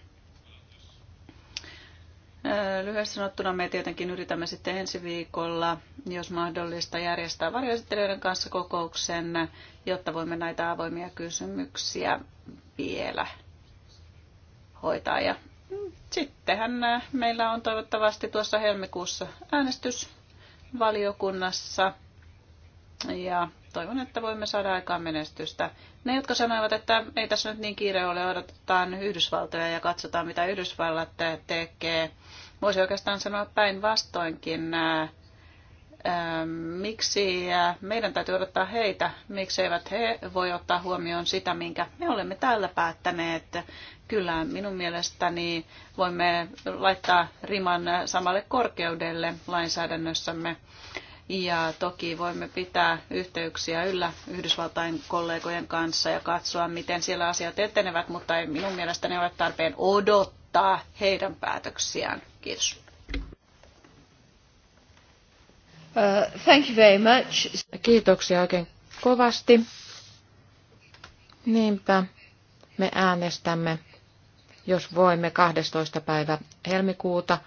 Äh, lyhyesti sanottuna me tietenkin yritämme sitten ensi viikolla, jos mahdollista, järjestää varjoesittelijöiden kanssa kokouksen, jotta voimme näitä avoimia kysymyksiä vielä hoitaa. Ja sittenhän äh, meillä on toivottavasti tuossa helmikuussa äänestys valiokunnassa ja toivon, että voimme saada aikaan menestystä. Ne, jotka sanoivat, että ei tässä nyt niin kiire ole, odotetaan Yhdysvaltoja ja katsotaan, mitä Yhdysvallat tekee, voisi oikeastaan sanoa päinvastoinkin, miksi meidän täytyy odottaa heitä, miksi eivät he voi ottaa huomioon sitä, minkä me olemme täällä päättäneet. Kyllä minun mielestäni voimme laittaa riman samalle korkeudelle lainsäädännössämme. Ja toki voimme pitää yhteyksiä yllä Yhdysvaltain kollegojen kanssa ja katsoa, miten siellä asiat etenevät, mutta ei minun mielestäni ole tarpeen odottaa heidän päätöksiään. Kiitos. Uh, thank you very much. Kiitoksia oikein kovasti. Niinpä me äänestämme, jos voimme, 12. päivä helmikuuta.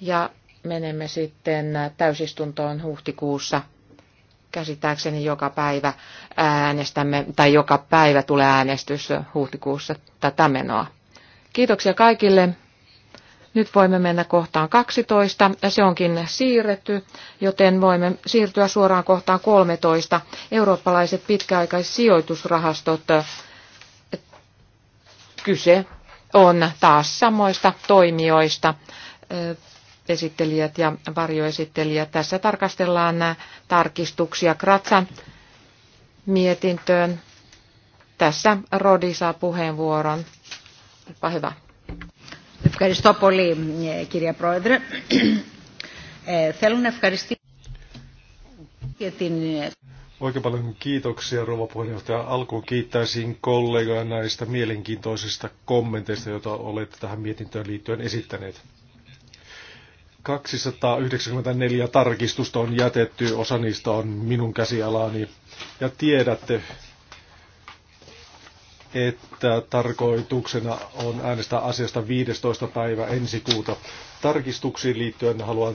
Ja menemme sitten täysistuntoon huhtikuussa. Käsittääkseni joka päivä äänestämme, tai joka päivä tulee äänestys huhtikuussa tätä menoa. Kiitoksia kaikille. Nyt voimme mennä kohtaan 12. Se onkin siirretty, joten voimme siirtyä suoraan kohtaan 13. Eurooppalaiset pitkäaikaissijoitusrahastot. Kyse on taas samoista toimijoista esittelijät ja varjoesittelijät. Tässä tarkastellaan nämä tarkistuksia Kratsan mietintöön. Tässä Rodi saa puheenvuoron. Olipa hyvä. Oikein paljon kiitoksia, rouva puheenjohtaja. Alkuun kiittäisin kollegoja näistä mielenkiintoisista kommenteista, joita olette tähän mietintöön liittyen esittäneet. 294 tarkistusta on jätetty, osa niistä on minun käsialaani Ja tiedätte, että tarkoituksena on äänestää asiasta 15. päivä ensi kuuta. Tarkistuksiin liittyen haluan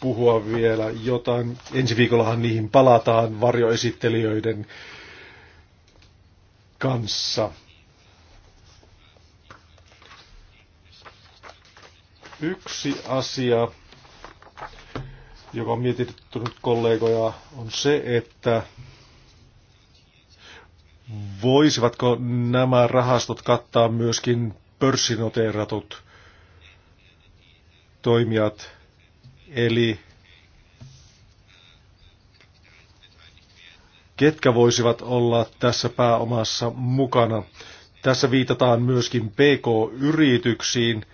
puhua vielä jotain. Ensi viikollahan niihin palataan varjoesittelijöiden kanssa. Yksi asia, joka on mietityttänyt kollegoja, on se, että voisivatko nämä rahastot kattaa myöskin pörssinoteeratut toimijat, eli ketkä voisivat olla tässä pääomassa mukana. Tässä viitataan myöskin PK-yrityksiin,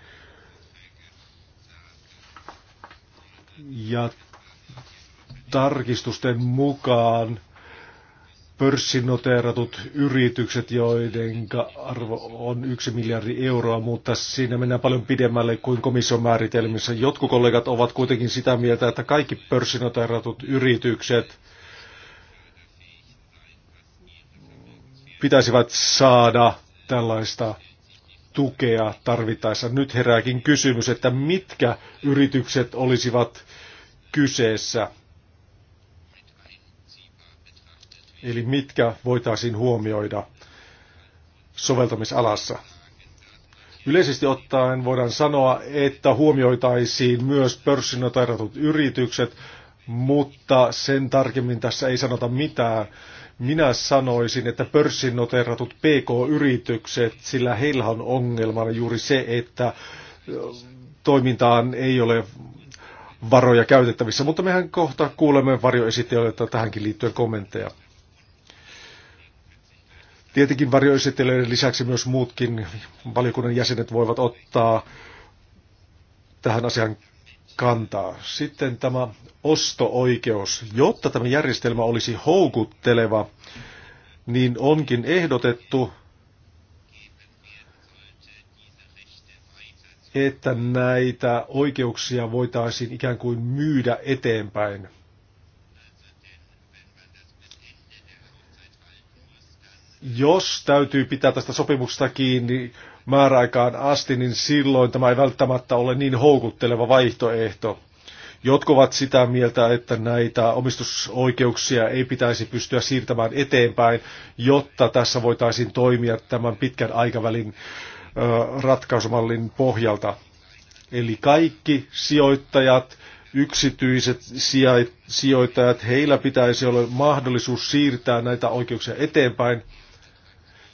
Ja tarkistusten mukaan pörssinoteeratut yritykset, joiden arvo on yksi miljardi euroa, mutta siinä mennään paljon pidemmälle kuin komission määritelmissä. Jotkut kollegat ovat kuitenkin sitä mieltä, että kaikki pörssinoteeratut yritykset pitäisivät saada tällaista tukea tarvittaessa. Nyt herääkin kysymys, että mitkä yritykset olisivat kyseessä. Eli mitkä voitaisiin huomioida soveltamisalassa. Yleisesti ottaen voidaan sanoa, että huomioitaisiin myös pörssinotairatut yritykset, mutta sen tarkemmin tässä ei sanota mitään minä sanoisin, että noteratut PK-yritykset, sillä heillä on ongelmana juuri se, että toimintaan ei ole varoja käytettävissä, mutta mehän kohta kuulemme varjoesittelijöitä tähänkin liittyen kommentteja. Tietenkin varjoesittelijöiden lisäksi myös muutkin valiokunnan jäsenet voivat ottaa tähän asiaan kantaa. Sitten tämä osto-oikeus. Jotta tämä järjestelmä olisi houkutteleva, niin onkin ehdotettu, että näitä oikeuksia voitaisiin ikään kuin myydä eteenpäin. Jos täytyy pitää tästä sopimuksesta kiinni määräaikaan asti, niin silloin tämä ei välttämättä ole niin houkutteleva vaihtoehto. Jotkut ovat sitä mieltä, että näitä omistusoikeuksia ei pitäisi pystyä siirtämään eteenpäin, jotta tässä voitaisiin toimia tämän pitkän aikavälin ratkaisumallin pohjalta. Eli kaikki sijoittajat, yksityiset sijoittajat, heillä pitäisi olla mahdollisuus siirtää näitä oikeuksia eteenpäin –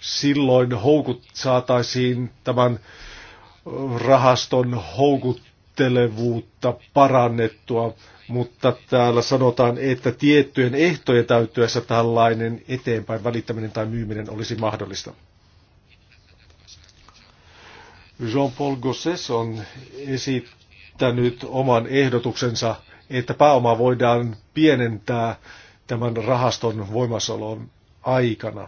silloin houkut saataisiin tämän rahaston houkuttelevuutta parannettua, mutta täällä sanotaan, että tiettyjen ehtojen täyttyessä tällainen eteenpäin välittäminen tai myyminen olisi mahdollista. Jean-Paul Gosses on esittänyt oman ehdotuksensa, että pääoma voidaan pienentää tämän rahaston voimassaolon aikana.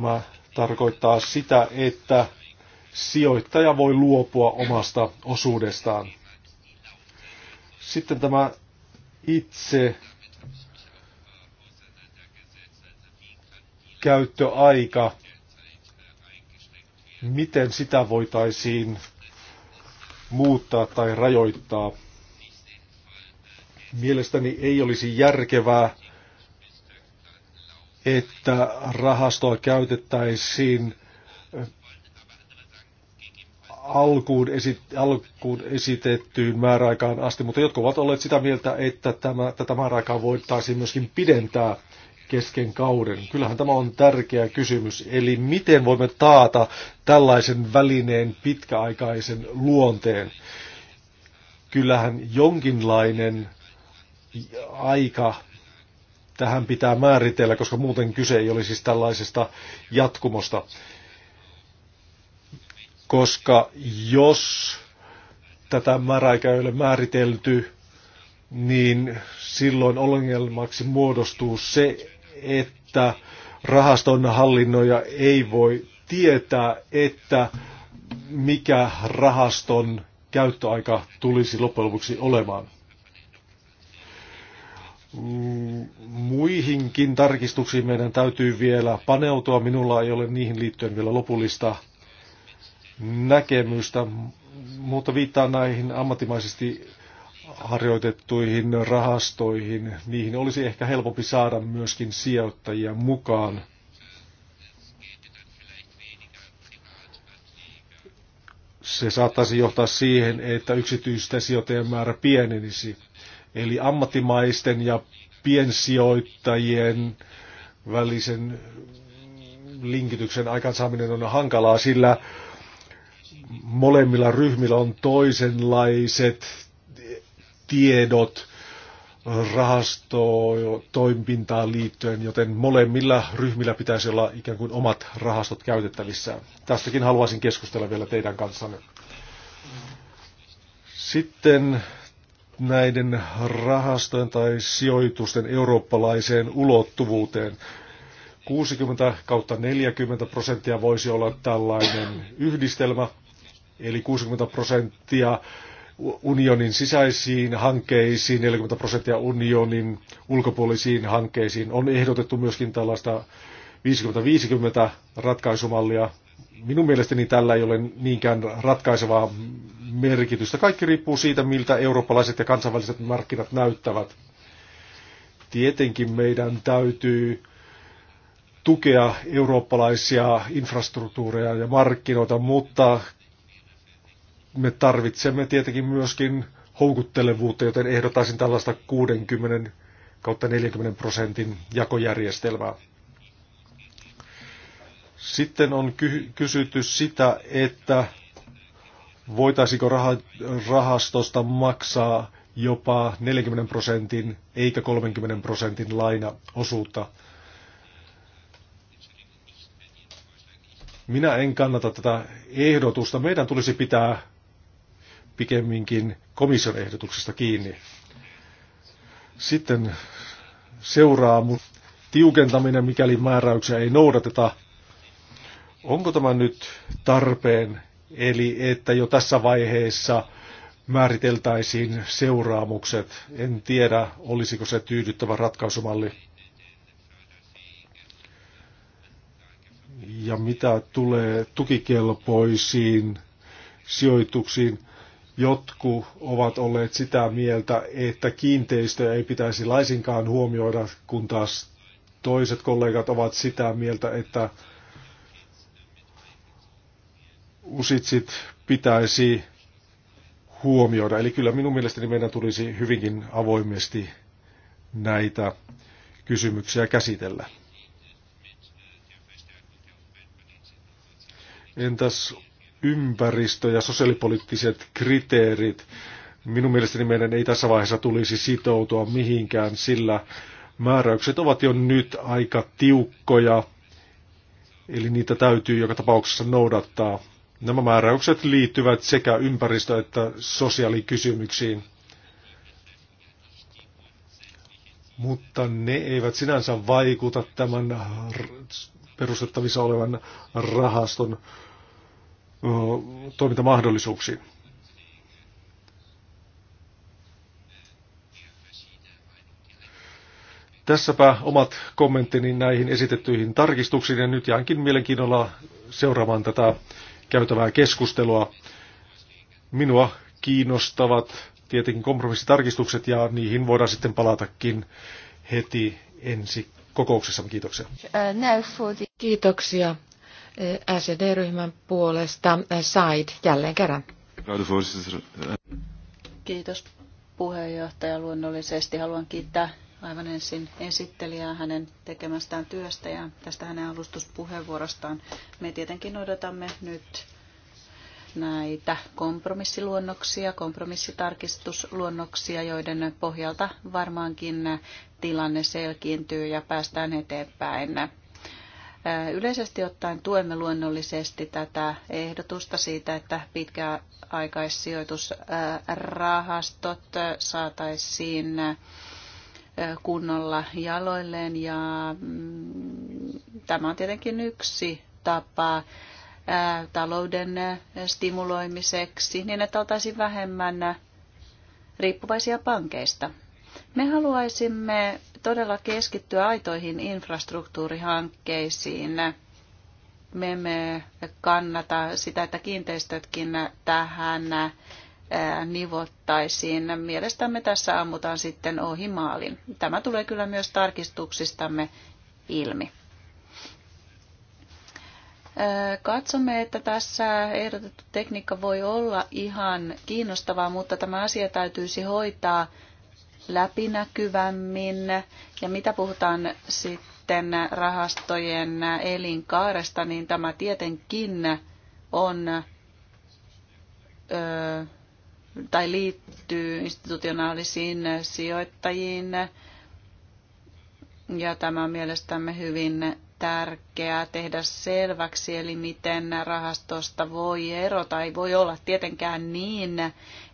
Tämä tarkoittaa sitä, että sijoittaja voi luopua omasta osuudestaan. Sitten tämä itse käyttöaika, miten sitä voitaisiin muuttaa tai rajoittaa. Mielestäni ei olisi järkevää että rahastoa käytettäisiin äh, alkuun, esi- alkuun esitettyyn määräaikaan asti, mutta jotkut ovat olleet sitä mieltä, että tämä, tätä määräaikaa voitaisiin myöskin pidentää kesken kauden. Kyllähän tämä on tärkeä kysymys. Eli miten voimme taata tällaisen välineen pitkäaikaisen luonteen? Kyllähän jonkinlainen aika tähän pitää määritellä, koska muuten kyse ei olisi siis tällaisesta jatkumosta. Koska jos tätä määräikä ei ole määritelty, niin silloin ongelmaksi muodostuu se, että rahaston hallinnoja ei voi tietää, että mikä rahaston käyttöaika tulisi loppujen lopuksi olemaan. Mm, muihinkin tarkistuksiin meidän täytyy vielä paneutua. Minulla ei ole niihin liittyen vielä lopullista näkemystä, mutta viittaan näihin ammattimaisesti harjoitettuihin rahastoihin. Niihin olisi ehkä helpompi saada myöskin sijoittajia mukaan. Se saattaisi johtaa siihen, että yksityisten sijoittajien määrä pienenisi eli ammattimaisten ja piensijoittajien välisen linkityksen aikaansaaminen on hankalaa, sillä molemmilla ryhmillä on toisenlaiset tiedot rahastotoimintaan liittyen, joten molemmilla ryhmillä pitäisi olla ikään kuin omat rahastot käytettävissään. Tästäkin haluaisin keskustella vielä teidän kanssanne. Sitten näiden rahastojen tai sijoitusten eurooppalaiseen ulottuvuuteen. 60 kautta 40 prosenttia voisi olla tällainen yhdistelmä, eli 60 prosenttia unionin sisäisiin hankkeisiin, 40 prosenttia unionin ulkopuolisiin hankkeisiin. On ehdotettu myöskin tällaista 50-50 ratkaisumallia. Minun mielestäni tällä ei ole niinkään ratkaisevaa merkitystä. Kaikki riippuu siitä, miltä eurooppalaiset ja kansainväliset markkinat näyttävät. Tietenkin meidän täytyy tukea eurooppalaisia infrastruktuureja ja markkinoita, mutta me tarvitsemme tietenkin myöskin houkuttelevuutta, joten ehdotaisin tällaista 60 kautta 40 prosentin jakojärjestelmää. Sitten on ky- kysytty sitä, että voitaisiko rahastosta maksaa jopa 40 prosentin eikä 30 prosentin lainaosuutta. Minä en kannata tätä ehdotusta. Meidän tulisi pitää pikemminkin komission ehdotuksesta kiinni. Sitten seuraa, seuraamu tiukentaminen, mikäli määräyksiä ei noudateta. Onko tämä nyt tarpeen Eli että jo tässä vaiheessa määriteltäisiin seuraamukset. En tiedä, olisiko se tyydyttävä ratkaisumalli. Ja mitä tulee tukikelpoisiin sijoituksiin, jotkut ovat olleet sitä mieltä, että kiinteistöä ei pitäisi laisinkaan huomioida, kun taas toiset kollegat ovat sitä mieltä, että usitsit pitäisi huomioida. Eli kyllä minun mielestäni meidän tulisi hyvinkin avoimesti näitä kysymyksiä käsitellä. Entäs ympäristö ja sosiaalipoliittiset kriteerit? Minun mielestäni meidän ei tässä vaiheessa tulisi sitoutua mihinkään, sillä määräykset ovat jo nyt aika tiukkoja, eli niitä täytyy joka tapauksessa noudattaa. Nämä määräykset liittyvät sekä ympäristö- että sosiaalikysymyksiin, mutta ne eivät sinänsä vaikuta tämän perustettavissa olevan rahaston toimintamahdollisuuksiin. Tässäpä omat kommenttini näihin esitettyihin tarkistuksiin ja nyt jäänkin mielenkiinnolla seuraamaan tätä käytävää keskustelua. Minua kiinnostavat tietenkin kompromissitarkistukset ja niihin voidaan sitten palatakin heti ensi kokouksessa. Kiitoksia. Kiitoksia eh, SED-ryhmän puolesta. Eh, Said jälleen kerran. Kiitos puheenjohtaja. Luonnollisesti haluan kiittää aivan ensin esittelijää hänen tekemästään työstä ja tästä hänen alustuspuheenvuorostaan. Me tietenkin odotamme nyt näitä kompromissiluonnoksia, kompromissitarkistusluonnoksia, joiden pohjalta varmaankin tilanne selkiintyy ja päästään eteenpäin. Yleisesti ottaen tuemme luonnollisesti tätä ehdotusta siitä, että pitkäaikaissijoitusrahastot saataisiin kunnolla jaloilleen ja mm, tämä on tietenkin yksi tapa talouden stimuloimiseksi niin, että oltaisiin vähemmän riippuvaisia pankeista. Me haluaisimme todella keskittyä aitoihin infrastruktuurihankkeisiin. Me emme kannata sitä, että kiinteistötkin tähän nivottaisiin. Mielestämme tässä ammutaan sitten ohi maalin. Tämä tulee kyllä myös tarkistuksistamme ilmi. Katsomme, että tässä ehdotettu tekniikka voi olla ihan kiinnostavaa, mutta tämä asia täytyisi hoitaa läpinäkyvämmin. Ja mitä puhutaan sitten rahastojen elinkaaresta, niin tämä tietenkin on tai liittyy institutionaalisiin sijoittajiin. Ja tämä on mielestämme hyvin tärkeää tehdä selväksi, eli miten rahastosta voi erota. Ei voi olla tietenkään niin,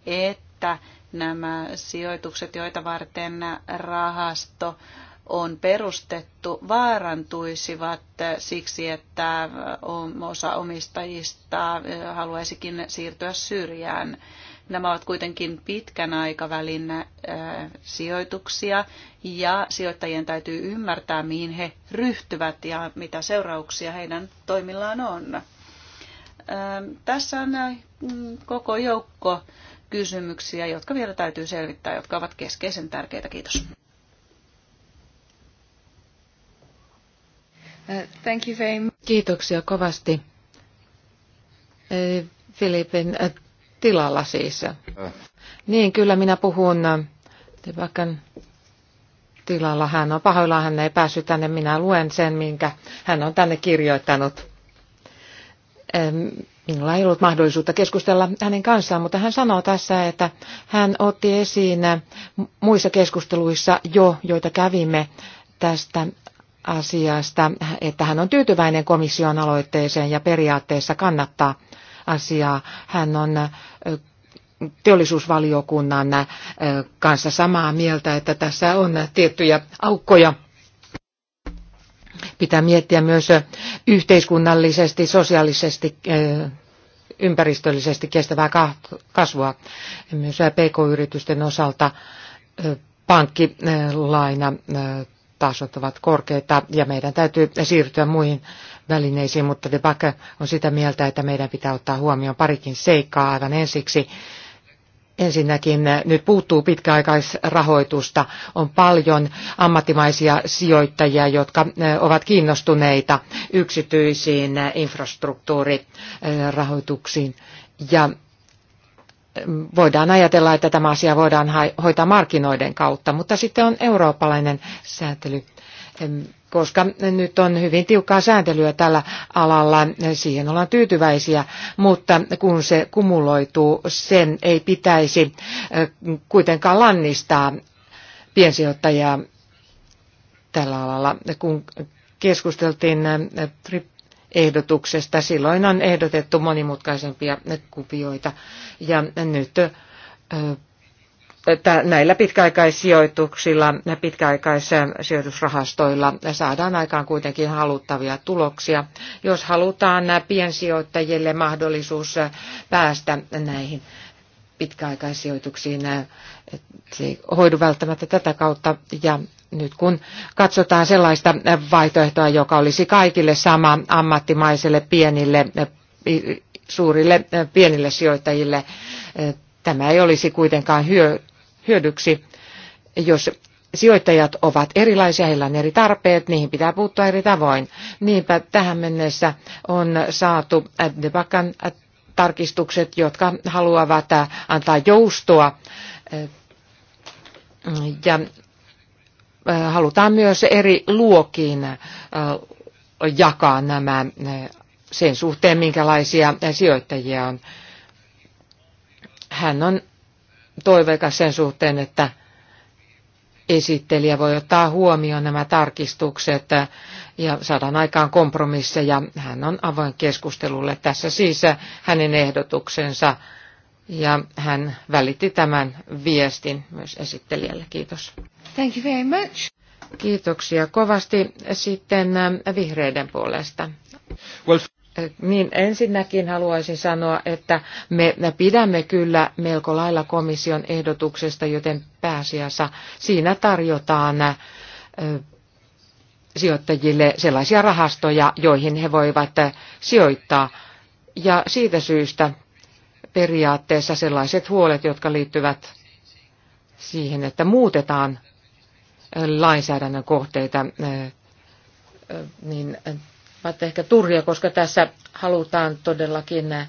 että nämä sijoitukset, joita varten rahasto on perustettu, vaarantuisivat siksi, että osa omistajista haluaisikin siirtyä syrjään. Nämä ovat kuitenkin pitkän aikavälin äh, sijoituksia ja sijoittajien täytyy ymmärtää, mihin he ryhtyvät ja mitä seurauksia heidän toimillaan on. Äh, tässä on äh, mm, koko joukko kysymyksiä, jotka vielä täytyy selvittää, jotka ovat keskeisen tärkeitä. Kiitos. Uh, thank you very much. Kiitoksia kovasti. Filipin eh, eh, tilalla siis. Niin, kyllä minä puhun äh, Tebakan tilalla. Hän on pahoillaan, hän ei päässyt tänne. Minä luen sen, minkä hän on tänne kirjoittanut. Ähm, minulla ei ollut mahdollisuutta keskustella hänen kanssaan, mutta hän sanoo tässä, että hän otti esiin äh, muissa keskusteluissa jo, joita kävimme tästä asiasta, että hän on tyytyväinen komission aloitteeseen ja periaatteessa kannattaa asiaa. Hän on teollisuusvaliokunnan kanssa samaa mieltä, että tässä on tiettyjä aukkoja. Pitää miettiä myös yhteiskunnallisesti, sosiaalisesti, ympäristöllisesti kestävää kasvua. Myös pk-yritysten osalta pankkilaina tasot ovat korkeita ja meidän täytyy siirtyä muihin välineisiin, mutta De Back on sitä mieltä, että meidän pitää ottaa huomioon parikin seikkaa aivan ensiksi. Ensinnäkin eh, nyt puuttuu pitkäaikaisrahoitusta. On paljon ammattimaisia sijoittajia, jotka eh, ovat kiinnostuneita yksityisiin eh, infrastruktuurirahoituksiin. Ja voidaan ajatella, että tämä asia voidaan hoitaa markkinoiden kautta, mutta sitten on eurooppalainen säätely koska nyt on hyvin tiukkaa sääntelyä tällä alalla, siihen ollaan tyytyväisiä, mutta kun se kumuloituu, sen ei pitäisi eh, kuitenkaan lannistaa piensijoittajia tällä alalla. Kun keskusteltiin eh, ehdotuksesta, silloin on ehdotettu monimutkaisempia kuvioita ja nyt eh, näillä pitkäaikaissijoituksilla, pitkäaikaissijoitusrahastoilla saadaan aikaan kuitenkin haluttavia tuloksia, jos halutaan piensijoittajille mahdollisuus päästä näihin pitkäaikaissijoituksiin. Se ei hoidu välttämättä tätä kautta ja nyt kun katsotaan sellaista vaihtoehtoa, joka olisi kaikille sama ammattimaiselle pienille, suurille pienille sijoittajille, tämä ei olisi kuitenkaan hyö, hyödyksi, jos sijoittajat ovat erilaisia, heillä on eri tarpeet, niihin pitää puuttua eri tavoin. Niinpä tähän mennessä on saatu Debakan tarkistukset, jotka haluavat antaa joustoa ja halutaan myös eri luokiin jakaa nämä sen suhteen, minkälaisia sijoittajia on. Hän on toiveikas sen suhteen, että esittelijä voi ottaa huomioon nämä tarkistukset ja saadaan aikaan kompromisseja. Hän on avoin keskustelulle tässä siis hänen ehdotuksensa ja hän välitti tämän viestin myös esittelijälle. Kiitos. Thank you very much. Kiitoksia kovasti sitten vihreiden puolesta. Well, niin ensinnäkin haluaisin sanoa, että me pidämme kyllä melko lailla komission ehdotuksesta, joten pääasiassa siinä tarjotaan sijoittajille sellaisia rahastoja, joihin he voivat sijoittaa. Ja siitä syystä periaatteessa sellaiset huolet, jotka liittyvät siihen, että muutetaan lainsäädännön kohteita, niin ovat ehkä turhia, koska tässä halutaan todellakin äh,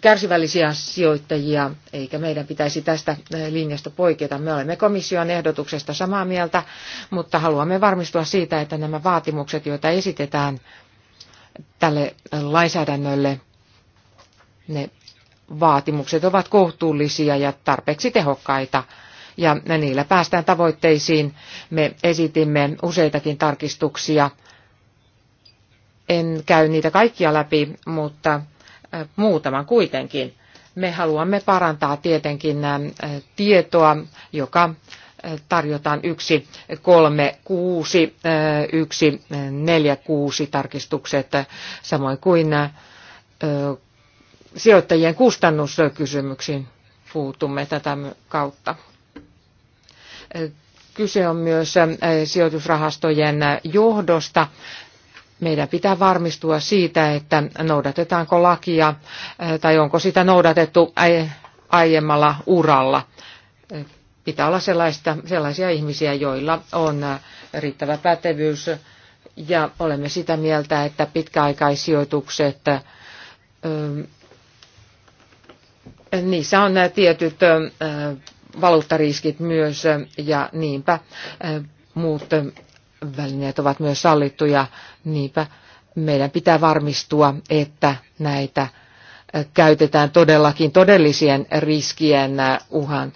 kärsivällisiä sijoittajia, eikä meidän pitäisi tästä äh, linjasta poiketa. Me olemme komission ehdotuksesta samaa mieltä, mutta haluamme varmistua siitä, että nämä vaatimukset, joita esitetään tälle äh, lainsäädännölle, ne vaatimukset ovat kohtuullisia ja tarpeeksi tehokkaita ja niillä päästään tavoitteisiin. Me esitimme useitakin tarkistuksia en käy niitä kaikkia läpi, mutta muutaman kuitenkin. Me haluamme parantaa tietenkin tietoa, joka tarjotaan 4, 6 tarkistukset, samoin kuin sijoittajien kustannuskysymyksiin puutumme tätä kautta. Kyse on myös sijoitusrahastojen johdosta meidän pitää varmistua siitä, että noudatetaanko lakia eh, tai onko sitä noudatettu aiemmalla uralla. Eh, pitää olla sellaista, sellaisia ihmisiä, joilla on eh, riittävä pätevyys ja olemme sitä mieltä, että pitkäaikaissijoitukset, niissä on nämä tietyt valuuttariskit myös ja niinpä muut välineet ovat myös sallittuja, niinpä meidän pitää varmistua, että näitä käytetään todellakin todellisien riskien uhan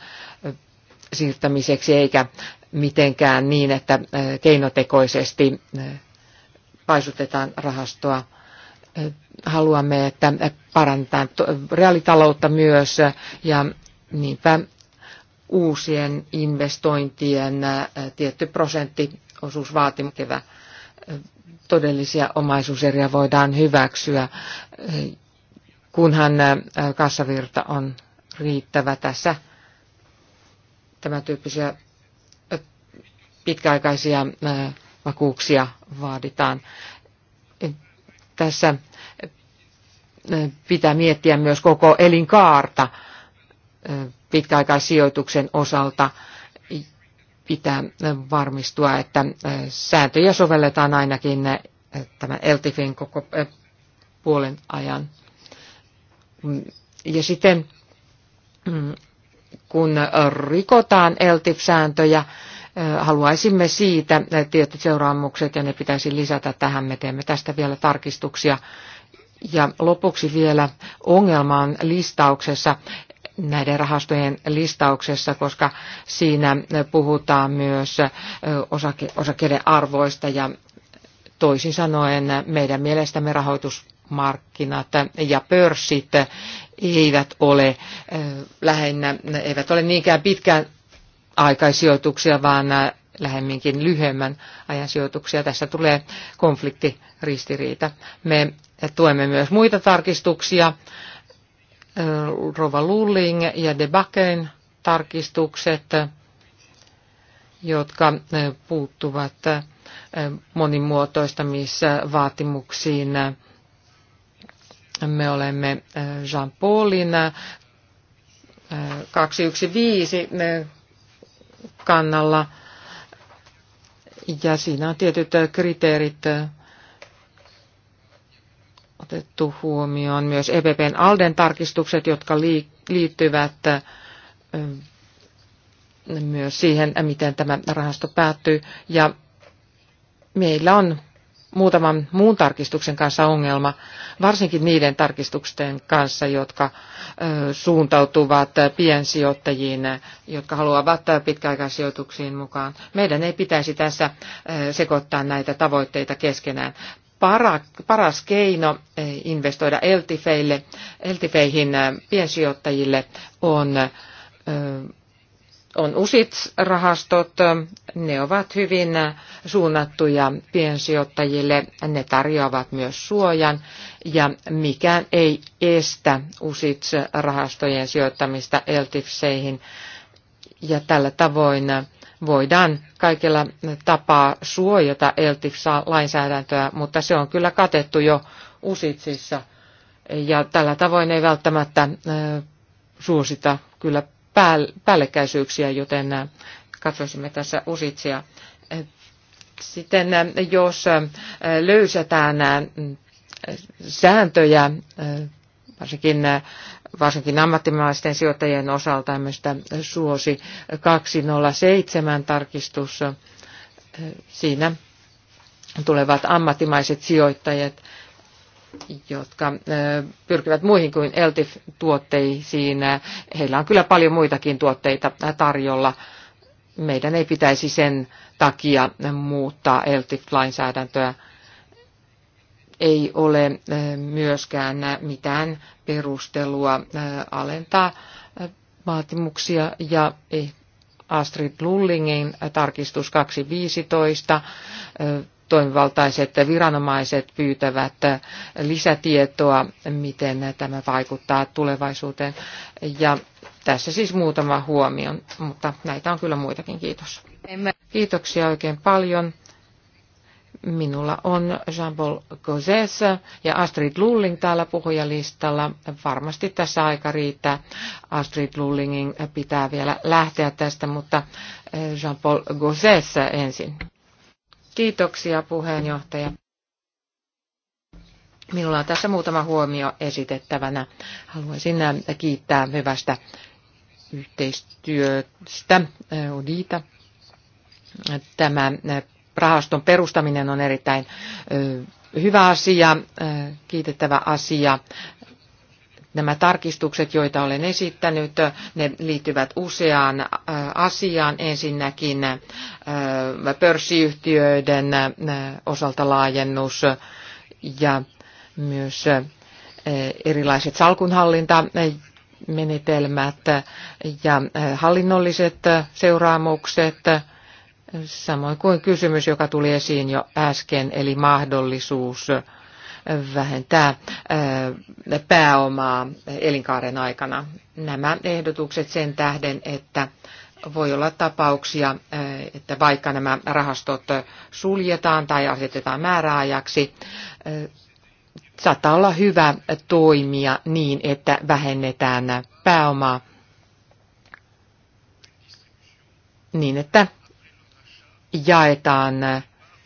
siirtämiseksi, eikä mitenkään niin, että keinotekoisesti paisutetaan rahastoa. Haluamme, että parantaa reaalitaloutta myös ja niinpä uusien investointien tietty prosentti osuusvaatimukevä todellisia omaisuuseriä voidaan hyväksyä, kunhan kassavirta on riittävä tässä. tämä tyyppisiä pitkäaikaisia vakuuksia vaaditaan. Tässä pitää miettiä myös koko elinkaarta pitkäaikaissijoituksen osalta pitää varmistua, että äh, sääntöjä sovelletaan ainakin äh, tämän LTFin koko äh, puolen ajan. Mm, ja sitten mm, kun rikotaan LTIF-sääntöjä, haluaisimme siitä tietyt seuraamukset ja ne pitäisi lisätä tähän. Me teemme tästä vielä tarkistuksia. Ja lopuksi vielä ongelma on listauksessa näiden rahastojen listauksessa, koska siinä puhutaan myös osake, osakeiden arvoista ja toisin sanoen meidän mielestämme rahoitusmarkkinat ja pörssit eivät ole lähinnä, eivät ole niinkään pitkään aikaisijoituksia, vaan lähemminkin lyhyemmän ajan sijoituksia. Tässä tulee konfliktiristiriita. Me tuemme myös muita tarkistuksia, Rova Lulling ja Debaken tarkistukset, jotka puuttuvat monimuotoistamisvaatimuksiin. Me olemme Jean-Paulin 215 kannalla ja siinä on tietyt kriteerit otettu huomioon myös EPPn Alden tarkistukset, jotka liittyvät myös siihen, miten tämä rahasto päättyy. Ja meillä on muutaman muun tarkistuksen kanssa ongelma, varsinkin niiden tarkistusten kanssa, jotka suuntautuvat piensijoittajiin, jotka haluavat pitkäaikaisijoituksiin mukaan. Meidän ei pitäisi tässä sekoittaa näitä tavoitteita keskenään para, paras keino eh, investoida LTFeille, LTFeihin eh, piensijoittajille on, eh, on USITS-rahastot. Ne ovat hyvin suunnattuja piensijoittajille. Ne tarjoavat myös suojan ja mikään ei estä USITS-rahastojen sijoittamista LTFeihin. Ja tällä tavoin voidaan kaikilla tapaa suojata LTIF-lainsäädäntöä, mutta se on kyllä katettu jo usitsissa. Ja tällä tavoin ei välttämättä suosita kyllä päällekkäisyyksiä, joten katsoisimme tässä usitsia. Sitten jos löysätään sääntöjä varsinkin, äh, varsinkin ammattimaisten sijoittajien osalta tämmöistä suosi 207 tarkistus. Äh, siinä tulevat ammattimaiset sijoittajat, jotka äh, pyrkivät muihin kuin LTIF-tuotteisiin. Heillä on kyllä paljon muitakin tuotteita tarjolla. Meidän ei pitäisi sen takia muuttaa LTIF-lainsäädäntöä ei ole eh, myöskään mitään perustelua eh, alentaa eh, vaatimuksia ja Astrid Lullingin tarkistus 2015 toimivaltaiset viranomaiset pyytävät lisätietoa, miten tämä vaikuttaa tulevaisuuteen. Ja tässä siis muutama huomio, mutta näitä on kyllä muitakin. Kiitos. Kiitoksia oikein paljon. Minulla on Jean-Paul Gauzès ja Astrid Lulling täällä puhujalistalla. Varmasti tässä aika riittää. Astrid Lullingin pitää vielä lähteä tästä, mutta eh, Jean-Paul Gauzès ensin. Kiitoksia puheenjohtaja. Minulla on tässä muutama huomio esitettävänä. Haluaisin eh, kiittää hyvästä yhteistyöstä eh, Odita. Tämä rahaston perustaminen on erittäin hyvä asia, kiitettävä asia. Nämä tarkistukset, joita olen esittänyt, ne liittyvät useaan asiaan. Ensinnäkin pörssiyhtiöiden osalta laajennus ja myös erilaiset salkunhallintamenetelmät ja hallinnolliset seuraamukset – Samoin kuin kysymys, joka tuli esiin jo äsken, eli mahdollisuus vähentää pääomaa elinkaaren aikana. Nämä ehdotukset sen tähden, että voi olla tapauksia, että vaikka nämä rahastot suljetaan tai asetetaan määräajaksi, saattaa olla hyvä toimia niin, että vähennetään pääomaa niin, että jaetaan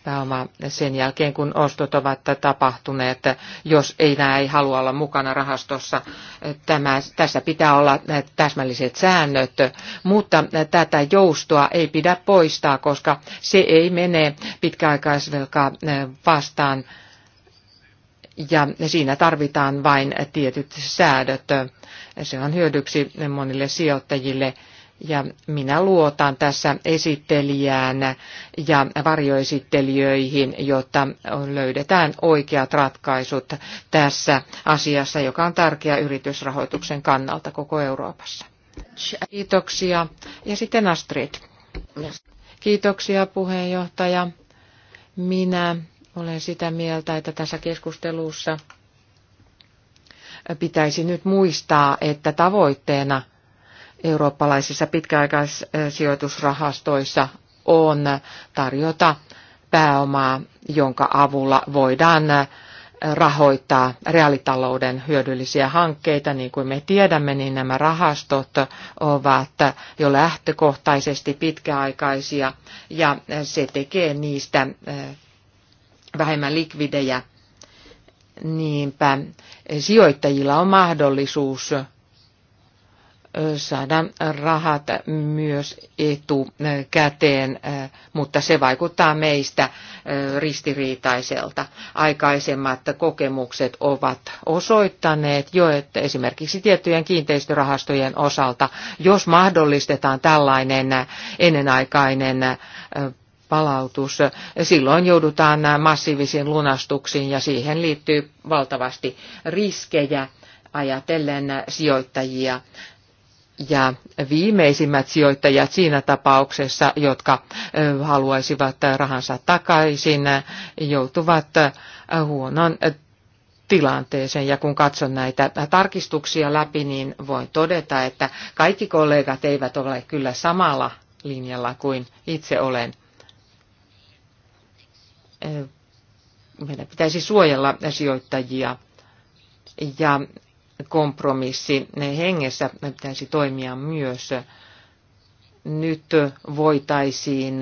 pääoma sen jälkeen, kun ostot ovat tapahtuneet, jos ei nämä ei halua olla mukana rahastossa. Tämä, tässä pitää olla täsmälliset säännöt, mutta tätä joustoa ei pidä poistaa, koska se ei mene pitkäaikaisvelkaa vastaan. Ja siinä tarvitaan vain tietyt säädöt. Se on hyödyksi monille sijoittajille ja minä luotan tässä esittelijään ja varjoesittelijöihin, jotta löydetään oikeat ratkaisut tässä asiassa, joka on tärkeä yritysrahoituksen kannalta koko Euroopassa. Kiitoksia. Ja sitten Astrid. Kiitoksia puheenjohtaja. Minä olen sitä mieltä, että tässä keskustelussa pitäisi nyt muistaa, että tavoitteena – eurooppalaisissa pitkäaikaissijoitusrahastoissa on tarjota pääomaa, jonka avulla voidaan rahoittaa reaalitalouden hyödyllisiä hankkeita. Niin kuin me tiedämme, niin nämä rahastot ovat jo lähtökohtaisesti pitkäaikaisia ja se tekee niistä eh, vähemmän likvidejä. Niinpä sijoittajilla on mahdollisuus saada rahat myös etukäteen, mutta se vaikuttaa meistä ristiriitaiselta. Aikaisemmat kokemukset ovat osoittaneet jo, että esimerkiksi tiettyjen kiinteistörahastojen osalta, jos mahdollistetaan tällainen ennenaikainen palautus. Silloin joudutaan massiivisiin lunastuksiin ja siihen liittyy valtavasti riskejä ajatellen sijoittajia ja viimeisimmät sijoittajat siinä tapauksessa, jotka haluaisivat rahansa takaisin, joutuvat huonon tilanteeseen. Ja kun katson näitä tarkistuksia läpi, niin voin todeta, että kaikki kollegat eivät ole kyllä samalla linjalla kuin itse olen. Meidän pitäisi suojella sijoittajia ja kompromissi hengessä pitäisi toimia myös. Nyt voitaisiin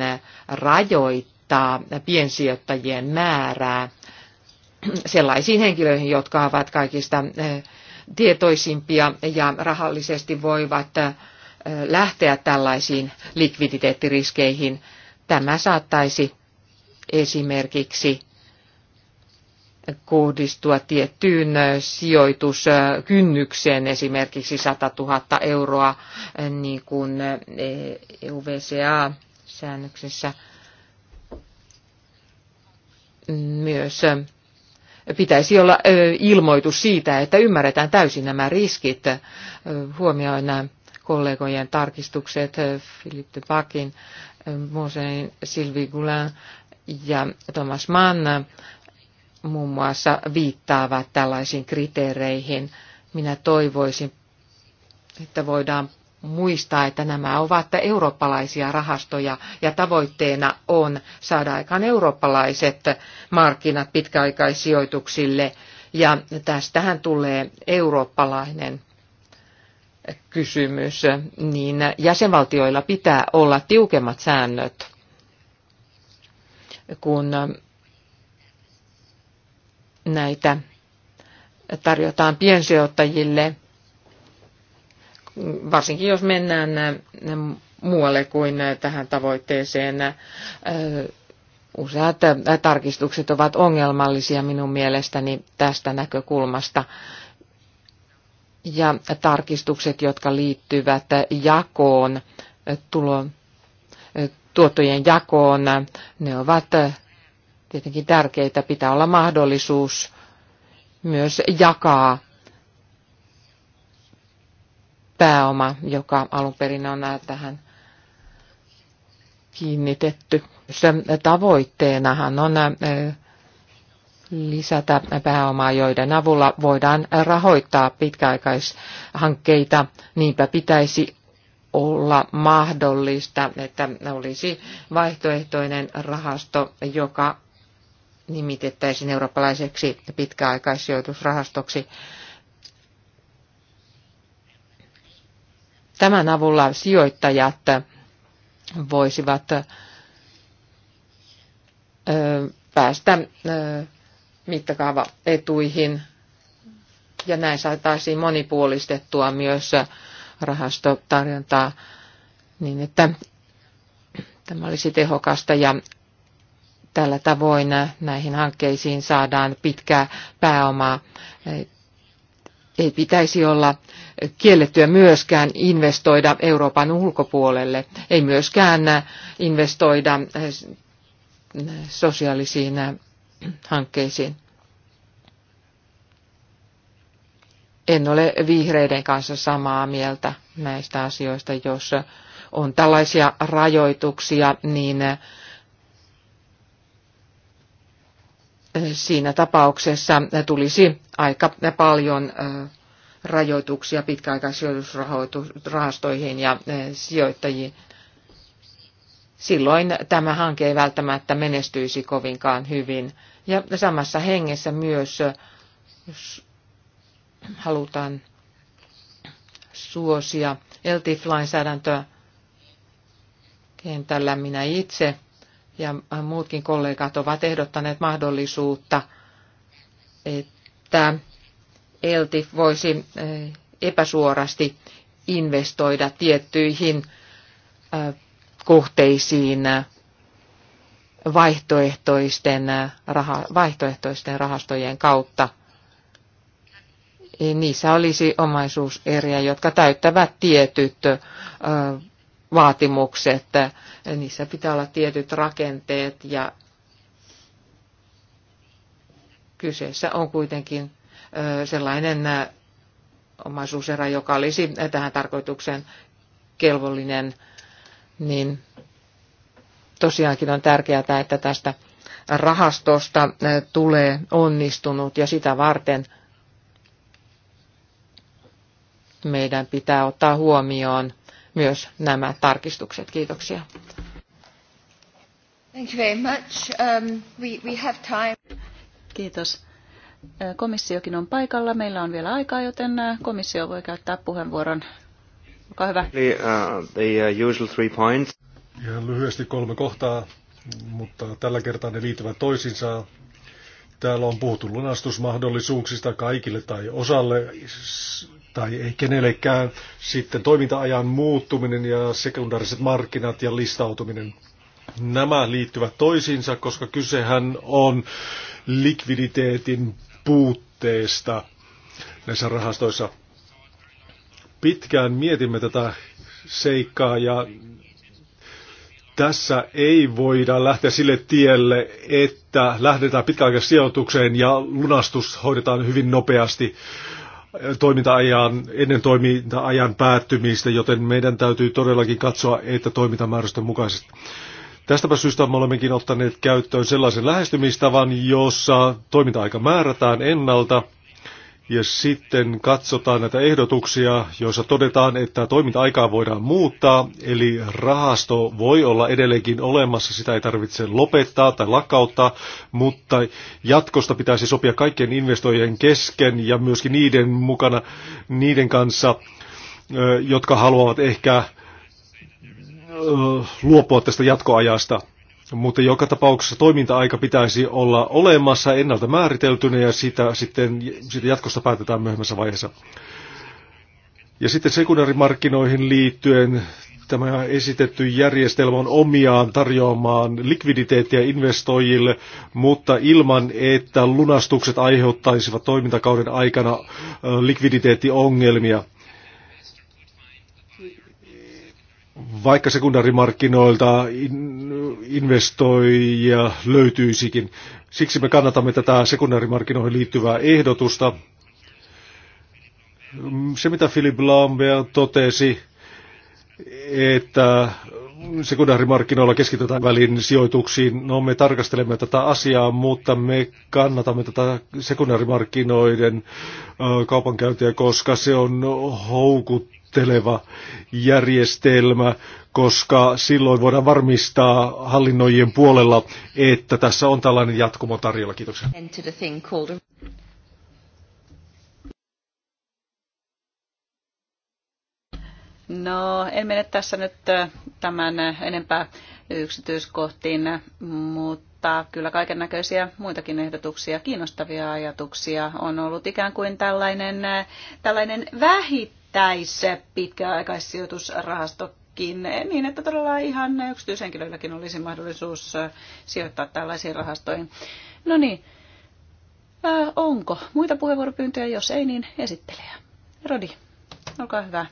rajoittaa piensijoittajien määrää sellaisiin henkilöihin, jotka ovat kaikista eh, tietoisimpia ja rahallisesti voivat eh, lähteä tällaisiin likviditeettiriskeihin. Tämä saattaisi esimerkiksi kohdistua tiettyyn sijoituskynnykseen, esimerkiksi 100 000 euroa, niin kuin EUVCA-säännöksessä myös pitäisi olla ilmoitus siitä, että ymmärretään täysin nämä riskit. Huomioin nämä kollegojen tarkistukset, Philippe de Bakin, Mosein, Sylvie Goulin ja Thomas Mann muun muassa viittaavat tällaisiin kriteereihin. Minä toivoisin, että voidaan muistaa, että nämä ovat eurooppalaisia rahastoja ja tavoitteena on saada aikaan eurooppalaiset markkinat pitkäaikaissijoituksille ja tästähän tulee eurooppalainen kysymys, niin jäsenvaltioilla pitää olla tiukemmat säännöt, kun Näitä tarjotaan piensijoittajille, varsinkin jos mennään äh, muualle kuin äh, tähän tavoitteeseen. Äh, useat tarkistukset ovat ongelmallisia minun mielestäni tästä näkökulmasta. Ja tarkistukset, jotka liittyvät jakoon, tulo, tuottojen jakoon, ne ovat tietenkin tärkeitä. Pitää olla mahdollisuus myös jakaa pääoma, joka alun perin on tähän kiinnitetty. Sen tavoitteenahan on äh, lisätä pääomaa, joiden avulla voidaan rahoittaa pitkäaikaishankkeita. Niinpä pitäisi olla mahdollista, että olisi vaihtoehtoinen rahasto, joka nimitettäisiin eurooppalaiseksi pitkäaikaissijoitusrahastoksi. Tämän avulla sijoittajat voisivat päästä mittakaavaetuihin ja näin saataisiin monipuolistettua myös rahastotarjontaa niin, että tämä olisi tehokasta ja Tällä tavoin näihin hankkeisiin saadaan pitkää pääomaa. Ei pitäisi olla kiellettyä myöskään investoida Euroopan ulkopuolelle, ei myöskään investoida sosiaalisiin hankkeisiin. En ole vihreiden kanssa samaa mieltä näistä asioista, jos on tällaisia rajoituksia, niin siinä tapauksessa tulisi aika paljon rajoituksia pitkäaikaisijoitusrahastoihin ja sijoittajiin. Silloin tämä hanke ei välttämättä menestyisi kovinkaan hyvin. Ja samassa hengessä myös, jos halutaan suosia LTIF-lainsäädäntöä kentällä, minä itse ja muutkin kollegat ovat ehdottaneet mahdollisuutta, että ELTI voisi eh, epäsuorasti investoida tiettyihin eh, kohteisiin eh, vaihtoehtoisten, raha, vaihtoehtoisten rahastojen kautta. Niissä olisi omaisuuseriä, jotka täyttävät tietyt vaatimukset, niissä pitää olla tietyt rakenteet ja kyseessä on kuitenkin sellainen omaisuuserä, joka olisi tähän tarkoitukseen kelvollinen, niin tosiaankin on tärkeää, että tästä rahastosta tulee onnistunut ja sitä varten meidän pitää ottaa huomioon myös nämä tarkistukset. Kiitoksia. Thank you very much. Um, we, we have time. Kiitos. Komissiokin on paikalla. Meillä on vielä aikaa, joten komissio voi käyttää puheenvuoron. Olkaa hyvä. Uh, the uh, usual three points. Ihan lyhyesti kolme kohtaa, mutta tällä kertaa ne liittyvät toisiinsa. Täällä on puhuttu lunastusmahdollisuuksista kaikille tai osalle tai ei kenellekään. Sitten toiminta-ajan muuttuminen ja sekundaariset markkinat ja listautuminen. Nämä liittyvät toisiinsa, koska kysehän on likviditeetin puutteesta näissä rahastoissa. Pitkään mietimme tätä seikkaa ja tässä ei voida lähteä sille tielle, että lähdetään sijoitukseen ja lunastus hoidetaan hyvin nopeasti toiminta-ajan, ennen toiminta-ajan päättymistä, joten meidän täytyy todellakin katsoa, että toimintamääräysten mukaisesti. Tästäpä syystä me olemmekin ottaneet käyttöön sellaisen lähestymistavan, jossa toiminta-aika määrätään ennalta – ja sitten katsotaan näitä ehdotuksia, joissa todetaan, että toiminta-aikaa voidaan muuttaa, eli rahasto voi olla edelleenkin olemassa, sitä ei tarvitse lopettaa tai lakkauttaa, mutta jatkosta pitäisi sopia kaikkien investoijien kesken ja myöskin niiden mukana, niiden kanssa, jotka haluavat ehkä luopua tästä jatkoajasta. Mutta joka tapauksessa toiminta-aika pitäisi olla olemassa ennalta määriteltynä ja sitä sitten sitä jatkosta päätetään myöhemmässä vaiheessa. Ja sitten sekundaarimarkkinoihin liittyen tämä esitetty järjestelmä on omiaan tarjoamaan likviditeettiä investoijille, mutta ilman, että lunastukset aiheuttaisivat toimintakauden aikana likviditeettiongelmia. vaikka sekundaarimarkkinoilta investoijia löytyisikin. Siksi me kannatamme tätä sekundaarimarkkinoihin liittyvää ehdotusta. Se, mitä Philip Lambea totesi, että sekundaarimarkkinoilla keskitytään välin sijoituksiin. No me tarkastelemme tätä asiaa, mutta me kannatamme tätä sekundaarimarkkinoiden kaupankäyntiä, koska se on houkuttu houkutteleva järjestelmä, koska silloin voidaan varmistaa hallinnoijien puolella, että tässä on tällainen jatkumo tarjolla. Kiitoksia. No, en mene tässä nyt tämän enempää yksityiskohtiin, mutta kyllä kaiken näköisiä muitakin ehdotuksia, kiinnostavia ajatuksia on ollut ikään kuin tällainen, tällainen vähit pitäisi pitkäaikaissijoitusrahastokin, niin että todella ihan yksityishenkilöilläkin olisi mahdollisuus sijoittaa tällaisiin rahastoihin. No niin, onko muita puheenvuoropyyntöjä? Jos ei, niin esittelijä. Rodi, olkaa hyvä.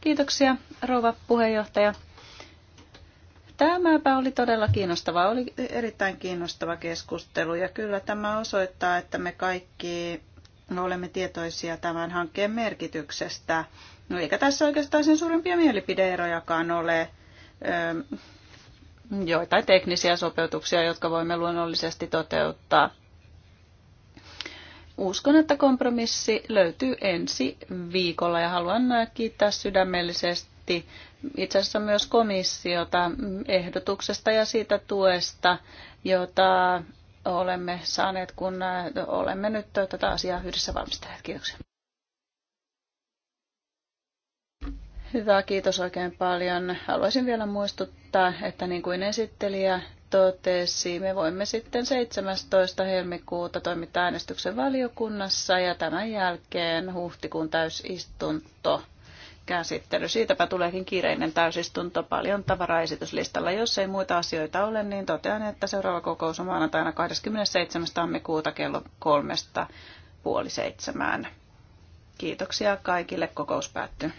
Kiitoksia, rouva puheenjohtaja. Tämäpä oli todella kiinnostava, oli erittäin kiinnostava keskustelu ja kyllä tämä osoittaa, että me kaikki No, olemme tietoisia tämän hankkeen merkityksestä. No eikä tässä oikeastaan sen suurempia mielipideerojakaan ole. Öö, joitain teknisiä sopeutuksia, jotka voimme luonnollisesti toteuttaa. Uskon, että kompromissi löytyy ensi viikolla ja haluan kiittää sydämellisesti itse asiassa myös komissiota ehdotuksesta ja siitä tuesta, jota olemme saaneet, kun äh, olemme nyt tätä asiaa yhdessä valmistelleet. Kiitoksia. Hyvä, kiitos oikein paljon. Haluaisin vielä muistuttaa, että niin kuin esittelijä totesi, me voimme sitten 17. helmikuuta toimittaa äänestyksen valiokunnassa ja tämän jälkeen huhtikuun täysistunto käsittely. Siitäpä tuleekin kiireinen täysistunto. Paljon tavaraa esityslistalla. Jos ei muita asioita ole, niin totean, että seuraava kokous on maanantaina 27. tammikuuta kello kolmesta puoli seitsemään. Kiitoksia kaikille. Kokous päättyy.